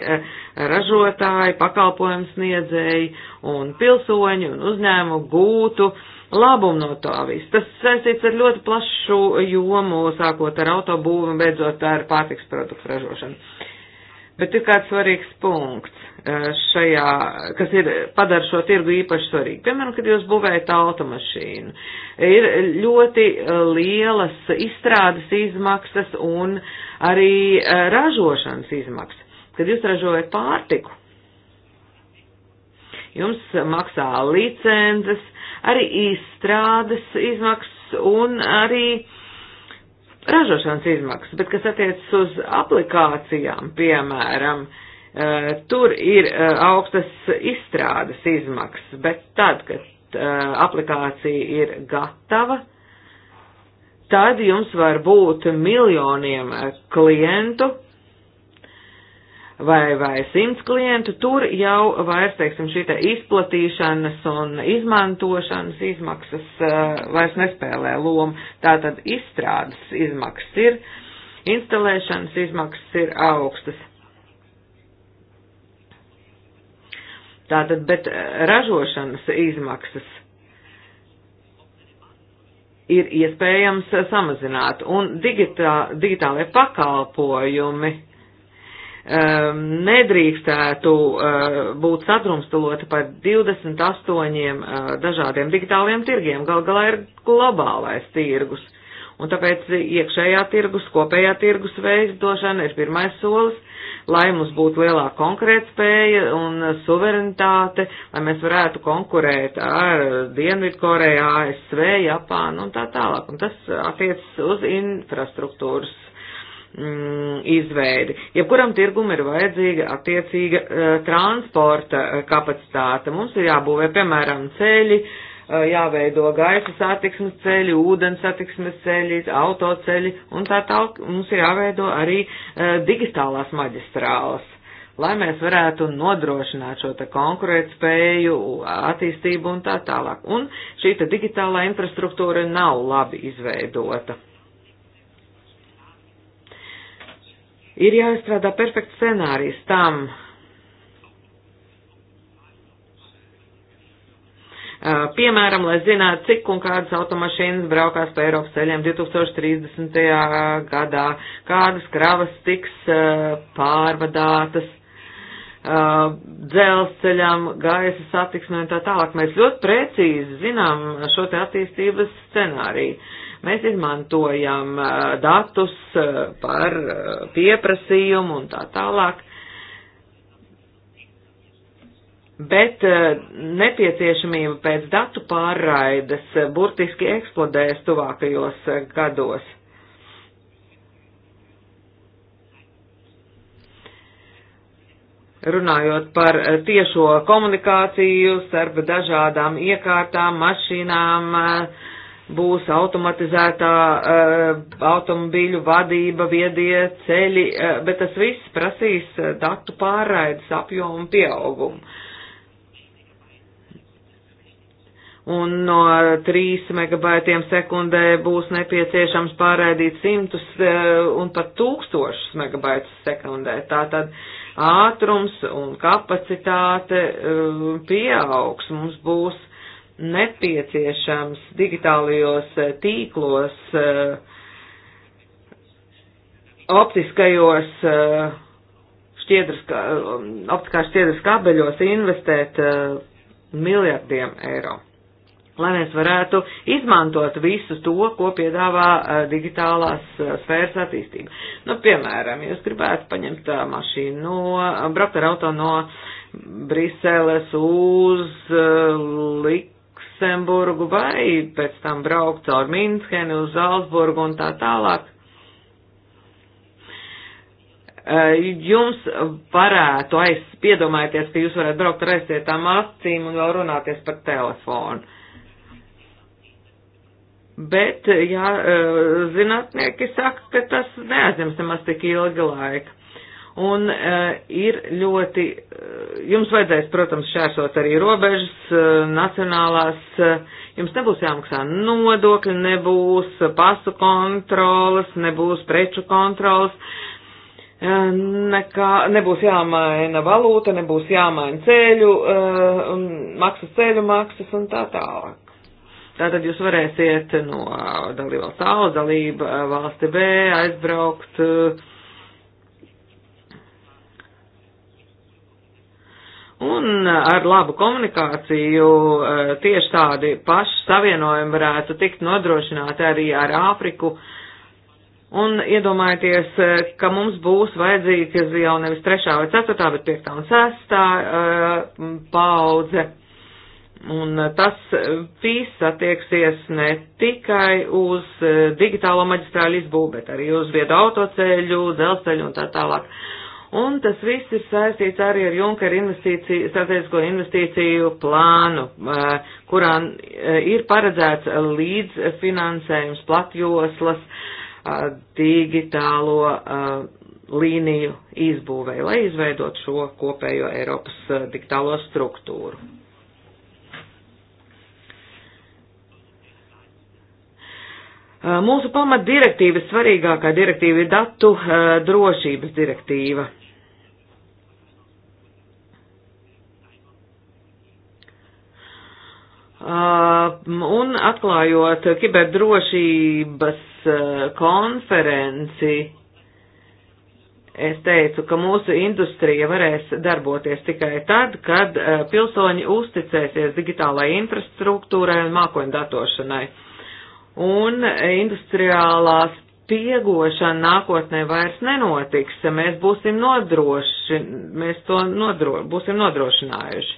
Speaker 3: ražotāji, pakalpojums sniedzēji un pilsoņi un uzņēmu gūtu uh, labumu no tā viss. Tas saistīts ar ļoti plašu jomu, sākot ar autobūvu un beidzot ar pārtiks produktu ražošanu. Bet ir kāds svarīgs punkts e, šajā, kas ir padara šo tirgu īpaši svarīgu. Piemēram, kad jūs būvējat automašīnu, ir ļoti e, lielas izstrādes izmaksas un arī e, ražošanas izmaksas. Kad jūs ražojat pārtiku, jums maksā licences, arī izstrādes izmaksas un arī ražošanas izmaksas, bet kas attiecas uz aplikācijām, piemēram, e, tur ir e, augstas izstrādes izmaksas, bet tad, kad e, aplikācija ir gatava, tad jums var būt miljoniem klientu, vai, vai simts klientu, tur jau vairs, teiksim, šī te izplatīšanas un izmantošanas izmaksas uh, vairs nespēlē lomu. Tātad izstrādes izmaksas ir, instalēšanas izmaksas ir augstas. Tātad, bet eh, ražošanas izmaksas ir iespējams samazināt, un digitā, digitālai pakalpojumi um, nedrīkstētu uh, būt sadrumstaloti par 28 uh, dažādiem digitāliem tirgiem. Gal galā ir globālais tirgus. Un tāpēc iekšējā tirgus, kopējā tirgus veidošana ir pirmais solis, lai mums būtu lielāka konkurētspēja un suverenitāte, lai mēs varētu konkurēt ar Dienvidkoreju, ASV, Japānu un tā tālāk. Un tas attiecas uz infrastruktūras uh, mm, izveidi. Jebkuram tirgum ir vajadzīga attiecīga uh, transporta uh, kapacitāte. Mums ir jābūvē, piemēram, ceļi, uh, jāveido gaisa satiksmes ceļi, ūdens satiksmes ceļi, autoceļi un tā tālāk. Mums ir jāveido arī uh, digitālās maģistrālas lai mēs varētu nodrošināt šo te konkurētspēju, attīstību un tā tālāk. Un šī te digitālā infrastruktūra nav labi izveidota. Ir jāizstrādā perfekts scenārijs tam, piemēram, lai zinātu, cik un kādas automašīnas braukās pa Eiropas ceļiem 2030. gadā, kādas kravas tiks pārvadātas dzelzceļam, gaisa satiksmē un tā tālāk. Mēs ļoti precīzi zinām šo te attīstības scenāriju. Mēs izmantojam eh, datus eh, par eh, pieprasījumu un tā tālāk, bet nepieciešamība pēc datu pārraides burtiski eksplodēs tuvākajos gados. runājot par tiešo komunikāciju starp dažādām iekārtām, mašīnām, būs automatizētā uh, automobīļu vadība, viedie ceļi, uh, bet tas viss prasīs eh, datu pārraides apjomu pieaugumu. Un no 3 megabaitiem sekundē būs nepieciešams pārraidīt simtus uh, un pat tūkstošus megabaitus sekundē. Tātad ātrums un kapacitāte uh, pieaugs. Mums būs nepieciešams digitālajos eh, tīklos, eh, optiskajos eh, šķiedras, optiskā šķiedras kabeļos investēt miljardiem eiro, lai mēs varētu izmantot visu to, ko piedāvā digitālās sfēras attīstība. Nu, piemēram, jūs gribētu paņemt mašīnu no, braukt ar auto no Briseles uz Lik Luksemburgu vai pēc tam braukt caur Minskeni uz Zalzburgu un tā tālāk. Eh, jums varētu aiz, piedomājieties, ka jūs varētu braukt ar aizsietām acīm un vēl runāties par telefonu. Bet, jā, eh, zinātnieki saka, ka tas neaizņems nemaz tik ilgi laika. Un uh, ir ļoti, uh, jums vajadzēs, protams, šķērsot arī robežas uh, nacionālās, uh, jums nebūs jāmaksā nodokļi, nebūs pasu kontrolas, nebūs preču kontrolas, uh, nekā, nebūs jāmaina valūta, nebūs jāmaina ceļu, uh, maksas ceļu maksas un tā tālāk. Tātad jūs varēsiet no dalībvalsts A uz dalību valsti B aizbraukt. Uh, Un eh, ar labu komunikāciju eh, tieši tādi paši savienojumi varētu tikt nodrošināti arī ar Āfriku. Un iedomājieties, eh, ka mums būs vajadzīgas jau nevis trešā vai ceturtā, bet piektā un sestā paudze. Un tas viss attieksies ne tikai uz digitālo maģistrāļu izbūvi, bet arī uz viedu autoceļu, dzelzceļu un tā tālāk. Uh, Un tas viss ir saistīts arī ar Junkera investīciju, strateģisko investīciju plānu, kurā ir paredzēts līdzfinansējums platjoslas digitālo līniju izbūvē, lai izveidot šo kopējo Eiropas digitālo struktūru. Uh, mūsu pamat direktīvas svarīgākā direktīva ir datu uh, drošības direktīva. Uh, un atklājot kiberdrošības konferenci, es teicu, ka mūsu industrija varēs darboties tikai tad, kad pilsoņi uzticēsies digitālajai infrastruktūrai un mākoņdatošanai. datošanai un industriālās piegošana nākotnē vairs nenotiks, mēs būsim nodroši, mēs to nodro, būsim nodrošinājuši.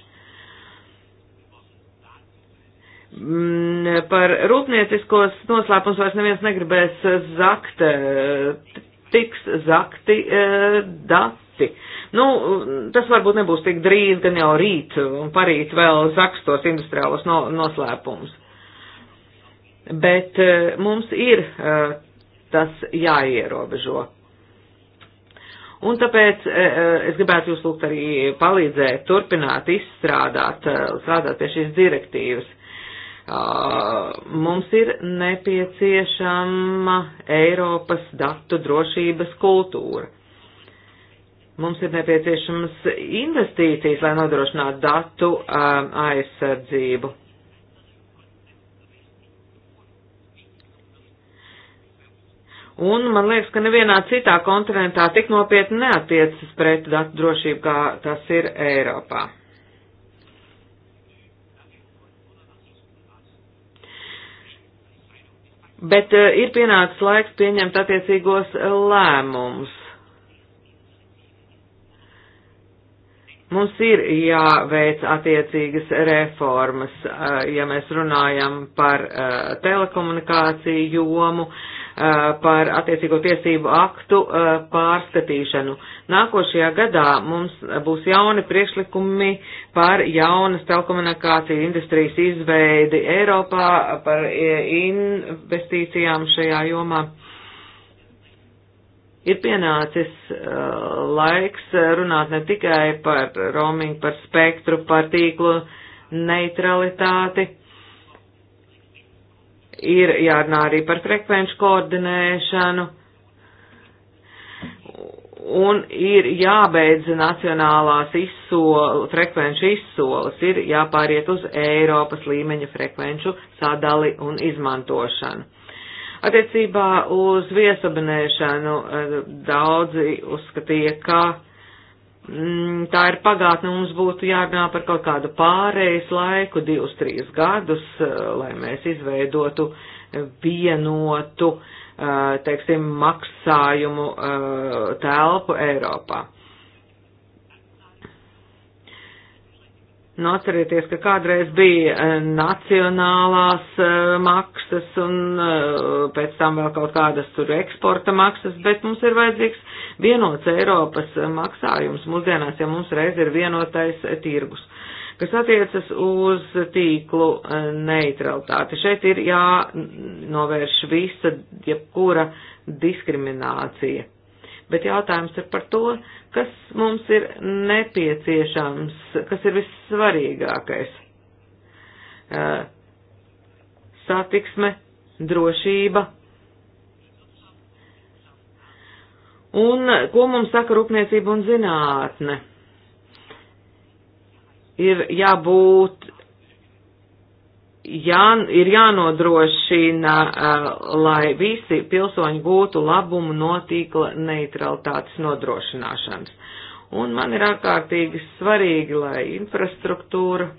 Speaker 3: Mm, par rūpnieciskos noslēpums vairs neviens negribēs zakt, eh, tiks zakti eh, dati. Nu, tas varbūt nebūs tik drīz, gan jau rīt un parīt vēl zakstos industriālos noslēpumus bet eh, mums ir eh, tas jāierobežo. Un tāpēc eh, es gribētu jūs lūgt arī palīdzēt, turpināt, izstrādāt, strādāt pie šīs direktīvas. Mums ir nepieciešama Eiropas datu drošības kultūra. Mums ir nepieciešamas investīcijas, lai nodrošinātu datu aizsardzību. Un man liekas, ka nevienā citā kontinentā tik nopietni neatiecas pret datu drošību, kā tas ir Eiropā. Bet eh, ir pienācis laiks pieņemt attiecīgos lēmumus. Mums ir jāveic attiecīgas reformas, eh, ja mēs runājam par eh, telekomunikāciju jomu, par attiecīgo tiesību aktu pārskatīšanu. Nākošajā gadā mums būs jauni priekšlikumi par jaunas telekomunikāciju industrijas izveidi Eiropā, par investīcijām šajā jomā. Ir pienācis laiks runāt ne tikai par roaming, par spektru, par tīklu neutralitāti Ir jārunā arī par frekvenču koordinēšanu un ir jābeidz nacionālās izsoli, frekvenču izsoles, ir jāpāriet uz Eiropas līmeņa frekvenču sadali un izmantošanu. Attiecībā uz viesabinēšanu eh, daudzi uzskatīja, ka Mm, tā ir pagātne, mums būtu jārunā par kaut kādu pārejas laiku, divus, trīs gadus, eh, lai mēs izveidotu vienotu, eh, teiksim, maksājumu eh, telpu Eiropā. Nu, atcerieties, ka kādreiz bija nacionālās maksas un pēc tam vēl kaut kādas tur eksporta maksas, bet mums ir vajadzīgs Vienots Eiropas maksājums mūsdienās, ja mums reiz ir vienotais tirgus, kas attiecas uz tīklu eh, neutralitāti. Šeit ir jānovērš visa, jebkura diskriminācija. Bet jautājums ir par to, kas mums ir nepieciešams, kas ir vissvarīgākais. Eh, satiksme, drošība, Un ko mums saka rūpniecība un zinātne? Ir jābūt, jā, ir jānodrošina, eh, lai visi pilsoņi gūtu labumu no tīkla neutralitātes nodrošināšanas. Un man ir ārkārtīgi svarīgi, lai infrastruktūra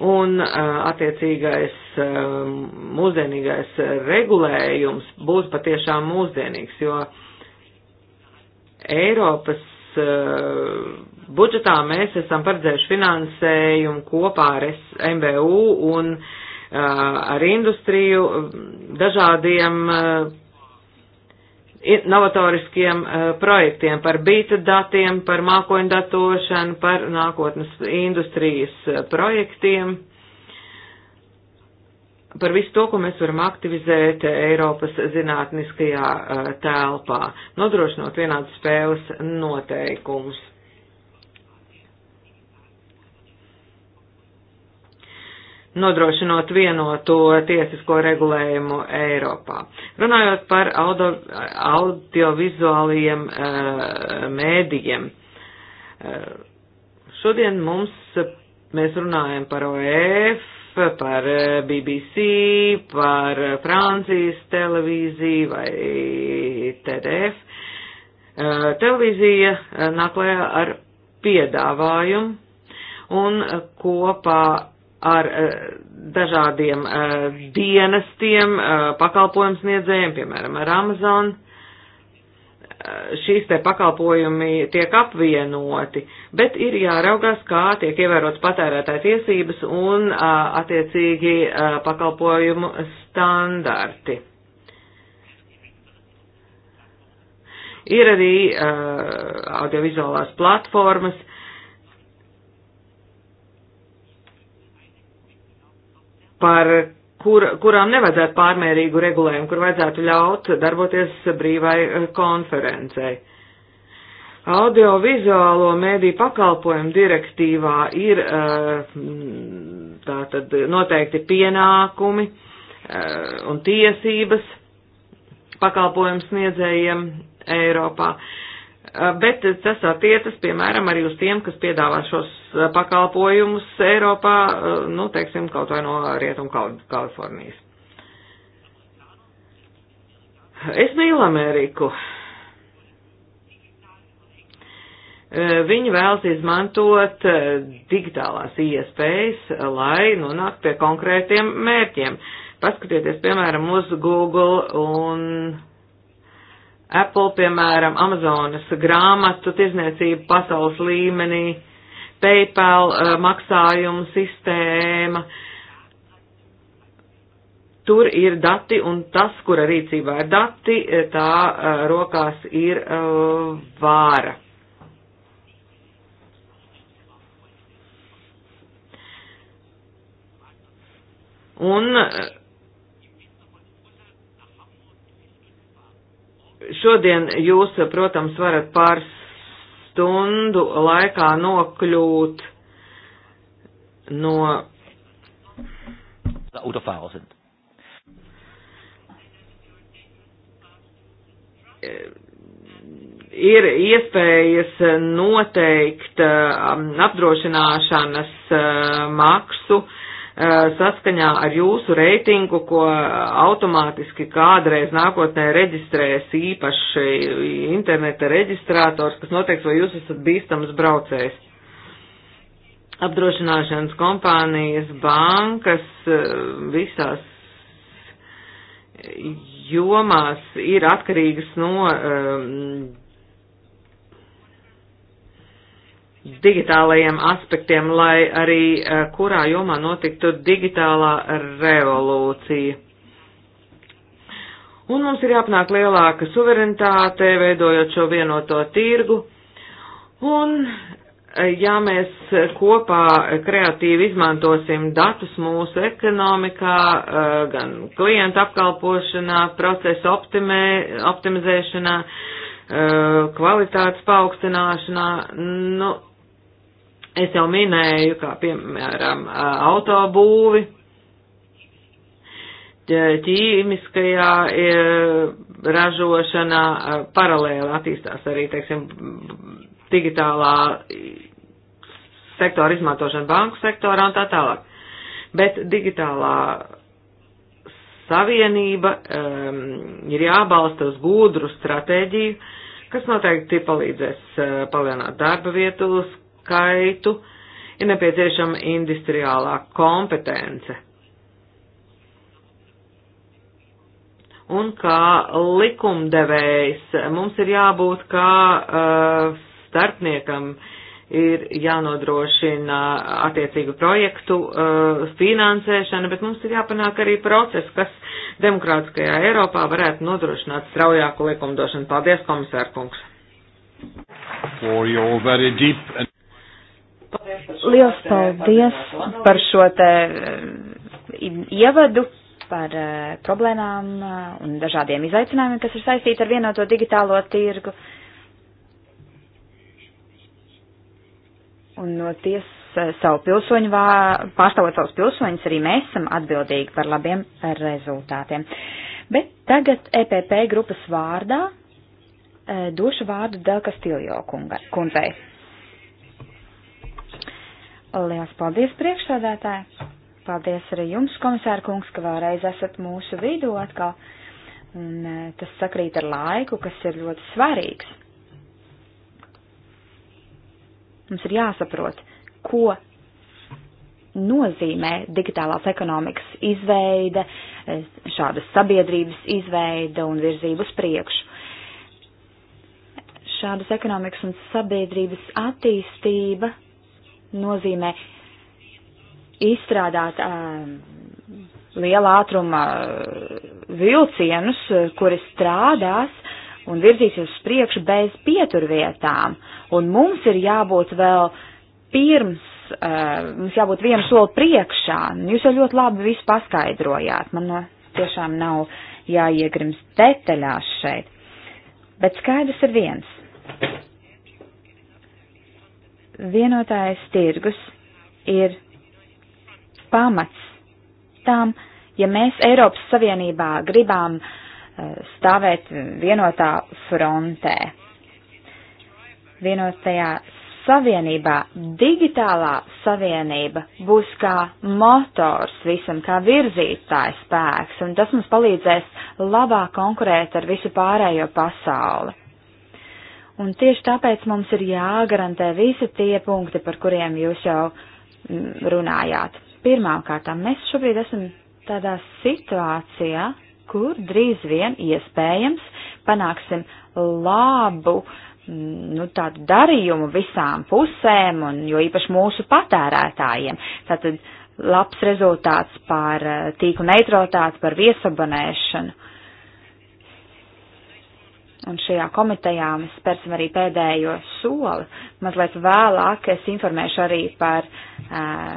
Speaker 3: un uh, attiecīgais um, mūsdienīgais regulējums būs patiešām mūsdienīgs, jo Eiropas uh, budžetā mēs esam paredzējuši finansējumu kopā ar MBU un uh, ar industriju um, dažādiem novatoriskiem eh, projektiem, par bīta datiem, par mākoņu datošanu, par nākotnes industrijas eh, projektiem, par visu to, ko mēs varam aktivizēt eh, Eiropas zinātniskajā telpā, nodrošinot vienādas spēles noteikumus. nodrošinot vienotu tiesisko regulējumu Eiropā. Runājot par audio, audiovizuālajiem eh, mēdījiem, eh, šodien mums, mēs runājam par OEF, par eh, BBC, par Francijas televīziju vai TDF. Televīzija nāk lējā ar piedāvājumu un kopā ar eh, dažādiem eh, dienestiem, eh, pakalpojums niedzējiem, piemēram, ar Amazon. Šīs te pakalpojumi tiek apvienoti, bet ir jāraugās, kā tiek ievērots patērētāja tiesības un attiecīgi pakalpojumu standarti. Ir arī uh, audiovizuālās platformas, par kur, kurām nevajadzētu pārmērīgu regulējumu, kur vajadzētu ļaut darboties brīvai eh, konferencei. Audiovizuālo mēdī pakalpojumu direktīvā ir eh, tātad noteikti pienākumi eh, un tiesības pakalpojumu sniedzējiem Eiropā bet tas attiecas, piemēram, arī uz tiem, kas piedāvā šos pakalpojumus Eiropā, nu, teiksim, kaut vai no Rietumu Kalifornijas. Es mīlu Ameriku. Viņi vēlas izmantot digitālās iespējas, lai nonāktu pie konkrētiem mērķiem. Paskatieties, piemēram, uz Google un Apple, piemēram, Amazonas grāmatu tirzniecība pasaules līmenī, PayPal eh, maksājumu sistēma. Tur ir dati, un tas, kura rīcībā ir dati, eh, tā eh, rokās ir vāra. Un uh, Šodien jūs, protams, varat pāris stundu laikā nokļūt no. Autofahrer sind. ir iespējas noteikt um, apdrošināšanas uh, maksu saskaņā ar jūsu reitingu, ko automātiski kādreiz nākotnē reģistrēs īpaši interneta reģistrātors, kas noteiks, vai jūs esat bīstams braucējs. Apdrošināšanas kompānijas, bankas, visās jomās ir atkarīgas no um, digitālajiem aspektiem, lai arī e, kurā jomā notiktu digitālā revolūcija. Un mums ir jāpanāk lielāka suverenitāte, veidojot šo vienoto tirgu. Un e, ja mēs kopā kreatīvi izmantosim datus mūsu ekonomikā, e, gan klientu apkalpošanā, procesu optimē, optimizēšanā, kvalitātes paaugstināšanā, nu, Es jau minēju, kā piemēram autobūvi, ķīmiskajā e, ražošanā e, paralēli attīstās arī, teiksim, digitālā sektora izmantošana banku sektorā un tā tālāk. Bet digitālā savienība um, ir jābalsta uz gudru stratēģiju, kas noteikti palīdzēs uh, palielināt darba vietu, skaitu, ir nepieciešama industriālā kompetence. Un kā likumdevējs mums ir jābūt kā uh, starpniekam, ir jānodrošina attiecīgu projektu uh, finansēšana, bet mums ir jāpanāk arī process, kas demokrātiskajā Eiropā varētu nodrošināt straujāku likumdošanu. Paldies, komisārkungs!
Speaker 2: And...
Speaker 1: Liels paldies par šo te eh, ievadu, par eh, problēmām eh, un dažādiem izaicinājumiem, kas ir saistīti ar vienoto digitālo tirgu. Un no tiesas savu pilsoņu, vā, pārstāvot savus pilsoņus, arī mēs esam atbildīgi par labiem rezultātiem. Bet tagad EPP grupas vārdā došu vārdu Delka Stiljo kundzei. Lielas paldies priekšsādātāji! Paldies arī jums, komisāra kungs, ka vēlreiz esat mūsu vidū atkal. Un e, tas sakrīt ar laiku, kas ir ļoti svarīgs. Mums ir jāsaprot, ko nozīmē digitālās ekonomikas izveide, e, šādas sabiedrības izveide un virzību uz priekšu. Šādas ekonomikas un sabiedrības attīstība nozīmē izstrādāt um, liela ātruma uh, vilcienus, uh, kuri strādās un virzīsies uz priekšu bez pieturvietām. Un mums ir jābūt vēl pirms, uh, mums jābūt vienu soli priekšā. Jūs jau ļoti labi visu paskaidrojāt. Man no tiešām nav jāiegrims detaļās šeit. Bet skaidrs ir viens vienotājs tirgus ir pamats tam, ja mēs Eiropas Savienībā gribām eh, stāvēt vienotā frontē. Vienotajā savienībā digitālā savienība būs kā motors visam, kā virzītājs spēks, un tas mums palīdzēs labāk konkurēt ar visu pārējo pasauli. Un tieši tāpēc mums ir jāgarantē visi tie punkti, par kuriem jūs jau mm, runājāt. Pirmkārtām, mēs šobrīd esam tādā situācijā, kur drīz vien iespējams panāksim labu mm, nu, tādu darījumu visām pusēm, un jo īpaši mūsu patērētājiem. Tātad labs rezultāts par eh, tīku neutralitāti, par viesabonēšanu un šajā komitejā mēs spērsim arī pēdējo soli. Mazliet vēlāk es informēšu arī par uh,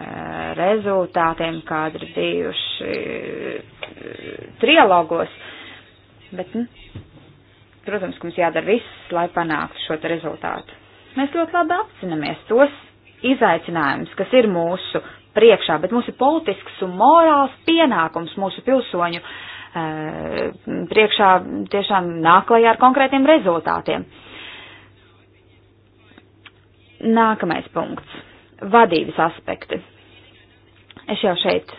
Speaker 1: rezultātiem, kādi ir bijuši uh, trialogos. Bet, nu, protams, ka mums jādara viss, lai panāktu šo rezultātu. Mēs ļoti labi apzināmies tos izaicinājumus, kas ir mūsu priekšā, bet mums ir politisks un morāls pienākums mūsu pilsoņu uh, Eh, priekšā tiešām nāklajā ar konkrētiem rezultātiem. Nākamais punkts - vadības aspekti. Es jau šeit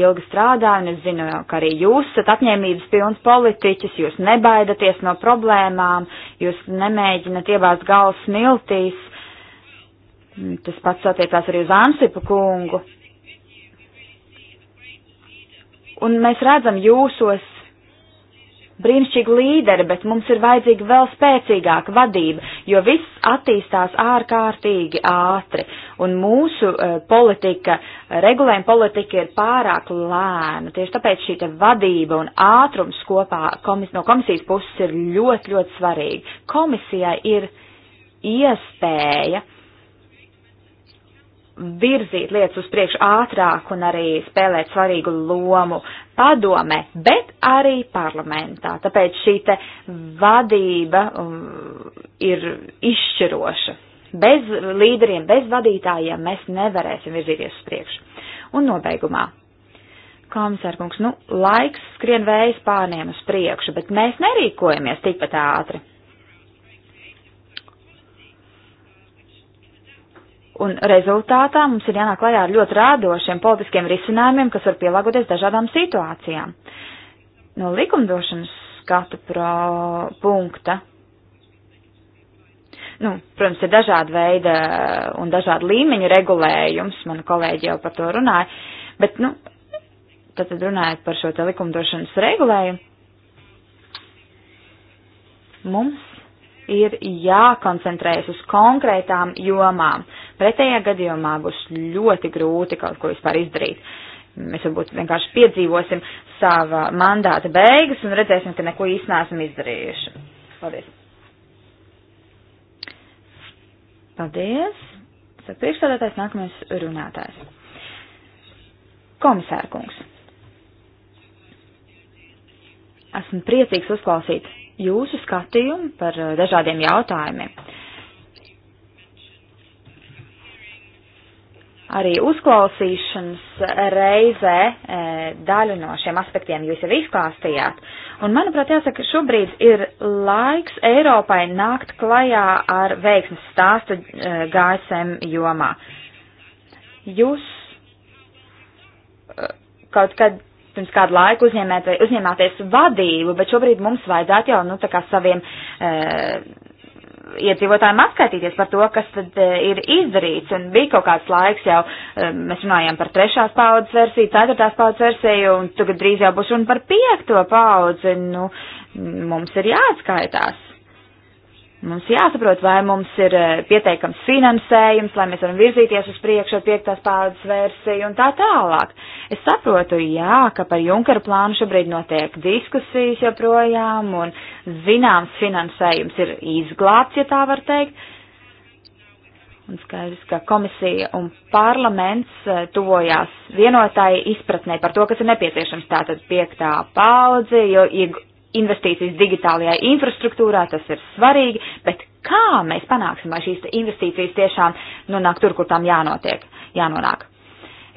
Speaker 1: ilgi strādāju, un es zinu, ka arī jūs esat apņēmības pilns politiķis, jūs nebaidaties no problēmām, jūs nemēģinat iebāzt galvas smiltīs. Tas pats attiecās arī uz Ansipu kungu. Un mēs redzam jūsos brīnišķīgu līderi, bet mums ir vajadzīga vēl spēcīgāka vadība, jo viss attīstās ārkārtīgi ātri, un mūsu uh, politika, regulējuma politika ir pārāk lēna. Tieši tāpēc šī vadība un ātrums kopā komis, no komisijas puses ir ļoti, ļoti svarīgi. Komisijai ir iespēja virzīt lietas uz priekšu ātrāk un arī spēlēt svarīgu lomu padome, bet arī parlamentā. Tāpēc šī te vadība um, ir izšķiroša. Bez līderiem, bez vadītājiem mēs nevarēsim virzīties uz priekšu. Un nobeigumā. Komisārkungs, nu, laiks skrien vējas pārniem uz priekšu, bet mēs nerīkojamies tikpat ātri. Un rezultātā mums ir jānāk klajā ar ļoti rādošiem politiskiem risinājumiem, kas var pielāgoties dažādām situācijām. No likumdošanas skatu pro punkta. Nu, protams, ir dažāda veida un dažāda līmeņa regulējums, mani kolēģi jau par to runāja, bet, nu, tad runājot par šo te likumdošanas regulējumu, mums ir jākoncentrējas uz konkrētām jomām. Pretējā gadījumā būs ļoti grūti kaut ko vispār izdarīt. Mēs varbūt vienkārši piedzīvosim sava mandāta beigas un redzēsim, ka neko īsti neesam izdarījuši. Paldies! Paldies! Saka priekšstādātājs nākamais runātājs. Komisārkungs. Esmu priecīgs uzklausīt jūsu skatījumu par eh, dažādiem jautājumiem. arī uzklausīšanas reizē e, daļu no šiem aspektiem jūs jau izklāstījāt. Un, manuprāt, jāsaka, šobrīd ir laiks Eiropai nākt klajā ar veiksmes stāstu e, GSM jomā. Jūs e, kaut kad pirms kādu laiku uzņēmēties vadību, bet šobrīd mums vajadzētu jau, nu, tā kā saviem. E, iedzīvotājiem atskaitīties par to, kas tad e, ir izdarīts. Un bija kaut kāds laiks jau, e, mēs runājām par trešās paudzes versiju, ceturtās paudzes versiju, un tagad drīz jau būs runa par piekto paudzi. Nu, mums ir jāatskaitās. Mums jāsaprot, vai mums ir eh, pieteikams finansējums, lai mēs varam virzīties uz priekšu ar piektās pārādes versiju un tā tālāk. Es saprotu, jā, ka par Junkara plānu šobrīd notiek diskusijas joprojām un zināms finansējums ir izglābts, ja tā var teikt. Un skaidrs, ka komisija un parlaments eh, tuvojās vienotāji izpratnē par to, kas ir nepieciešams tātad piektā paudze, jo investīcijas digitālajā infrastruktūrā, tas ir svarīgi, bet kā mēs panāksim, lai šīs investīcijas tiešām nonāk tur, kur tām jānotiek, jānonāk?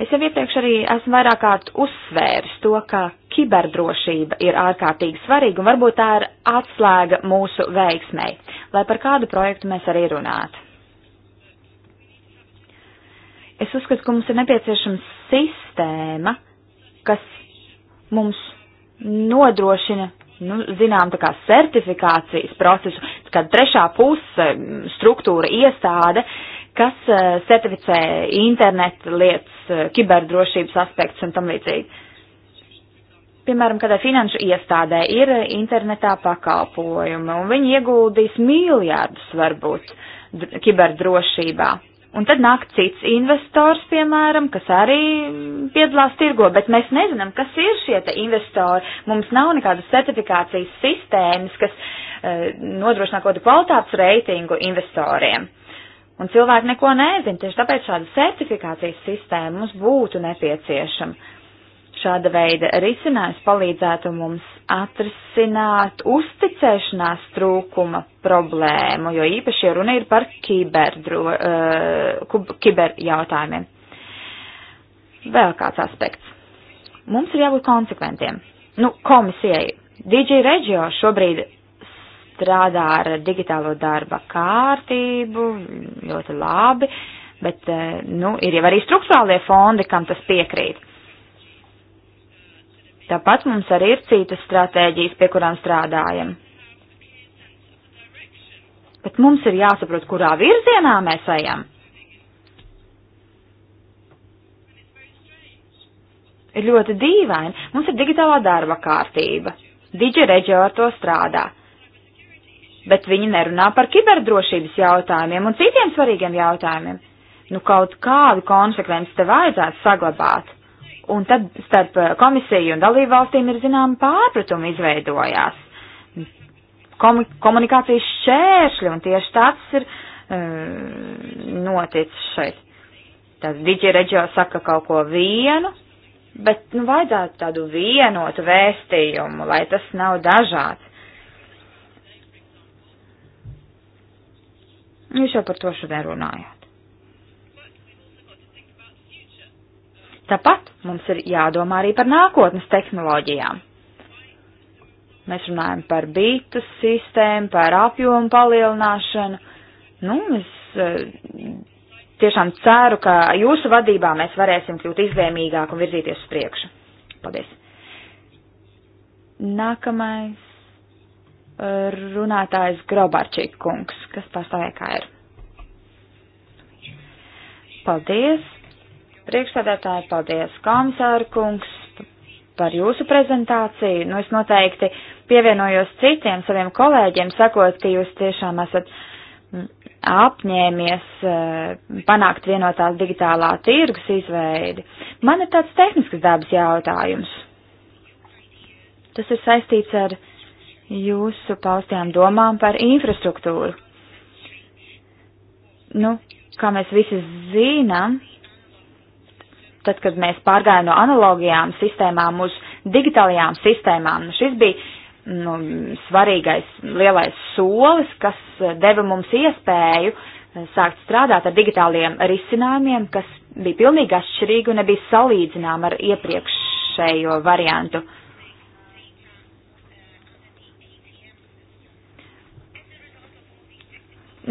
Speaker 1: Es jau iepriekš arī esmu vairāk kārt uzsvērs to, ka kiberdrošība ir ārkārtīgi svarīga un varbūt tā ir atslēga mūsu veiksmei, lai par kādu projektu mēs arī runātu. Es uzskatu, ka mums ir nepieciešama sistēma, kas mums nodrošina nu, zinām, tā kā certifikācijas procesu, kad trešā puse struktūra iestāde, kas e, certificē interneta lietas, e, kiberdrošības aspekts un tam līdzīgi. Piemēram, kādai finanšu iestādē ir internetā pakalpojumi, un viņi ieguldīs miljārdus varbūt kiberdrošībā. Un tad nāk cits investors, piemēram, kas arī piedalās tirgo, bet mēs nezinām, kas ir šie te investori. Mums nav nekādas certifikācijas sistēmas, kas uh, eh, nodrošinā kaut kādu kvalitātes reitingu investoriem. Un cilvēki neko nezina, tieši tāpēc šāda certifikācijas sistēma mums būtu nepieciešama. Šāda veida risinājums palīdzētu mums atrisināt uzticēšanās trūkuma problēmu, jo īpaši runa ir par kiberdro, eh, uh, kiber jautājumiem. Vēl kāds aspekts. Mums ir jābūt konsekventiem. Nu, komisijai. DJ Regio šobrīd strādā ar digitālo darba kārtību ļoti labi, bet, eh, nu, ir jau arī struktūrālie fondi, kam tas piekrīt Tāpat mums arī ir citas stratēģijas, pie kurām strādājam. Bet mums ir jāsaprot, kurā virzienā mēs ejam. ir ļoti dīvaini. Mums ir digitālā darba kārtība. Digi reģio ar to strādā. Bet viņi nerunā par kiberdrošības jautājumiem un citiem svarīgiem jautājumiem. Nu, kaut kādu konsekvenci te vajadzētu saglabāt. Un tad starp eh, komisiju un dalību valstīm ir zinām pārpratumi izveidojās. Komu komunikācijas šķēršļi un tieši tāds ir uh, noticis šeit. Tas diģireģio saka kaut ko vienu, bet nu, vajadzētu tādu vienotu vēstījumu, lai tas nav dažāds. Viņš nu, jau par to šodien runāja. Tāpat mums ir jādomā arī par nākotnes tehnoloģijām. Mēs runājam par bītu sistēmu, par apjomu palielināšanu. Nu, es e, tiešām ceru, ka jūsu vadībā mēs varēsim kļūt izvēmīgāk un virzīties uz priekšu. Paldies. Nākamais e, runātājs Grobarčīk kungs, kas pastāvēja e kā ir. Paldies, Priekšsēdētāji, paldies, komisāra kungs, par jūsu prezentāciju. Nu, es noteikti pievienojos citiem saviem kolēģiem, sakot, ka jūs tiešām esat mm, apņēmies eh, panākt vienotās digitālā tirgus izveidi. Man ir tāds tehnisks dabas jautājums. Tas ir saistīts ar jūsu paustajām domām par infrastruktūru. Nu, kā mēs visi zinām, tad, kad mēs pārgājām no analogajām sistēmām uz digitālajām sistēmām, šis bija nu, svarīgais lielais solis, kas deva mums iespēju eh, sākt strādāt ar digitāliem risinājumiem, kas bija pilnīgi atšķirīgi un nebija salīdzinām ar iepriekšējo variantu.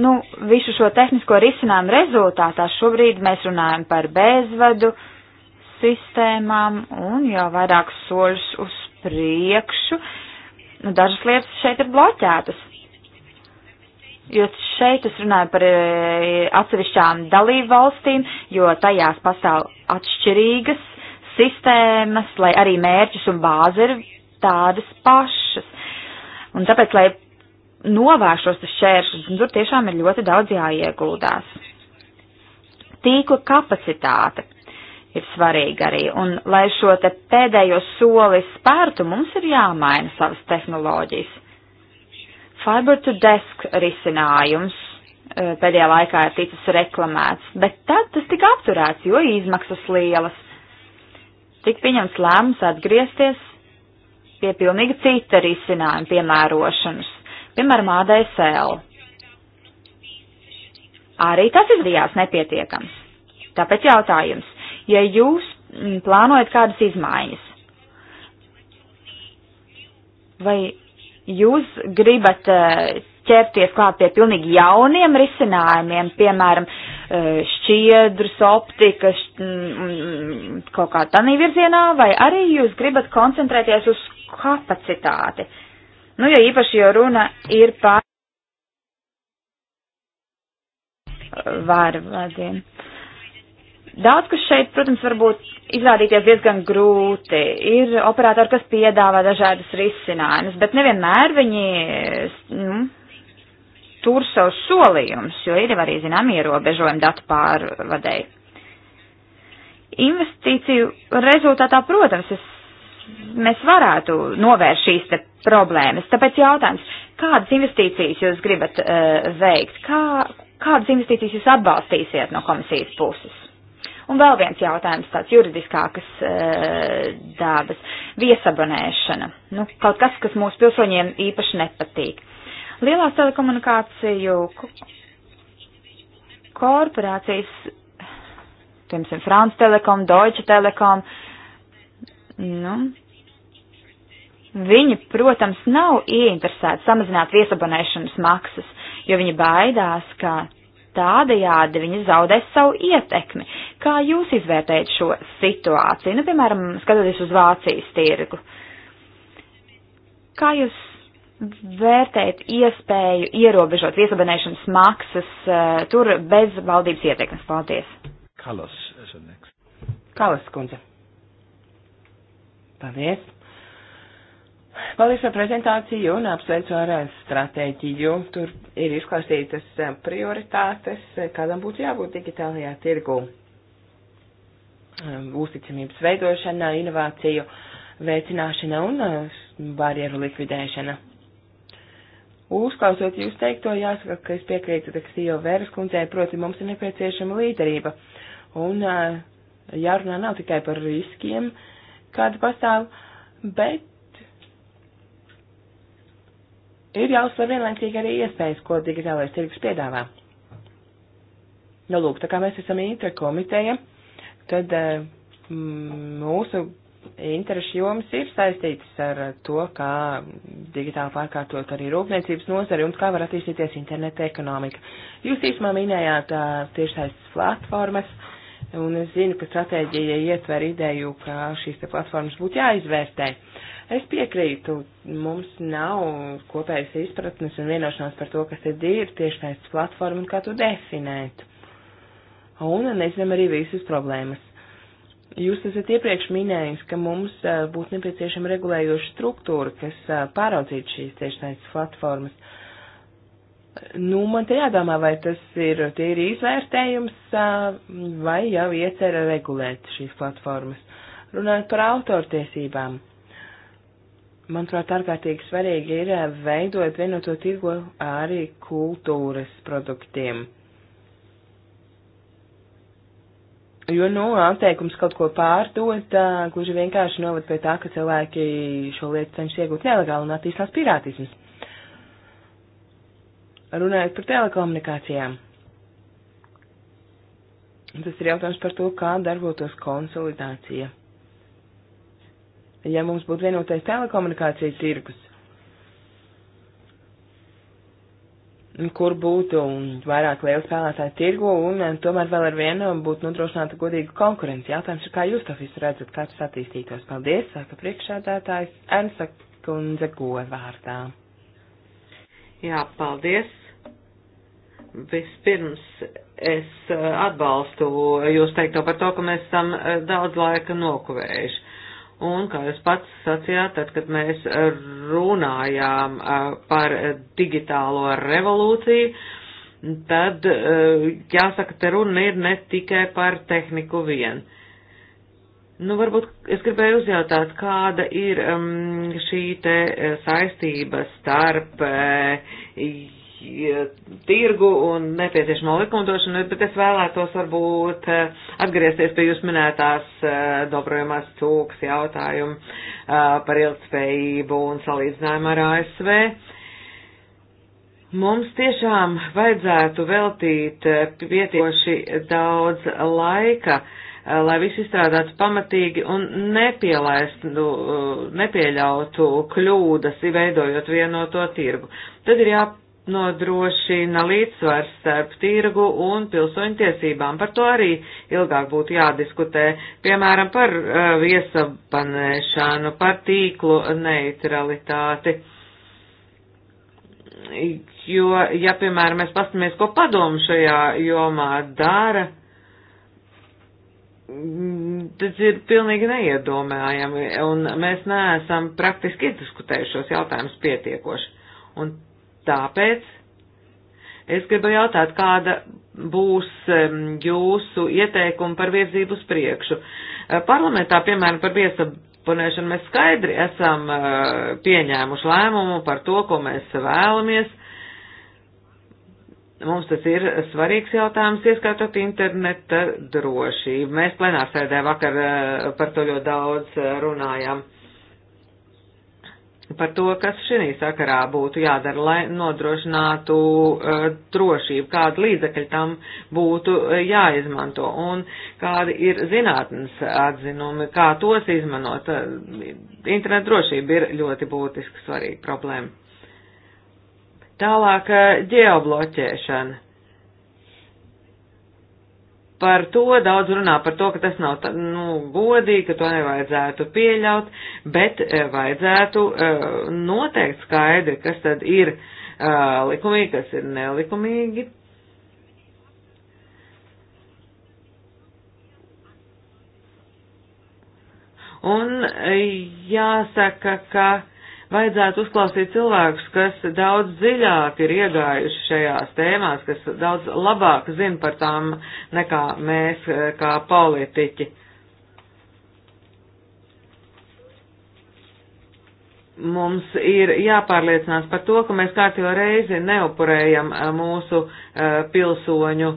Speaker 1: Nu, visu šo tehnisko risinājumu rezultātā šobrīd mēs runājam par bezvadu, uh, sistēmām un jau vairākus soļus uz priekšu. Nu, dažas lietas šeit ir bloķētas. Jo šeit es runāju par e, atsevišķām dalību valstīm, jo tajās pastāv atšķirīgas sistēmas, lai arī mērķis un bāze ir tādas pašas. Un tāpēc, lai novēršos tas šķēršļus, tur tiešām ir ļoti daudz jāieguldās. Tīkla kapacitāte ir svarīga arī. Un, lai šo te pēdējo soli spērtu, mums ir jāmaina savas tehnoloģijas. Fiber to desk risinājums eh, pēdējā laikā ir ticis reklamēts, bet tad tas tika apturēts, jo izmaksas lielas. Tik pieņems lēmums atgriezties pie pilnīgi cita risinājuma piemērošanas, piemēram, ADSL. Arī tas izrījās nepietiekams. Tāpēc jautājums, ja jūs mm, plānojat kādas izmaiņas? Vai jūs gribat eh, ķerties klāt pie pilnīgi jauniem risinājumiem, piemēram, eh, šķiedrus, optikas, mm, mm, kaut kā tādā virzienā, vai arī jūs gribat koncentrēties uz kapacitāti? Nu, jo īpaši jau runa ir par eh, vārvadiem. Uh, Daudz, kas šeit, protams, varbūt izrādīties diezgan grūti. Ir operatori, kas piedāvā dažādas risinājumus, bet nevienmēr viņi nu, tur savus solījumus, jo ir arī, zinām, ierobežojumi datu pārvadēji. Investīciju rezultātā, protams, es, mēs varētu novērst šīs te problēmas. Tāpēc jautājums, kādas investīcijas jūs gribat uh, veikt? Kā, kādas investīcijas jūs atbalstīsiet no komisijas puses? Un vēl viens jautājums, tāds juridiskākas e, dābas - viesabonēšana. Nu, kaut kas, kas mūsu pilsoņiem īpaši nepatīk. Lielās telekomunikāciju korporācijas, piemēram, France Telekom, Deutsche Telekom, nu, viņi, protams, nav ieinteresēti samazināt viesabonēšanas maksas, jo viņi baidās, ka Tādējādi viņi zaudēs savu ietekmi. Kā jūs izvērtējat šo situāciju? Nu, piemēram, skatoties uz Vācijas tirgu. Kā jūs vērtējat iespēju ierobežot viesabanēšanas maksas uh, tur bez valdības ietekmes? Paldies. Kalas, Kalas kundze.
Speaker 2: Paldies. Paldies par prezentāciju un apsveicu ar stratēģiju. Tur ir izklāstītas eh, prioritātes, eh, kādam būtu jābūt digitālajā tirgu. Eh, uzticamības veidošana, inovāciju veicināšana un barjeru likvidēšana. Uzklausot jūs teikto, jāsaka, ka es piekrītu tekstījo vēras kundzei, proti mums ir nepieciešama līderība. Un jārunā nav tikai par riskiem, kāda pastāv, bet ir jāuzsver vienlaicīgi arī iespējas, ko digitālais tirgus piedāvā. Nu, lūk, tā kā mēs esam interkomiteja, tad eh, mūsu interešu jomas ir saistītas ar to, kā digitāli pārkārtot arī rūpniecības nozari un kā var attīstīties interneta ekonomika. Jūs īsumā minējāt tiešsaistes platformas, un es zinu, ka stratēģija ietver ideju, ka šīs te platformas būtu jāizvērtē. Uh, Es piekrītu, mums nav kopējas izpratnes un vienošanās par to, kas tad ir tiešsaistes platforma un kā to definēt. Un nezinām arī visas problēmas. Jūs esat iepriekš minējis, ka mums būtu nepieciešama regulējoša struktūra, kas pāraudzītu šīs tiešsaistes platformas. Nu, man te jādomā, vai tas ir tīri izvērtējums, vai jau iecer regulēt šīs platformas. Runājot par autortiesībām manuprāt, ārkārtīgi svarīgi ir eh, veidot vienoto tirgo arī kultūras produktiem. Jo, nu, atteikums kaut ko pārdot, eh, gluži vienkārši novad pie tā, ka cilvēki šo lietu cenšas iegūt nelegāli un attīstās pirātisms. Runājot par telekomunikācijām. Tas ir jautājums par to, kā darbotos konsolidācija ja mums būtu vienotais telekomunikācija tirgus, kur būtu vairāk liela spēlētāja tirgu un eh, tomēr vēl ar vienu būtu nodrošināta godīga konkurence. Jautājums ir, kā jūs to visu redzat, kā tas attīstītos. Paldies, saka priekšādātājs Ensa Kundze Govārdā.
Speaker 3: Jā, paldies. Vispirms es eh, atbalstu jūs teikto par to, ka mēs esam eh, daudz laika nokavējuši Un, kā jūs pats sacījāt, tad, kad mēs runājām par digitālo revolūciju, tad jāsaka, te runa ir ne tikai par tehniku vien. Nu, varbūt es gribēju uzjautāt, kāda ir um, šī te saistība starp uh, tirgu un nepieciešamo likumdošanu, bet es vēlētos varbūt eh, atgriezties pie jūs minētās eh, dobrojumās cūks jautājumu eh, par ilgspējību un salīdzinājumu ar ASV. Mums tiešām vajadzētu veltīt pietiekoši daudz laika, lai viss izstrādātu pamatīgi un nepielaistu, nu, nepieļautu kļūdas, veidojot vienoto tirgu. Tad ir jā nodrošina līdzsvars starp tirgu un pilsoņu tiesībām. Par to arī ilgāk būtu jādiskutē, piemēram, par uh, eh, viesapanēšanu, par tīklu neutralitāti. Jo, ja, piemēram, mēs pastamies, ko padomu šajā jomā dara, tas ir pilnīgi neiedomājami, un mēs neesam praktiski izdiskutējušos jautājumus pietiekoši. Un Tāpēc es gribu jautāt, kāda būs jūsu ieteikuma par virzību uz priekšu. Eh, parlamentā, piemēram, par viesabunēšanu mēs skaidri esam eh, pieņēmuši lēmumu par to, ko mēs vēlamies. Mums tas ir svarīgs jautājums, ieskaitot interneta drošību. Mēs plenārsēdē vakar eh, par to ļoti daudz runājām par to, kas šī sakarā būtu jādara, lai nodrošinātu uh, drošību, kāda līdzekļa tam būtu uh, jāizmanto un kādi ir zinātnes atzinumi, kā tos izmanot. Uh, e, internet drošība ir ļoti būtiska svarīga problēma. Tālāk ģeobloķēšana par to, daudz runā par to, ka tas nav nu, godīgi, ka to nevajadzētu pieļaut, bet e, vajadzētu e, noteikt skaidri, kas tad ir e, likumīgi, kas ir nelikumīgi. Un jāsaka, ka Vajadzētu uzklausīt cilvēkus, kas daudz dziļāk ir iegājuši šajās tēmās, kas daudz labāk zina par tām nekā mēs eh, kā politiķi. mums ir jāpārliecinās par to, ka mēs kārtējo reizi neupurējam eh, mūsu eh, pilsoņu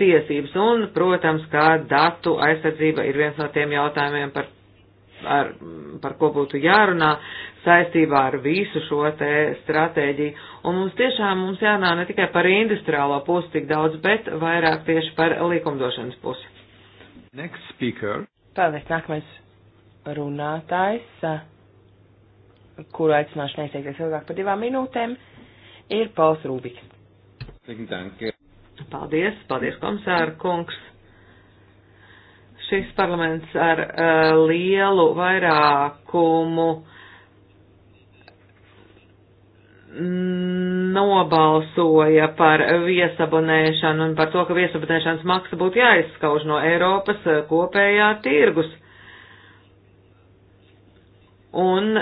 Speaker 3: tiesības. Un, protams, kā datu aizsardzība ir viens no tiem jautājumiem, par ar, par ko būtu jārunā saistībā ar visu šo te stratēģiju. Un mums tiešām mums jārunā ne tikai par industriālo pusi tik daudz, bet vairāk tieši par likumdošanas pusi. Next speaker.
Speaker 2: Paldies, nākamais runātājs, kuru aicināšu neizteikties ilgāk par divām minūtēm, ir Pauls Rūbiks.
Speaker 3: Paldies, paldies komisāra kungs šis parlaments ar uh, lielu vairākumu nobalsoja par viesabonēšanu un par to, ka viesabonēšanas maksa būtu jāizskauž no Eiropas eh, kopējā tirgus. Un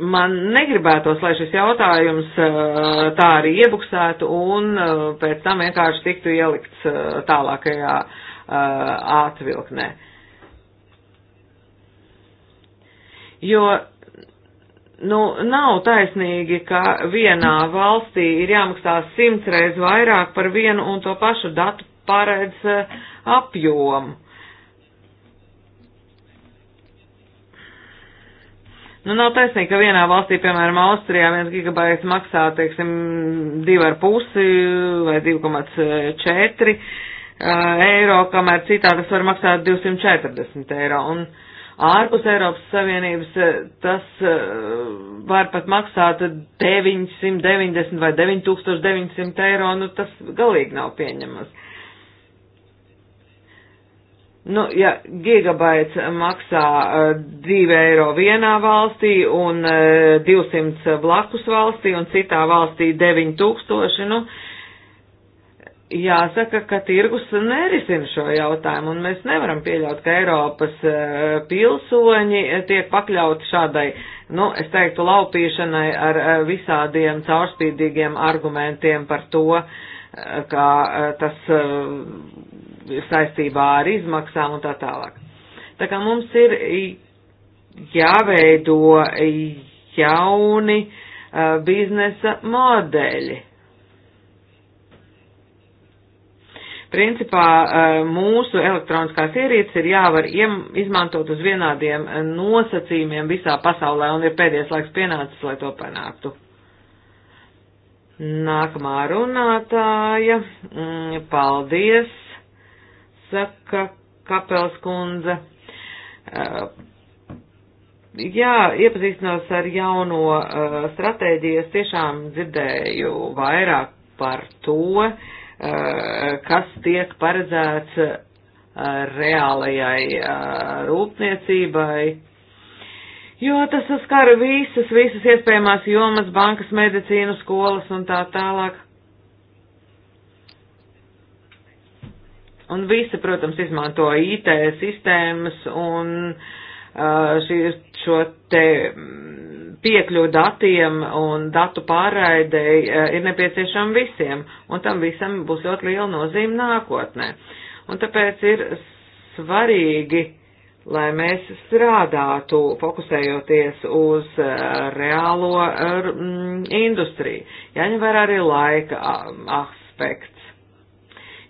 Speaker 3: man negribētos, lai šis jautājums eh, tā arī iebuksētu un eh, pēc tam vienkārši tiktu ielikts eh, tālākajā atvilknē. Jo, nu, nav taisnīgi, ka vienā valstī ir jāmaksā simtreiz vairāk par vienu un to pašu datu paredz apjomu Nu, nav taisnība, ka vienā valstī, piemēram, Austrijā, viens gigabaits maksā, teiksim, 2,5 vai 2,4 eh, eiro, kamēr citā tas var maksāt 240 eiro. Un ārpus Eiropas Savienības eh, tas eh, var pat maksāt 990 vai 9900 eiro, nu tas galīgi nav pieņemams. Nu, ja gigabaits maksā 2 eh, eiro vienā valstī un 200 eh, blakus valstī un citā valstī 9000, nu, jāsaka, ka tirgus nerisina šo jautājumu, un mēs nevaram pieļaut, ka Eiropas eh, pilsoņi tiek pakļauti šādai, nu, es teiktu, laupīšanai ar visādiem caurspīdīgiem argumentiem par to, kā tas saistībā ar izmaksām un tā tālāk. Tā kā mums ir jāveido jauni uh, biznesa modeļi. Principā uh, mūsu elektroniskās ierīces ir jāvar izmantot uz vienādiem nosacījumiem visā pasaulē un ir pēdējais laiks pienācis, lai to panāktu. Nākamā runātāja. Mm, paldies saka Kapels kundze. Uh, jā, iepazīstinos ar jauno uh, stratēģiju, es tiešām dzirdēju vairāk par to, uh, kas tiek paredzēts reālajai rūpniecībai, jo tas saskara visas, visas iespējamās jomas, bankas, medicīnu, skolas un tā tālāk. Un visi, protams, izmanto IT sistēmas un uh, šī, šo te mm, piekļuvu datiem un datu pārraidei uh, ir nepieciešama visiem, un tam visam būs ļoti liela nozīme nākotnē. Un tāpēc ir svarīgi, lai mēs strādātu, fokusējoties uz uh, reālo mm, industriju. Jāņem vērā arī laika aspekts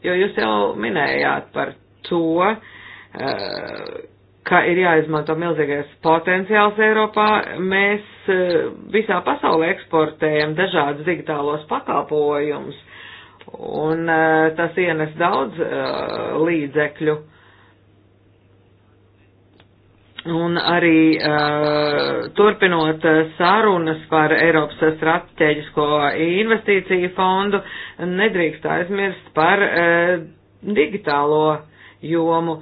Speaker 3: jo jūs jau minējāt par to, eh, ka ir jāizmanto milzīgais potenciāls Eiropā. Mēs eh, visā pasaulē eksportējam dažādus digitālos pakalpojumus, un eh, tas ienes daudz līdzekļu. Uh, Un arī uh, turpinot eh, sarunas par Eiropas strateģisko investīciju fondu, nedrīkst aizmirst par uh, digitālo jomu.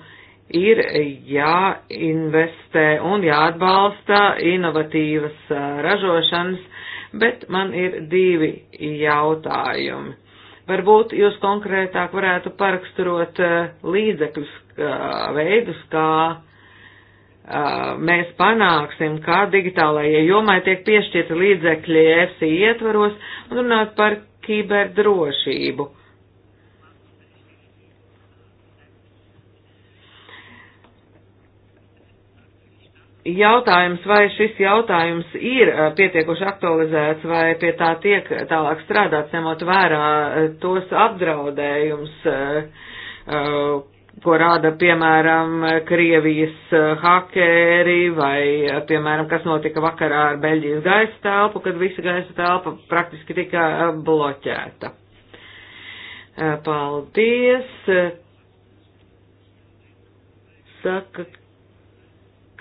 Speaker 3: Ir jāinvestē un jāatbalsta inovatīvas uh, ražošanas, bet man ir divi jautājumi. Varbūt jūs konkrētāk varētu paraksturot uh, līdzekļus, uh, veidus, kā mēs panāksim, kā digitālajai jomai tiek piešķirta līdzekļi EFSI ietvaros un runāt par kiberdrošību. Jautājums, vai šis jautājums ir pietiekoši aktualizēts, vai pie tā tiek tālāk strādāts, ņemot vērā tos apdraudējums, ko rāda, piemēram, Krievijas eh, hakeri vai, eh, piemēram, kas notika vakarā ar Beļģijas gaisa telpu, kad visa gaisa telpa praktiski tika eh, bloķēta. Paldies! Saka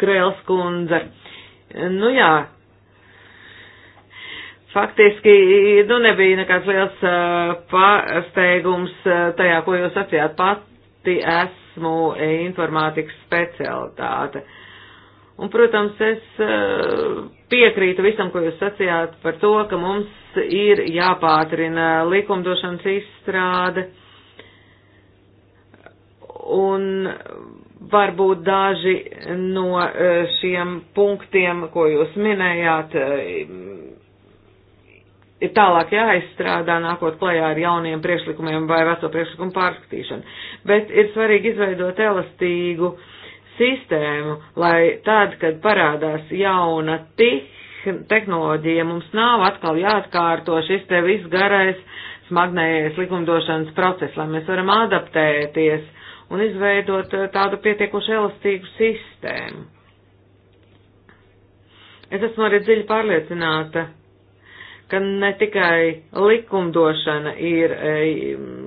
Speaker 3: Krēls kundze. Nu jā, faktiski nu, nebija nekāds liels pārsteigums tajā, ko jūs sacījāt pat pati esmu informātikas specialitāte. Un, protams, es eh, piekrītu visam, ko jūs sacījāt par to, ka mums ir jāpātrina likumdošanas izstrāde. Un varbūt daži no eh, šiem punktiem, ko jūs minējāt, eh, ir tālāk jāizstrādā, nākot klajā ar jauniem priekšlikumiem vai veco priekšlikumu pārskatīšanu bet ir svarīgi izveidot elastīgu sistēmu, lai tad, kad parādās jauna tehnoloģija, mums nav atkal jāatkārto šis te viss garais smagnējais likumdošanas process, lai mēs varam adaptēties un izveidot eh, tādu pietiekuši elastīgu sistēmu. Es esmu arī dziļi pārliecināta, ka ne tikai likumdošana ir e,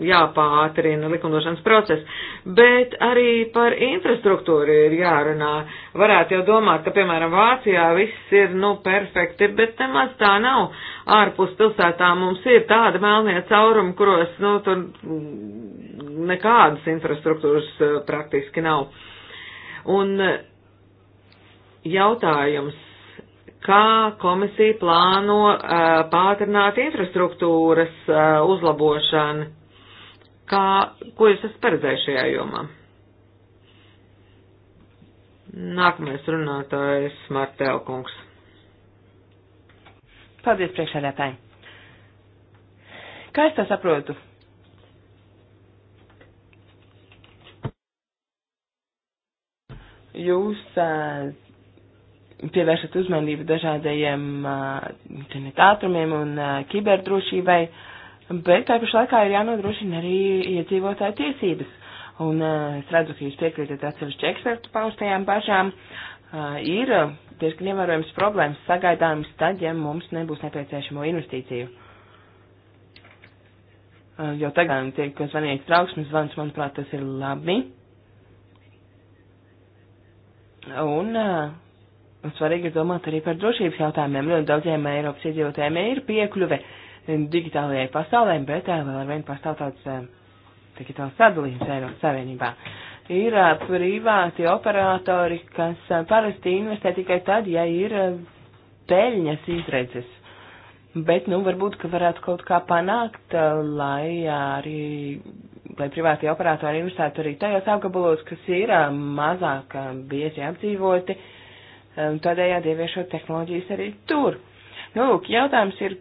Speaker 3: jāpātrina likumdošanas process, bet arī par infrastruktūru ir jārunā. Varētu jau domāt, ka, piemēram, Vācijā viss ir, nu, perfekti, bet nemaz tā nav. Ārpus pilsētā mums ir tāda melnie caurumi, kuros, nu, tur nekādas infrastruktūras e, praktiski nav. Un e, jautājums kā komisija plāno uh, pātrināt infrastruktūras uh, uzlabošanu, kā, ko jūs esat paredzējuši šajā jomā? Nākamais runātājs Martēlkungs.
Speaker 2: Paldies priekšsēdētāji. Kā es to saprotu? Jūs uh, pievēršat uzmanību dažādajiem ātrumiem un kiberdrošībai, bet tā pašā laikā ir jānodrošina arī iedzīvotāju tiesības. Un es redzu, ka jūs piekrītat atsevišķi ekspertu paustajām bažām. Ir diezgan ievērojams problēmas sagaidāmas tad, ja mums nebūs nepieciešamo investīciju. Jo tagad tiek zvanīts trauksmes zvans, manuprāt, tas ir labi. Un uh, svarīgi ir domāt arī par drošības jautājumiem. Ļoti daudziem Eiropas iedzīvotājiem ir piekļuve digitālajai pasaulē, bet eh, vēl ar vienu pastāv tāds eh, digitāls sadalījums Eiropas Savienībā. Ir eh, privāti operatori, kas parasti investē tikai tad, ja ir peļņas izredzes. Bet, nu, varbūt, ka varētu kaut kā panākt, lai arī, lai privātie operatori investētu arī tajos apgabalos, kas ir mazāk biezi apdzīvoti, uh, Um, tādējādi ieviešot tehnoloģijas arī tur. Nu, lūk, jautājums ir,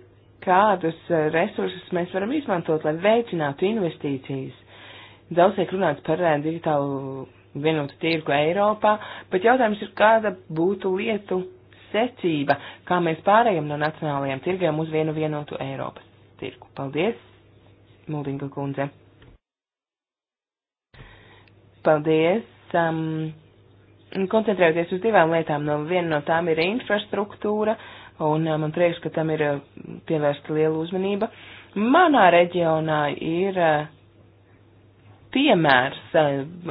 Speaker 2: kādus uh, resursus mēs varam izmantot, lai veicinātu investīcijas. Daudz tiek runāts par uh, digitālu vienotu tirgu Eiropā, bet jautājums ir, kāda būtu lietu secība, kā mēs pārējām no nacionālajiem tirgiem uz vienu vienotu Eiropas tirgu. Paldies, Mūdinga kundze. Paldies. Um, koncentrējoties uz divām lietām. No nu, viena no tām ir infrastruktūra, un man prieks, ka tam ir pievērsta liela uzmanība. Manā reģionā ir piemērs.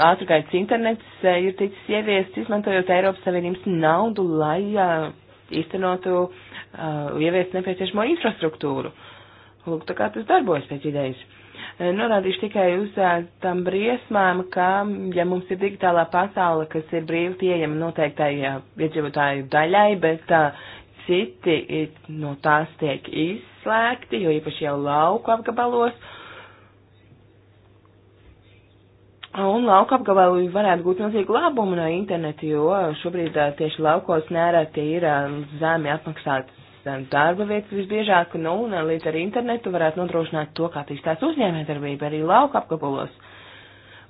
Speaker 2: Ātrākais internets ir ticis ieviests, izmantojot Eiropas Savienības naudu, lai īstenotu, ieviest nepieciešamo infrastruktūru. Lūk, tā kā tas darbojas pēc idejas. Norādīšu tikai uz tam briesmām, ka, ja mums ir digitālā pasaule, kas ir brīvi pieejama noteiktai iedzīvotāju daļai, bet citi no tās tiek izslēgti, jo īpaši jau lauku apgabalos. Un lauka apgabali varētu būt milzīgu labumu no interneta, jo šobrīd tieši laukos nereti ir zemi apmaksātas darba vietas visbiežāk, nu, un līdz ar internetu varētu nodrošināt to, kā attīstās uzņēmējdarbība arī lauka apgabalos.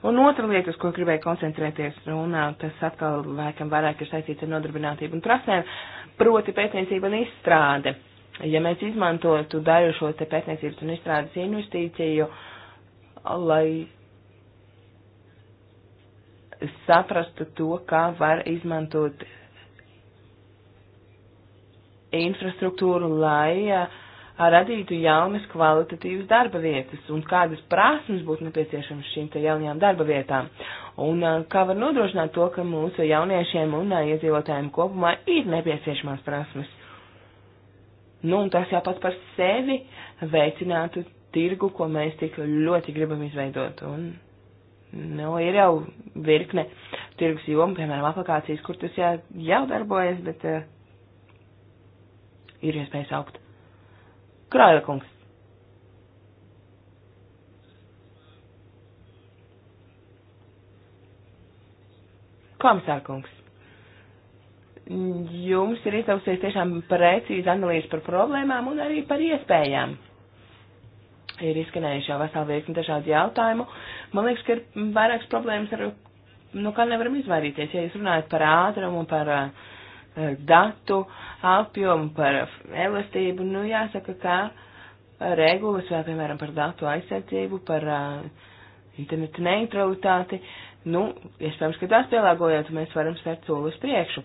Speaker 2: Un otra lieta, uz ko gribēju koncentrēties, un tas atkal laikam vairāk ir saistīts ar nodarbinātību un prasēm, proti pētniecība un izstrāde. Ja mēs izmantotu daļu šo te pētniecības un izstrādes investīciju, lai saprastu to, kā var izmantot infrastruktūru, lai uh, radītu jaunas kvalitatīvas darba vietas un kādas prasmes būtu nepieciešamas šīm te jaunajām darba vietām. Un kā var nodrošināt to, ka mūsu jauniešiem un iedzīvotājiem kopumā ir nepieciešamās prasmes. Nu, un tas jau pats par sevi veicinātu tirgu, ko mēs tik ļoti gribam izveidot. Un, nu, ir jau virkne tirgus jomu, piemēram, aplikācijas, kur tas jau, jau darbojas, bet uh, ir iespējas augt. Krāja kungs. Komisār kungs. Jums ir izdevusies tiešām precīzi analīze par problēmām un arī par iespējām ir izskanējuši jau vesela virkni dažādu jautājumu. Man liekas, ka ir vairākas problēmas, ar, no kā nevaram izvairīties. Ja jūs runājat par ātrumu un par uh, datu apjomu, par elastību. Nu, jāsaka, ka regulas vēl, piemēram, par datu aizsardzību, par uh, internetu neutralitāti, nu, iespējams, ka tās pielāgojot, mēs varam spērt soli uz priekšu.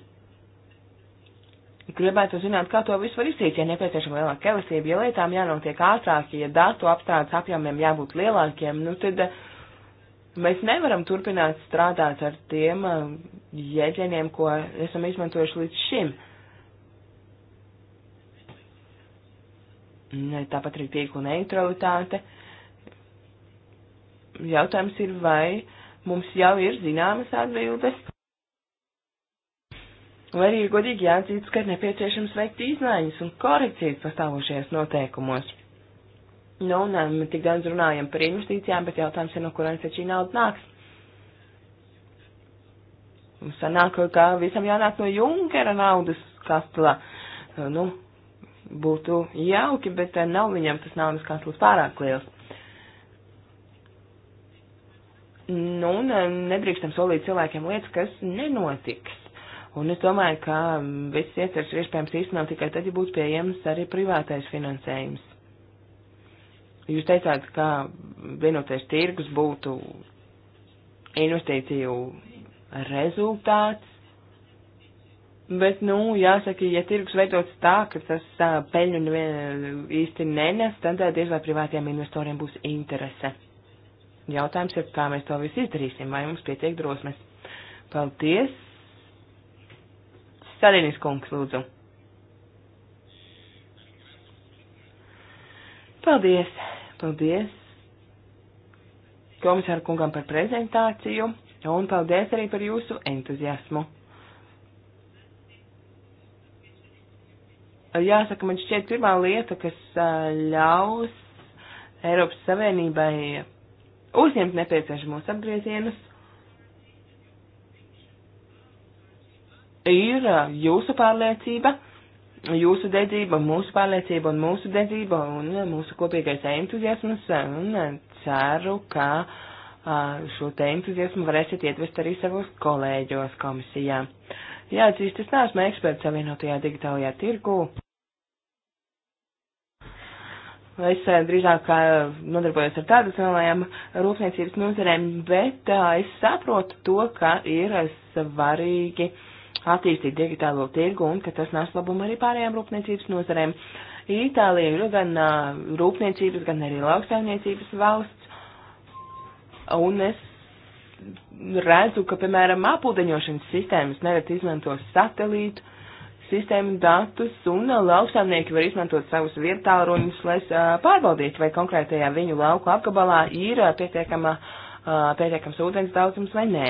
Speaker 2: Gribētu zināt, kā to visu var izcīt, ja nepieciešama lielāka elastība, ja lietām jānotiek ātrāk, ja datu apstādes apjomiem jābūt lielākiem, nu tad. Uh, Mēs nevaram turpināt strādāt ar tiem um, jēdzieniem, ko esam izmantojuši līdz šim. Tāpat arī tīkla neutralitāte. Jautājums ir, vai mums jau ir zināmas atbildes? Vai arī godīgi jāatzīst, ka ir nepieciešams veikt izmaiņas un korekcijas pastāvošajos noteikumos? Nu, nē, mēs um, tik daudz runājam par investīcijām, bet jautājums ir, no kurienes šī nauda nāks. Mums sanāk, ka visam jānāk no Junkera naudas kastlā. Uh, nu, būtu jauki, bet uh, nav viņam tas naudas kastlis pārāk liels. Nu, un um, nedrīkstam solīt cilvēkiem lietas, kas nenotiks. Un es domāju, ka um, viss iecerš ir iespējams īstenot tikai tad, ja būs pieejams arī privātais finansējums. Jūs teicāt, ka vienoties tirgus būtu investīciju rezultāts, bet, nu, jāsaka, ja tirgus veidots tā, ka tas tā, peļņu īsti nenes, tad diez vai privātiem investoriem būs interese. Jautājums ir, kā mēs to visu izdarīsim, vai mums pietiek drosmes. Paldies! Sadienis kungs, lūdzu! Paldies! Paldies komisāru kungam par prezentāciju un paldies arī par jūsu entuziasmu. Jāsaka, man šķiet pirmā lieta, kas ļaus Eiropas Savienībai uzņemt nepieciešamos apgriezienus, ir jūsu pārliecība jūsu dedzība, mūsu pārliecība un mūsu dedzība un uh, mūsu kopīgais entuziasms uh, un uh, ceru, ka šo te entuziasmu varēsiet ietvest arī savos kolēģos komisijā. Jāatzīst, es neesmu eksperts savienotajā digitālajā tirgu. Es drīzāk nodarbojos ar tradicionālajām rūpniecības nozarēm, bet es saprotu to, ka ir svarīgi uh, attīstīt digitālo tirgu un ka tas nes labumu arī pārējām rūpniecības nozarēm. Itālija ir gan uh, rūpniecības, gan arī lauksaimniecības valsts, un es redzu, ka, piemēram, apūdeņošanas sistēmas nereti izmanto satelītu sistēmu datus, un lauksaimnieki var izmantot savus vietāruņus, lai uh, pārbaudītu, vai konkrētajā viņu lauku apgabalā ir uh, pietiekama, uh, pietiekams ūdens daudzums vai nē.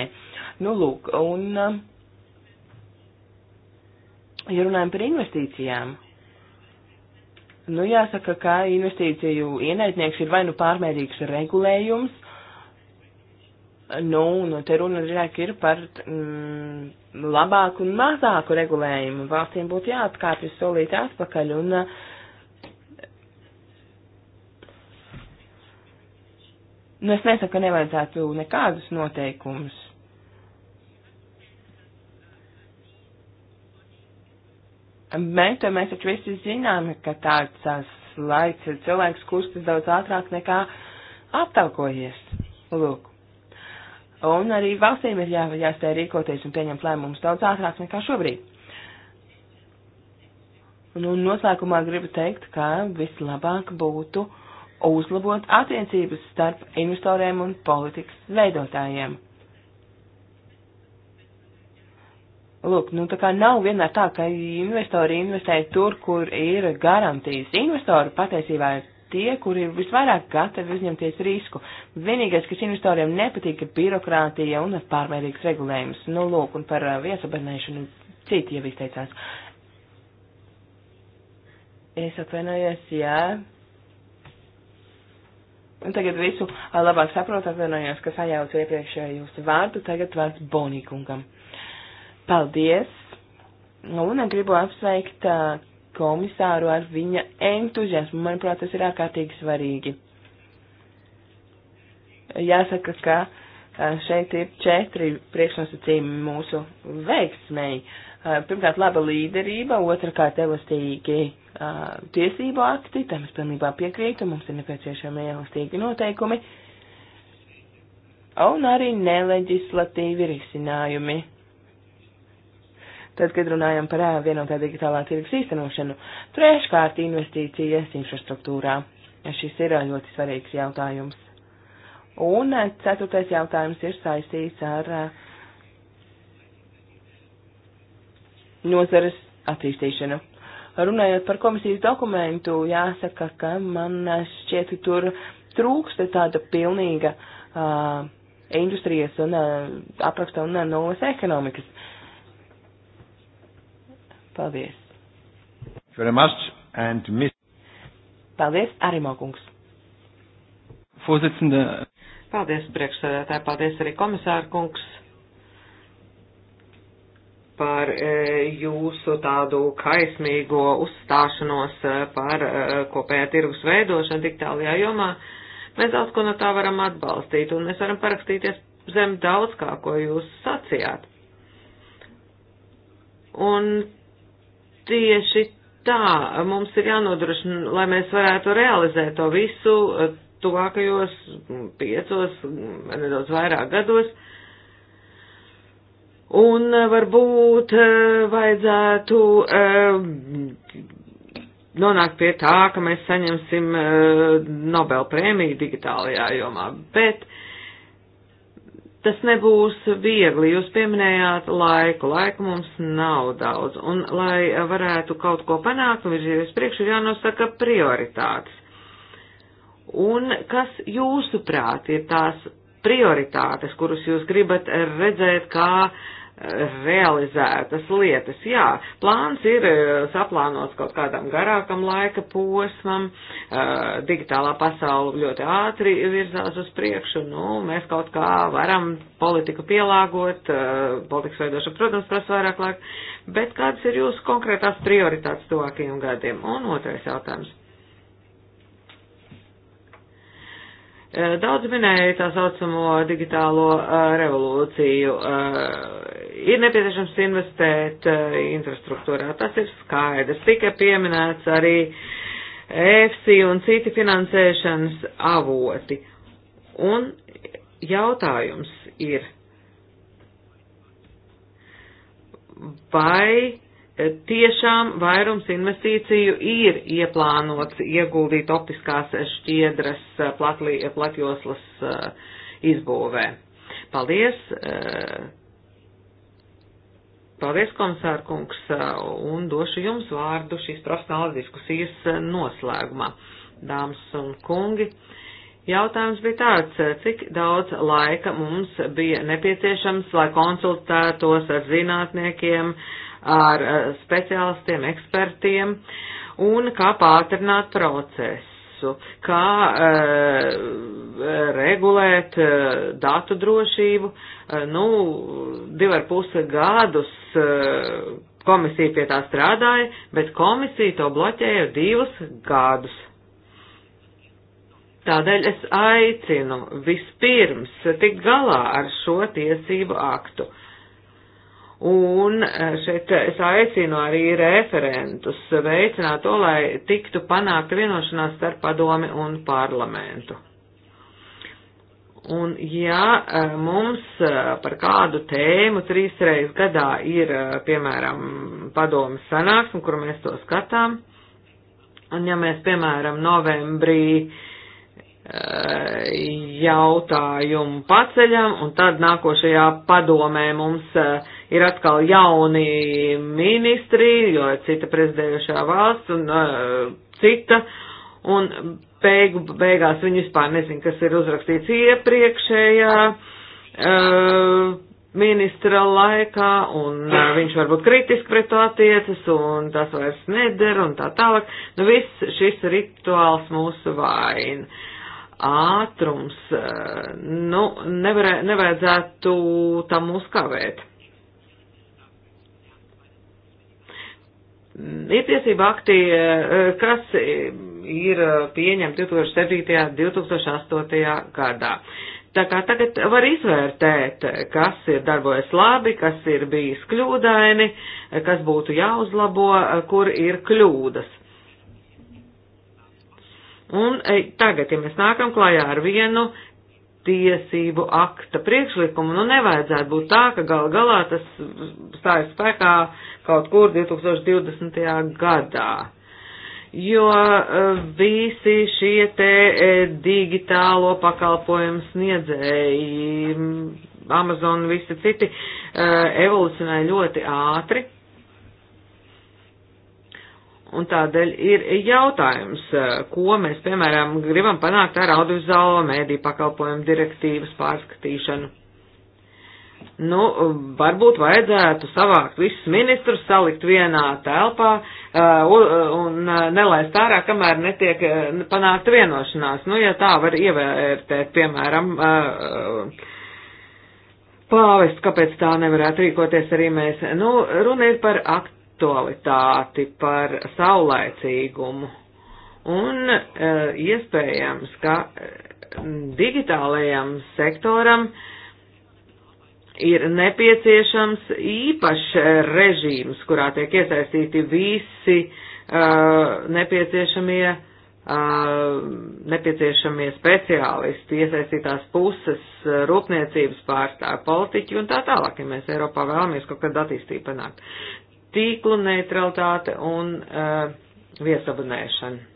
Speaker 2: Nu, lūk, un uh, Ja runājam par investīcijām, nu jāsaka, ka investīciju ienaidnieks ir vai nu pārmērīgs regulējums, nu, nu te runa drīzāk ir par mm, labāku un mazāku regulējumu. Valstīm būtu jāatkāpjas solīti atpakaļ un uh, Nu, es nesaku, ka nevajadzētu nekādus noteikumus Bet mēs taču visi zinām, ka tāds slaids uh, cilvēks kustas daudz ātrāk nekā aptaukojies. Lūk. Un arī valstīm ir jā, jāspēj rīkoties un pieņemt lēmumus daudz ātrāk nekā šobrīd. Un, un noslēgumā gribu teikt, ka vislabāk būtu uzlabot attiecības starp investoriem un politikas veidotājiem. Lūk, nu tā kā nav vienmēr tā, ka investori investē tur, kur ir garantijas. Investori patiesībā ir tie, kuri ir visvairāk gatavi uzņemties risku. Vienīgais, kas investoriem nepatīk, ir birokrātija un pārmērīgs regulējums. Nu, lūk, un par uh, viesabernēšanu citi jau izteicās. Es atvainojos, jā. Un tagad visu uh, labāk saprotu, atvainojos, ka sajaucu iepriekšēju jūsu vārdu, tagad vārds Bonīkungam. Paldies! Nu, un gribu apsveikt uh, komisāru ar viņa entuziasmu. Manuprāt, tas ir ārkārtīgi svarīgi. Jāsaka, ka uh, šeit ir četri priekšnosacījumi mūsu veiksmēji. Uh, pirmkārt, laba līderība, otrkārt, elastīgi tiesību akti, tam es pilnībā piekrītu, mums ir nepieciešami elastīgi noteikumi, un arī neleģislatīvi risinājumi tad, kad runājam par vienotā digitālā tirgus īstenošanu. Treškārt, investīcijas infrastruktūrā. Šis ir ļoti svarīgs jautājums. Un ceturtais jautājums ir saistīts ar nozares attīstīšanu. Runājot par komisijas dokumentu, jāsaka, ka man šķiet, ka tur trūksta tāda pilnīga uh, industrijas un uh, apraksta un uh, nulles ekonomikas. Uh, Paldies.
Speaker 3: Paldies, Arimokungs. Paldies, priekšsēdētāji, paldies arī komisāra kungs par e, jūsu tādu kaismīgo uzstāšanos e, par e, kopējā tirgus veidošanu digitālajā jomā. Mēs daudz ko no tā varam atbalstīt, un mēs varam parakstīties zem daudz kā, ko jūs sacījāt. Un tieši tā mums ir jānodrošina, lai mēs varētu realizēt to visu eh, tuvākajos mm, piecos, mm, nedaudz vairāk gados. Un eh, varbūt eh, vajadzētu nonākt pie tā, ka mēs saņemsim Nobel prēmiju digitālajā jomā, bet tas nebūs viegli. Jūs pieminējāt laiku, laika mums nav daudz, un lai varētu kaut ko panākt un virzīties priekš, ir jānosaka prioritātes. Un kas jūsuprāt ir tās prioritātes, kurus jūs gribat redzēt kā uh, Eh? realizētas lietas. Jā, plāns ir eh, saplānots kaut kādam garākam laika posmam, eh, digitālā pasaule ļoti ātri virzās uz priekšu, nu, mēs kaut kā varam politiku pielāgot, politikas veidošana, protams, prasa vairāk laika, bet kādas ir jūsu konkrētās prioritātes tuvākajiem gadiem? Un otrais jautājums Eh, daudz minēja tā saucamo digitālo eh, revolūciju. Eh, ir nepieciešams investēt infrastruktūrā, tas ir skaidrs. Tika pieminēts arī EFSI un citi finansēšanas avoti. Un jautājums ir, vai Eh, tiešām vairums investīciju ir ieplānots ieguldīt optiskās šķiedras eh, platli, eh, platjoslas izbūvē. Paldies! Paldies, komisārkungs, un došu jums vārdu šīs profesionālas diskusijas noslēgumā. Dāmas un kungi, Jautājums bija tāds, cik daudz laika mums bija nepieciešams, lai konsultētos ar zinātniekiem, ar speciālistiem, ekspertiem un kā pātrināt procesu, kā eh, regulēt eh, datu drošību. Eh, nu, divi ar puse gadus komisija pie tā strādāja, bet komisija to bloķēja divus gadus. Tādēļ es aicinu vispirms tikt galā ar šo tiesību aktu. Un eh, šeit es aicinu arī referentus veicināt to, lai tiktu panākta vienošanās starp padomi un parlamentu. Un ja eh, mums eh, par kādu tēmu trīs reizes gadā ir, piemēram, padomi sanāksme, kur mēs to skatām, un ja mēs, piemēram, novembrī jautājumu paceļam, un tad nākošajā padomē mums ir atkal jauni ministri, jo ir cita prezidējušā valsts un uh, cita, un beigu, beigās viņi vispār nezin, kas ir uzrakstīts iepriekšējā uh, ministra laikā, un uh, viņš varbūt kritiski pret to attiecas, un tas vairs neder, un tā tālāk. Nu, viss šis rituāls mūsu vaina. Ātrums, uh, nu, nevarē, nevajadzētu tam uzkavēt. ir tiesība akti, e, kas ir pieņemti 2007. 2008. gadā. Tā kā tagad var izvērtēt, kas ir darbojas labi, kas ir bijis kļūdaini, kas būtu jāuzlabo, kur ir kļūdas. Un e, tagad, ja mēs nākam klajā ar vienu tiesību akta priekšlikumu. Nu, nevajadzētu būt tā, ka gal galā tas stājas spēkā kaut kur 2020. gadā. Jo e, visi šie te e, digitālo pakalpojumu sniedzēji, Amazon, visi citi, e, evolucionē ļoti ātri Un tādēļ ir jautājums, eh, ko mēs, piemēram, gribam panākt ar audiovizuālo mēdīju pakalpojumu direktīvas pārskatīšanu. Nu, varbūt vajadzētu savākt visus ministrus, salikt vienā telpā uh, un nelaist ārā, kamēr netiek panākta vienošanās. Nu, ja tā var ievērtēt, piemēram, uh, pāvest, kāpēc tā nevarētu rīkoties arī mēs. Nu, runa ir par aktu aktualitāti, par saulaicīgumu. Un e, iespējams, ka digitālajam sektoram ir nepieciešams īpašs režīms, kurā tiek iesaistīti visi e, nepieciešamie, e, nepieciešamie speciālisti, iesaistītās puses, e, rūpniecības pārstāvi, politiķi un tā tālāk, ja mēs Eiropā vēlamies kaut kad attīstību panākt tīklu neutralitāte un uh, viesabunēšana.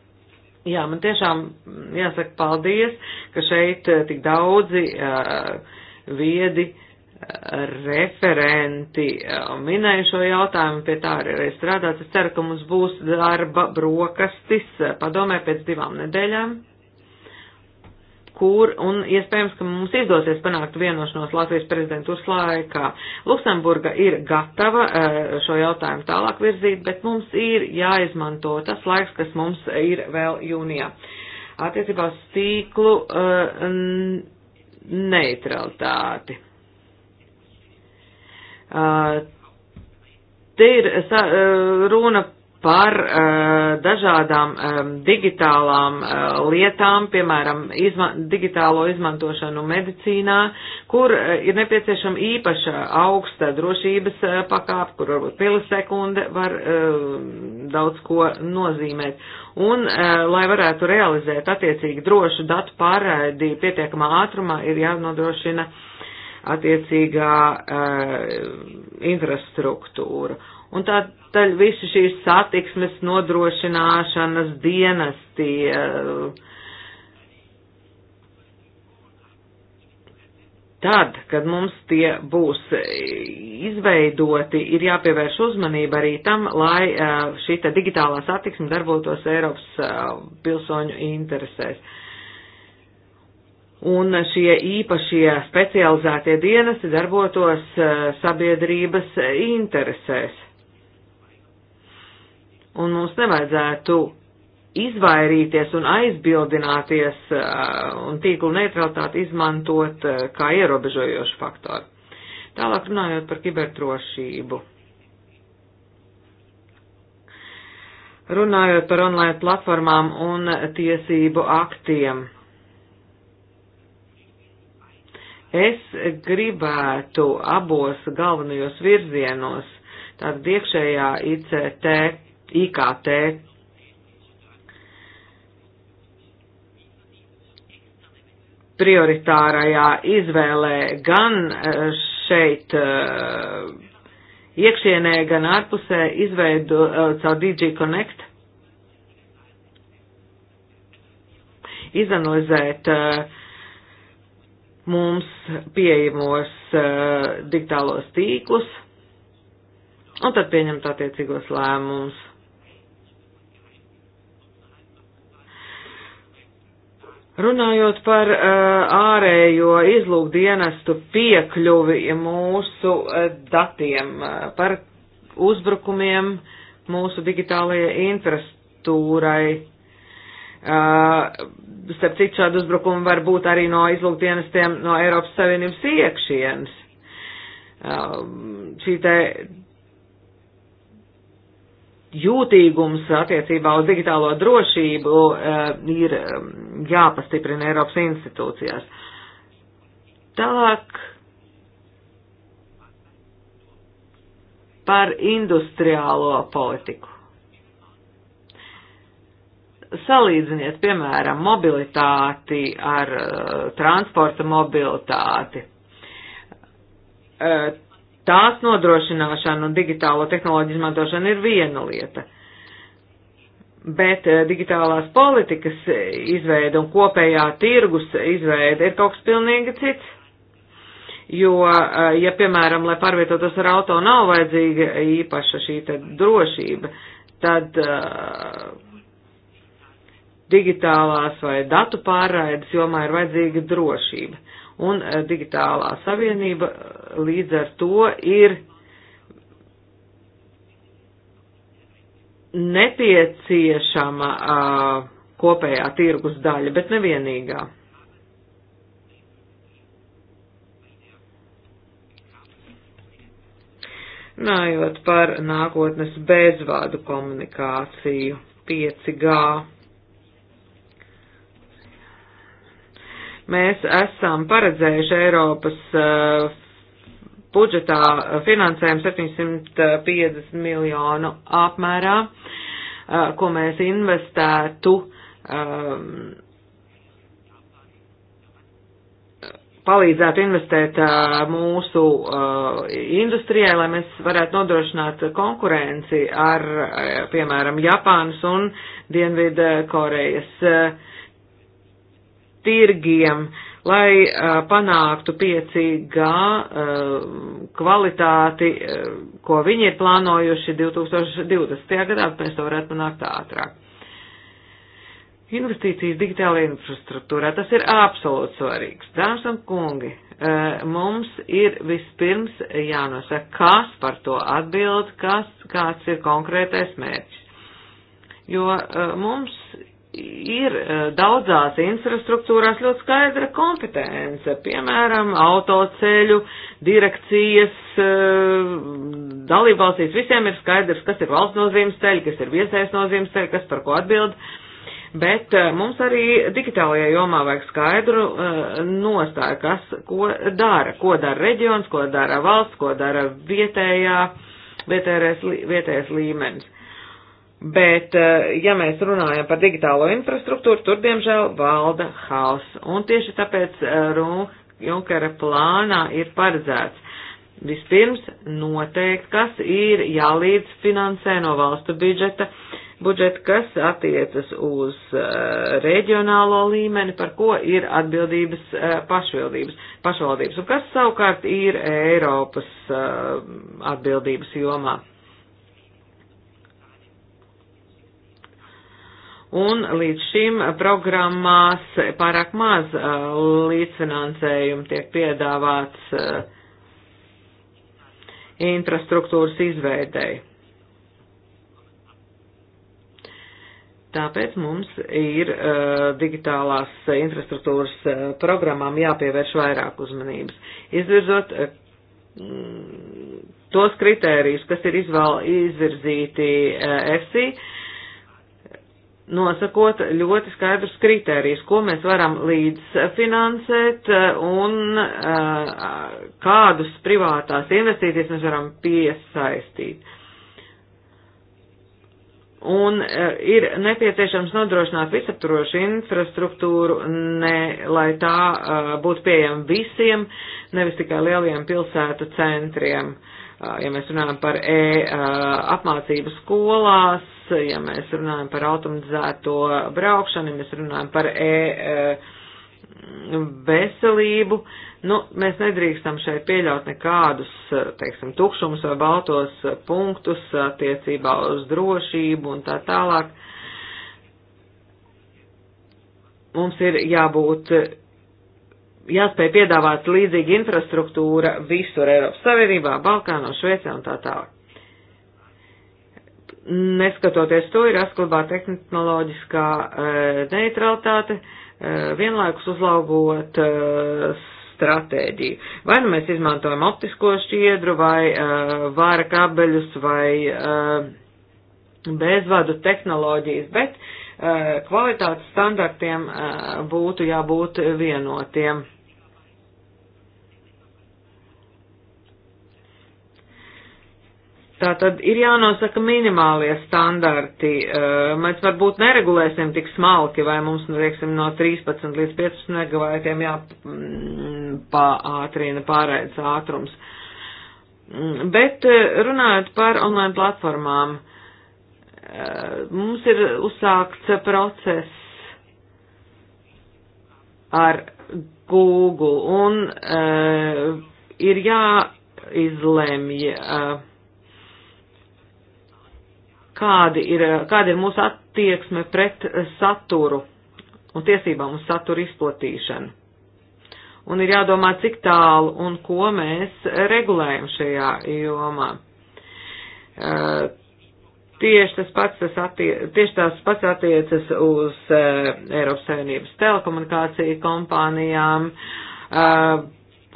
Speaker 3: Jā, man tiešām jāsaka paldies, ka šeit uh, tik daudzi uh, viedi uh, referenti minēju šo jautājumu, pie tā arī strādāts. Es ceru, ka mums būs darba brokastis padomē pēc divām nedēļām kur, un iespējams, ka mums izdosies panākt vienošanos Latvijas prezidentūras laikā. Luksemburga ir gatava eh, šo jautājumu tālāk virzīt, bet mums ir jāizmanto tas laiks, kas mums ir vēl jūnijā. Attiecībā uz tīklu eh, neutralitāti. Eh, te ir runa par uh, dažādām um, digitālām uh, lietām, piemēram, izma digitālo izmantošanu medicīnā, kur uh, ir nepieciešama īpaša augsta drošības uh, pakāpe, kur varbūt milisekunde var uh, daudz ko nozīmēt. Un, uh, lai varētu realizēt attiecīgi drošu datu pārraidi pietiekamā ātrumā, ir jānodrošina attiecīgā uh, infrastruktūra. Un tā Tādēļ visi šīs satiksmes nodrošināšanas dienesti. Eh, tad, kad mums tie būs izveidoti, ir jāpievērš uzmanība arī tam, lai eh, šī digitālā satiksme darbotos Eiropas eh, pilsoņu interesēs. Un šie īpašie specializētie dienesti darbotos sabiedrības interesēs un mums nevajadzētu izvairīties un aizbildināties un tīklu neutralitāti izmantot kā ierobežojošu faktoru. Tālāk runājot par kiberdrošību. Runājot par online platformām un tiesību aktiem. Es gribētu abos galvenajos virzienos, tātad iekšējā ICT IKT prioritārajā izvēlē gan eh, šeit eh, iekšienē, gan ārpusē izveidu eh, caur DG Connect izanalizēt mums pieejamos digitālos tīklus un tad pieņemt attiecīgos lēmumus. Runājot par uh, ārējo izlūkdienestu piekļuvi mūsu uh, datiem, uh, par uzbrukumiem mūsu digitālajai infrastruktūrai. Uh, starp citu, šādi uzbrukumi var būt arī no izlūkdienestiem no Eiropas Savienības iekšienes. Uh, šī te jūtīgums attiecībā uz digitālo drošību eh, ir eh, jāpastiprina Eiropas institūcijās. Tālāk par industriālo politiku. Salīdziniet, piemēram, mobilitāti ar uh, transporta mobilitāti. Uh, tās nodrošināšana un digitālo tehnoloģiju izmantošana ir viena lieta, bet eh, digitālās politikas izveida un kopējā tirgus izveida ir kaut kas pilnīgi cits. Jo, eh, ja, piemēram, lai pārvietotos ar auto nav vajadzīga īpaša šī tad drošība, tad uh, digitālās vai datu pārraides jomā ir vajadzīga drošība un eh, digitālā savienība eh, līdz ar to ir nepieciešama uh, kopējā tirgus daļa, bet nevienīgā. Runājot par nākotnes bezvādu komunikāciju 5G. Mēs esam paredzējuši Eiropas eh, budžetā eh, finansējumu 750 miljonu apmērā, eh, ko mēs investētu palīdzētu investēt mūsu industrijai, lai mēs varētu nodrošināt konkurenci ar, piemēram, Japānas un Dienvidu Korejas tirgiem, lai uh, panāktu 5G uh, kvalitāti, uh, ko viņi ir plānojuši 2020. gadā, bet mēs to varētu panākt ātrāk. Investīcijas digitālajā infrastruktūrā tas ir absolūti svarīgs. Dāmas un kungi, mums ir vispirms jānosaka, kas par to atbild, kas, kāds ir konkrētais mērķis. Jo mums ir e, daudzās infrastruktūrās ļoti skaidra kompetence, piemēram, autoceļu direkcijas e, dalībvalstīs visiem ir skaidrs, kas ir valsts nozīmes ceļi, kas ir viesais nozīmes ceļi, kas par ko atbild. Bet e, mums arī digitālajā jomā vajag skaidru nostāju, kas ko dara, ko dara reģions, ko dara valsts, ko dara vietējā, vietējais, vietējais līmenis Bet, eh, ja mēs runājam par digitālo infrastruktūru, tur, diemžēl, valda hauss. Un tieši tāpēc eh, Junkera plānā ir paredzēts vispirms noteikt, kas ir jālīdz finansē no valstu budžeta, budžeta, kas attiecas uz uh, reģionālo līmeni, par ko ir atbildības uh, pašvaldības, pašvaldības, un kas savukārt ir Eiropas uh, atbildības jomā. un līdz šim programmās pārāk maz uh, līdzfinansējumu tiek piedāvāts uh, infrastruktūras izveidēji. Tāpēc mums ir uh, digitālās infrastruktūras uh, programmām jāpievērš vairāk uzmanības, izvirzot uh, tos kritērijus, kas ir izvēl, izvirzīti uh, EFSI, uh, nosakot ļoti skaidrus kritērijus, ko mēs varam līdzfinansēt un eh, kādus privātās investīcijas mēs varam piesaistīt. Un eh, ir nepieciešams nodrošināt visaptvarošu infrastruktūru, ne, lai tā eh, būtu pieejama visiem, nevis tikai lielajiem pilsētu centriem. Uh, Uh, ja mēs runājam par e uh, apmācību skolās, ja mēs runājam par automatizēto braukšanu, ja mēs runājam par e uh, veselību, nu, mēs nedrīkstam šeit pieļaut nekādus, teiksim, tukšumus vai baltos punktus attiecībā uz drošību un tā tālāk. Mums ir jābūt jāspēj piedāvāt līdzīga infrastruktūra visur Eiropas Savienībā, Balkānos, Šveicē un tā tālāk. Neskatoties to, ir atklāta tehnoloģiskā e, neutralitāte, e, vienlaikus uzlabot e, stratēģiju. Vai nu mēs izmantojam optisko šķiedru, vai e, vāra kabeļus, vai e, bezvadu tehnoloģijas, bet e, kvalitātes standartiem būtu jābūt vienotiem. Tā tad ir jānosaka minimālie standarti. Eh, mēs varbūt neregulēsim tik smalki, vai mums, nu, teiksim, no 13 līdz 15 megavatiem jāpātrina mm, pārējais ātrums. Mm, bet eh, runājot par online platformām, eh, mums ir uzsākts process ar Google un ir jāizlemj kādi ir, kāda ir mūsu attieksme pret saturu un tiesībām uz saturu izplatīšanu. Un ir jādomā, cik tālu un ko mēs regulējam šajā jomā. Uh, Tieši tas pats, tas attie, tieši tās pats attiecas uz uh, Eiropas Savienības telekomunikāciju kompānijām, uh,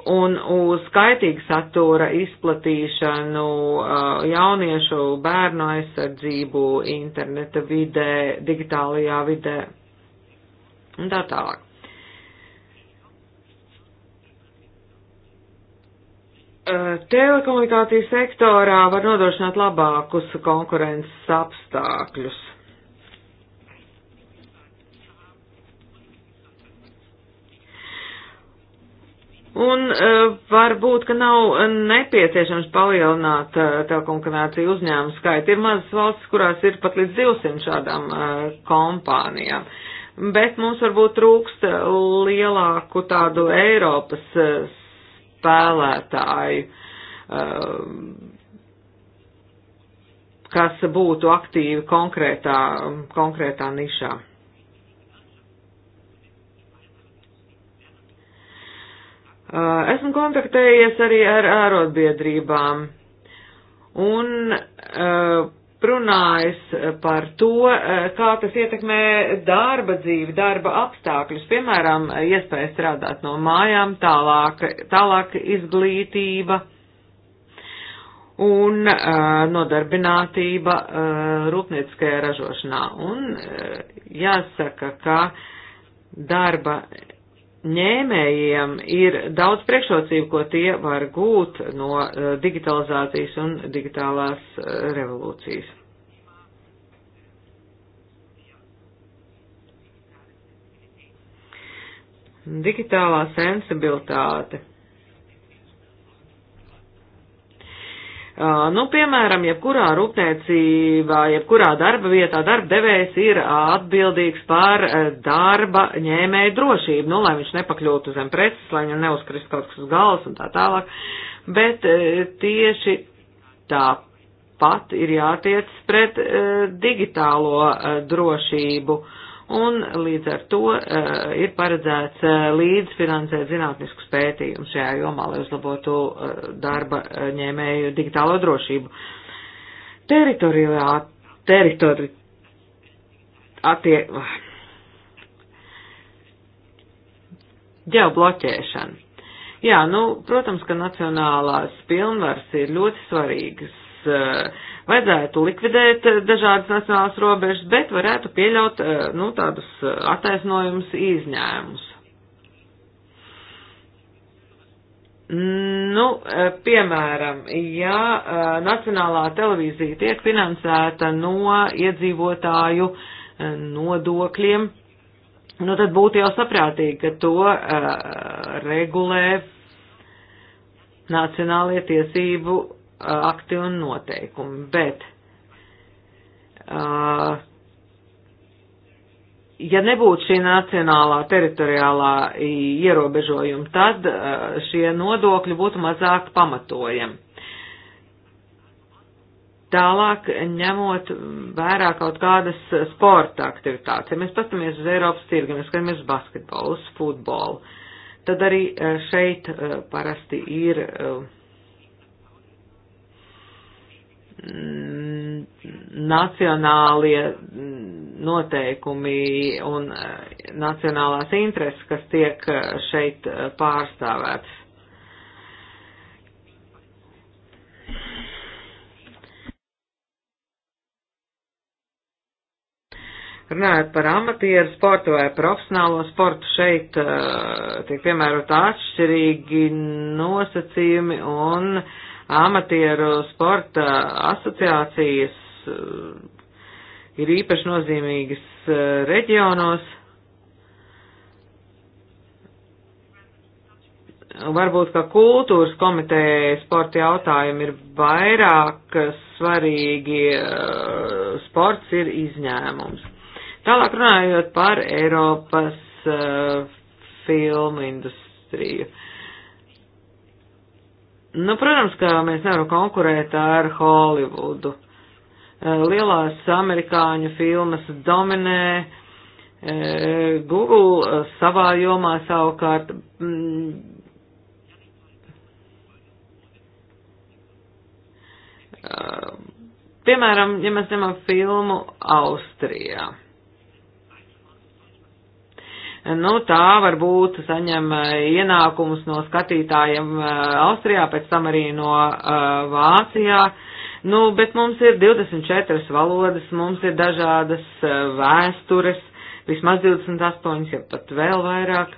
Speaker 3: un uz kaitīgu satura izplatīšanu uh, jauniešu bērnu aizsardzību interneta vidē, digitālajā vidē un tā tālāk. Uh, Telekomunikāciju sektorā var nodrošināt labākus konkurences apstākļus. Un uh, varbūt, ka nav nepieciešams palielināt uh, telekomunikāciju uzņēmumu skaitu. Ir mazas valstis, kurās ir pat līdz 200 šādām uh, kompānijām. Bet mums varbūt trūkst lielāku tādu Eiropas uh, spēlētāju, uh, kas būtu aktīvi konkrētā, konkrētā nišā. Uh, esmu kontaktējies arī ar ārotbiedrībām un uh, runājis par to, uh, kā tas ietekmē darba dzīvi, darba apstākļus, piemēram, iespēja strādāt no mājām, tālāk, tālāk izglītība un uh, nodarbinātība uh, rūpnieciskajā ražošanā. Un uh, jāsaka, ka darba ņēmējiem ir daudz priekšrocību, ko tie var gūt no eh, digitalizācijas un digitālās eh, revolūcijas. Digitālā sensibilitāte. Nu, piemēram, jebkurā rūpniecībā, jebkurā darba vietā darba devējs ir atbildīgs par darba ņēmēju drošību, nu, lai viņš nepakļūtu zem preces, lai viņam nu neuzkrist kaut kas uz galvas un tā tālāk. Bet tieši tāpat ir jātiec pret digitālo drošību. Uh, un līdz ar to uh, ir paredzēts uh, līdzfinansēt zinātniskus pētījumus šajā jomā, lai uzlabotu uh, darba uh, ņēmēju digitālo drošību. Teritoriālā teritori, attie, uh, ģeobloķēšana. Jā, nu, protams, ka nacionālās pilnvaras ir ļoti svarīgas. Uh, vajadzētu likvidēt eh, dažādas nacionālas robežas, bet varētu pieļaut eh, nu, tādus eh, attaisnojumus izņēmumus. Nu, piemēram, ja nacionālā televīzija tiek finansēta no iedzīvotāju nodokļiem, nu tad būtu jau saprātīgi, ka to uh, regulē nacionālie tiesību akti un noteikumi, bet, uh, ja nebūtu šī nacionālā teritoriālā ierobežojuma, tad uh, šie nodokļi būtu mazāk pamatojami. Tālāk, ņemot vērā kaut kādas sporta aktivitātes, ja mēs pastamies uz Eiropas tirgu, mēs skatāmies basketbolu, uz futbolu, tad arī šeit parasti ir uh, Mm, nacionālie mm, noteikumi un eh, nacionālās intereses, kas tiek eh, šeit eh, pārstāvētas. Runājot par amatieru sportu vai profesionālo sportu, šeit uh, tiek piemērot atšķirīgi nosacījumi un uh, amatieru sporta asociācijas eh, ir īpaši nozīmīgas eh, reģionos. Varbūt, ka kultūras komiteja sporta jautājumi ir vairāk svarīgi, eh, sports ir izņēmums. Tālāk runājot par Eiropas filmu industriju. Uh, Nu, protams, ka mēs nevaram konkurēt ar Holivudu. Eh, lielās amerikāņu filmas dominē, eh, Google eh, savā jomā savukārt. Mm, piemēram, ja mēs ņemam filmu Austrijā nu, tā varbūt saņem uh, ienākumus no skatītājiem uh, Austrijā, pēc tam arī no uh, Vācijā. Nu, bet mums ir 24 valodas, mums ir dažādas uh, vēstures, vismaz 28, ja pat vēl vairāk.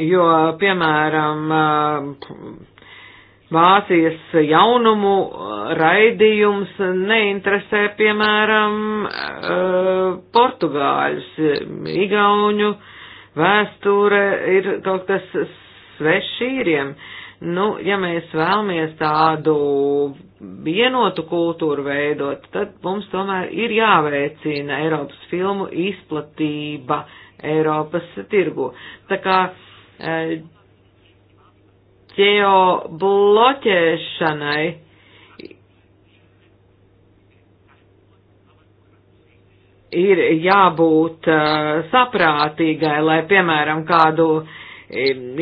Speaker 3: Jo, piemēram, uh, Vācijas jaunumu eh, raidījums neinteresē, piemēram, eh, portugāļus. Igauņu vēsture ir kaut kas svešs īriem. Nu, ja mēs vēlamies tādu vienotu kultūru veidot, tad mums tomēr ir jāveicina Eiropas filmu izplatība Eiropas tirgu. Tā kā eh, ģeobloķēšanai. Ir jābūt uh, saprātīgai, lai, piemēram, kādu um,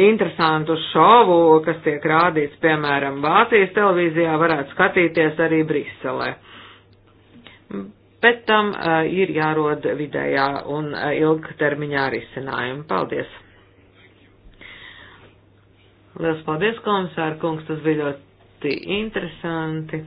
Speaker 3: interesantu šovu, kas tiek rādīts, piemēram, Vācijas televīzijā, varētu skatīties arī Briselē. Bet tam uh, ir jārod vidējā un uh, ilgtermiņā risinājumi. Paldies! Liels paldies, komisāra kungs, tas bija ļoti interesanti.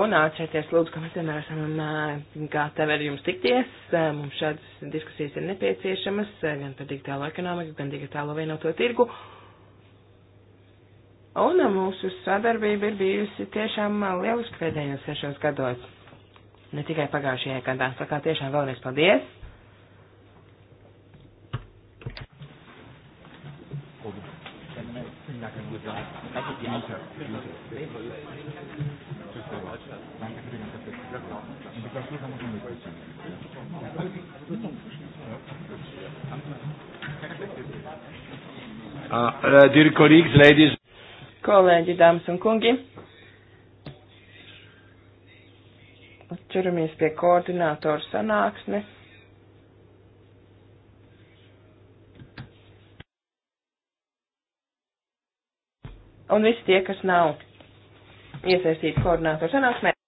Speaker 2: Un atcerieties, lūdzu, ka mēs vienmēr esam um, uh, gatavi ar jums tikties. Uh, mums šādas diskusijas ir nepieciešamas uh, gan par digitālo ekonomiku, gan digitālo vienoto tirgu. Un mūsu sadarbība ir bijusi tiešām lieliski pēdējos sešos gados. Ne tikai pagājušajā gadā. Tā kā tiešām vēlreiz paldies!
Speaker 1: Danke für die Danke
Speaker 3: für die Kollegs, ladies.
Speaker 2: Kolēģi, dāmas un kungi, ķeramies pie koordinātoru sanāksmes. un visi tie, kas nav iesaistīti
Speaker 3: koordinātoru sanāksmē.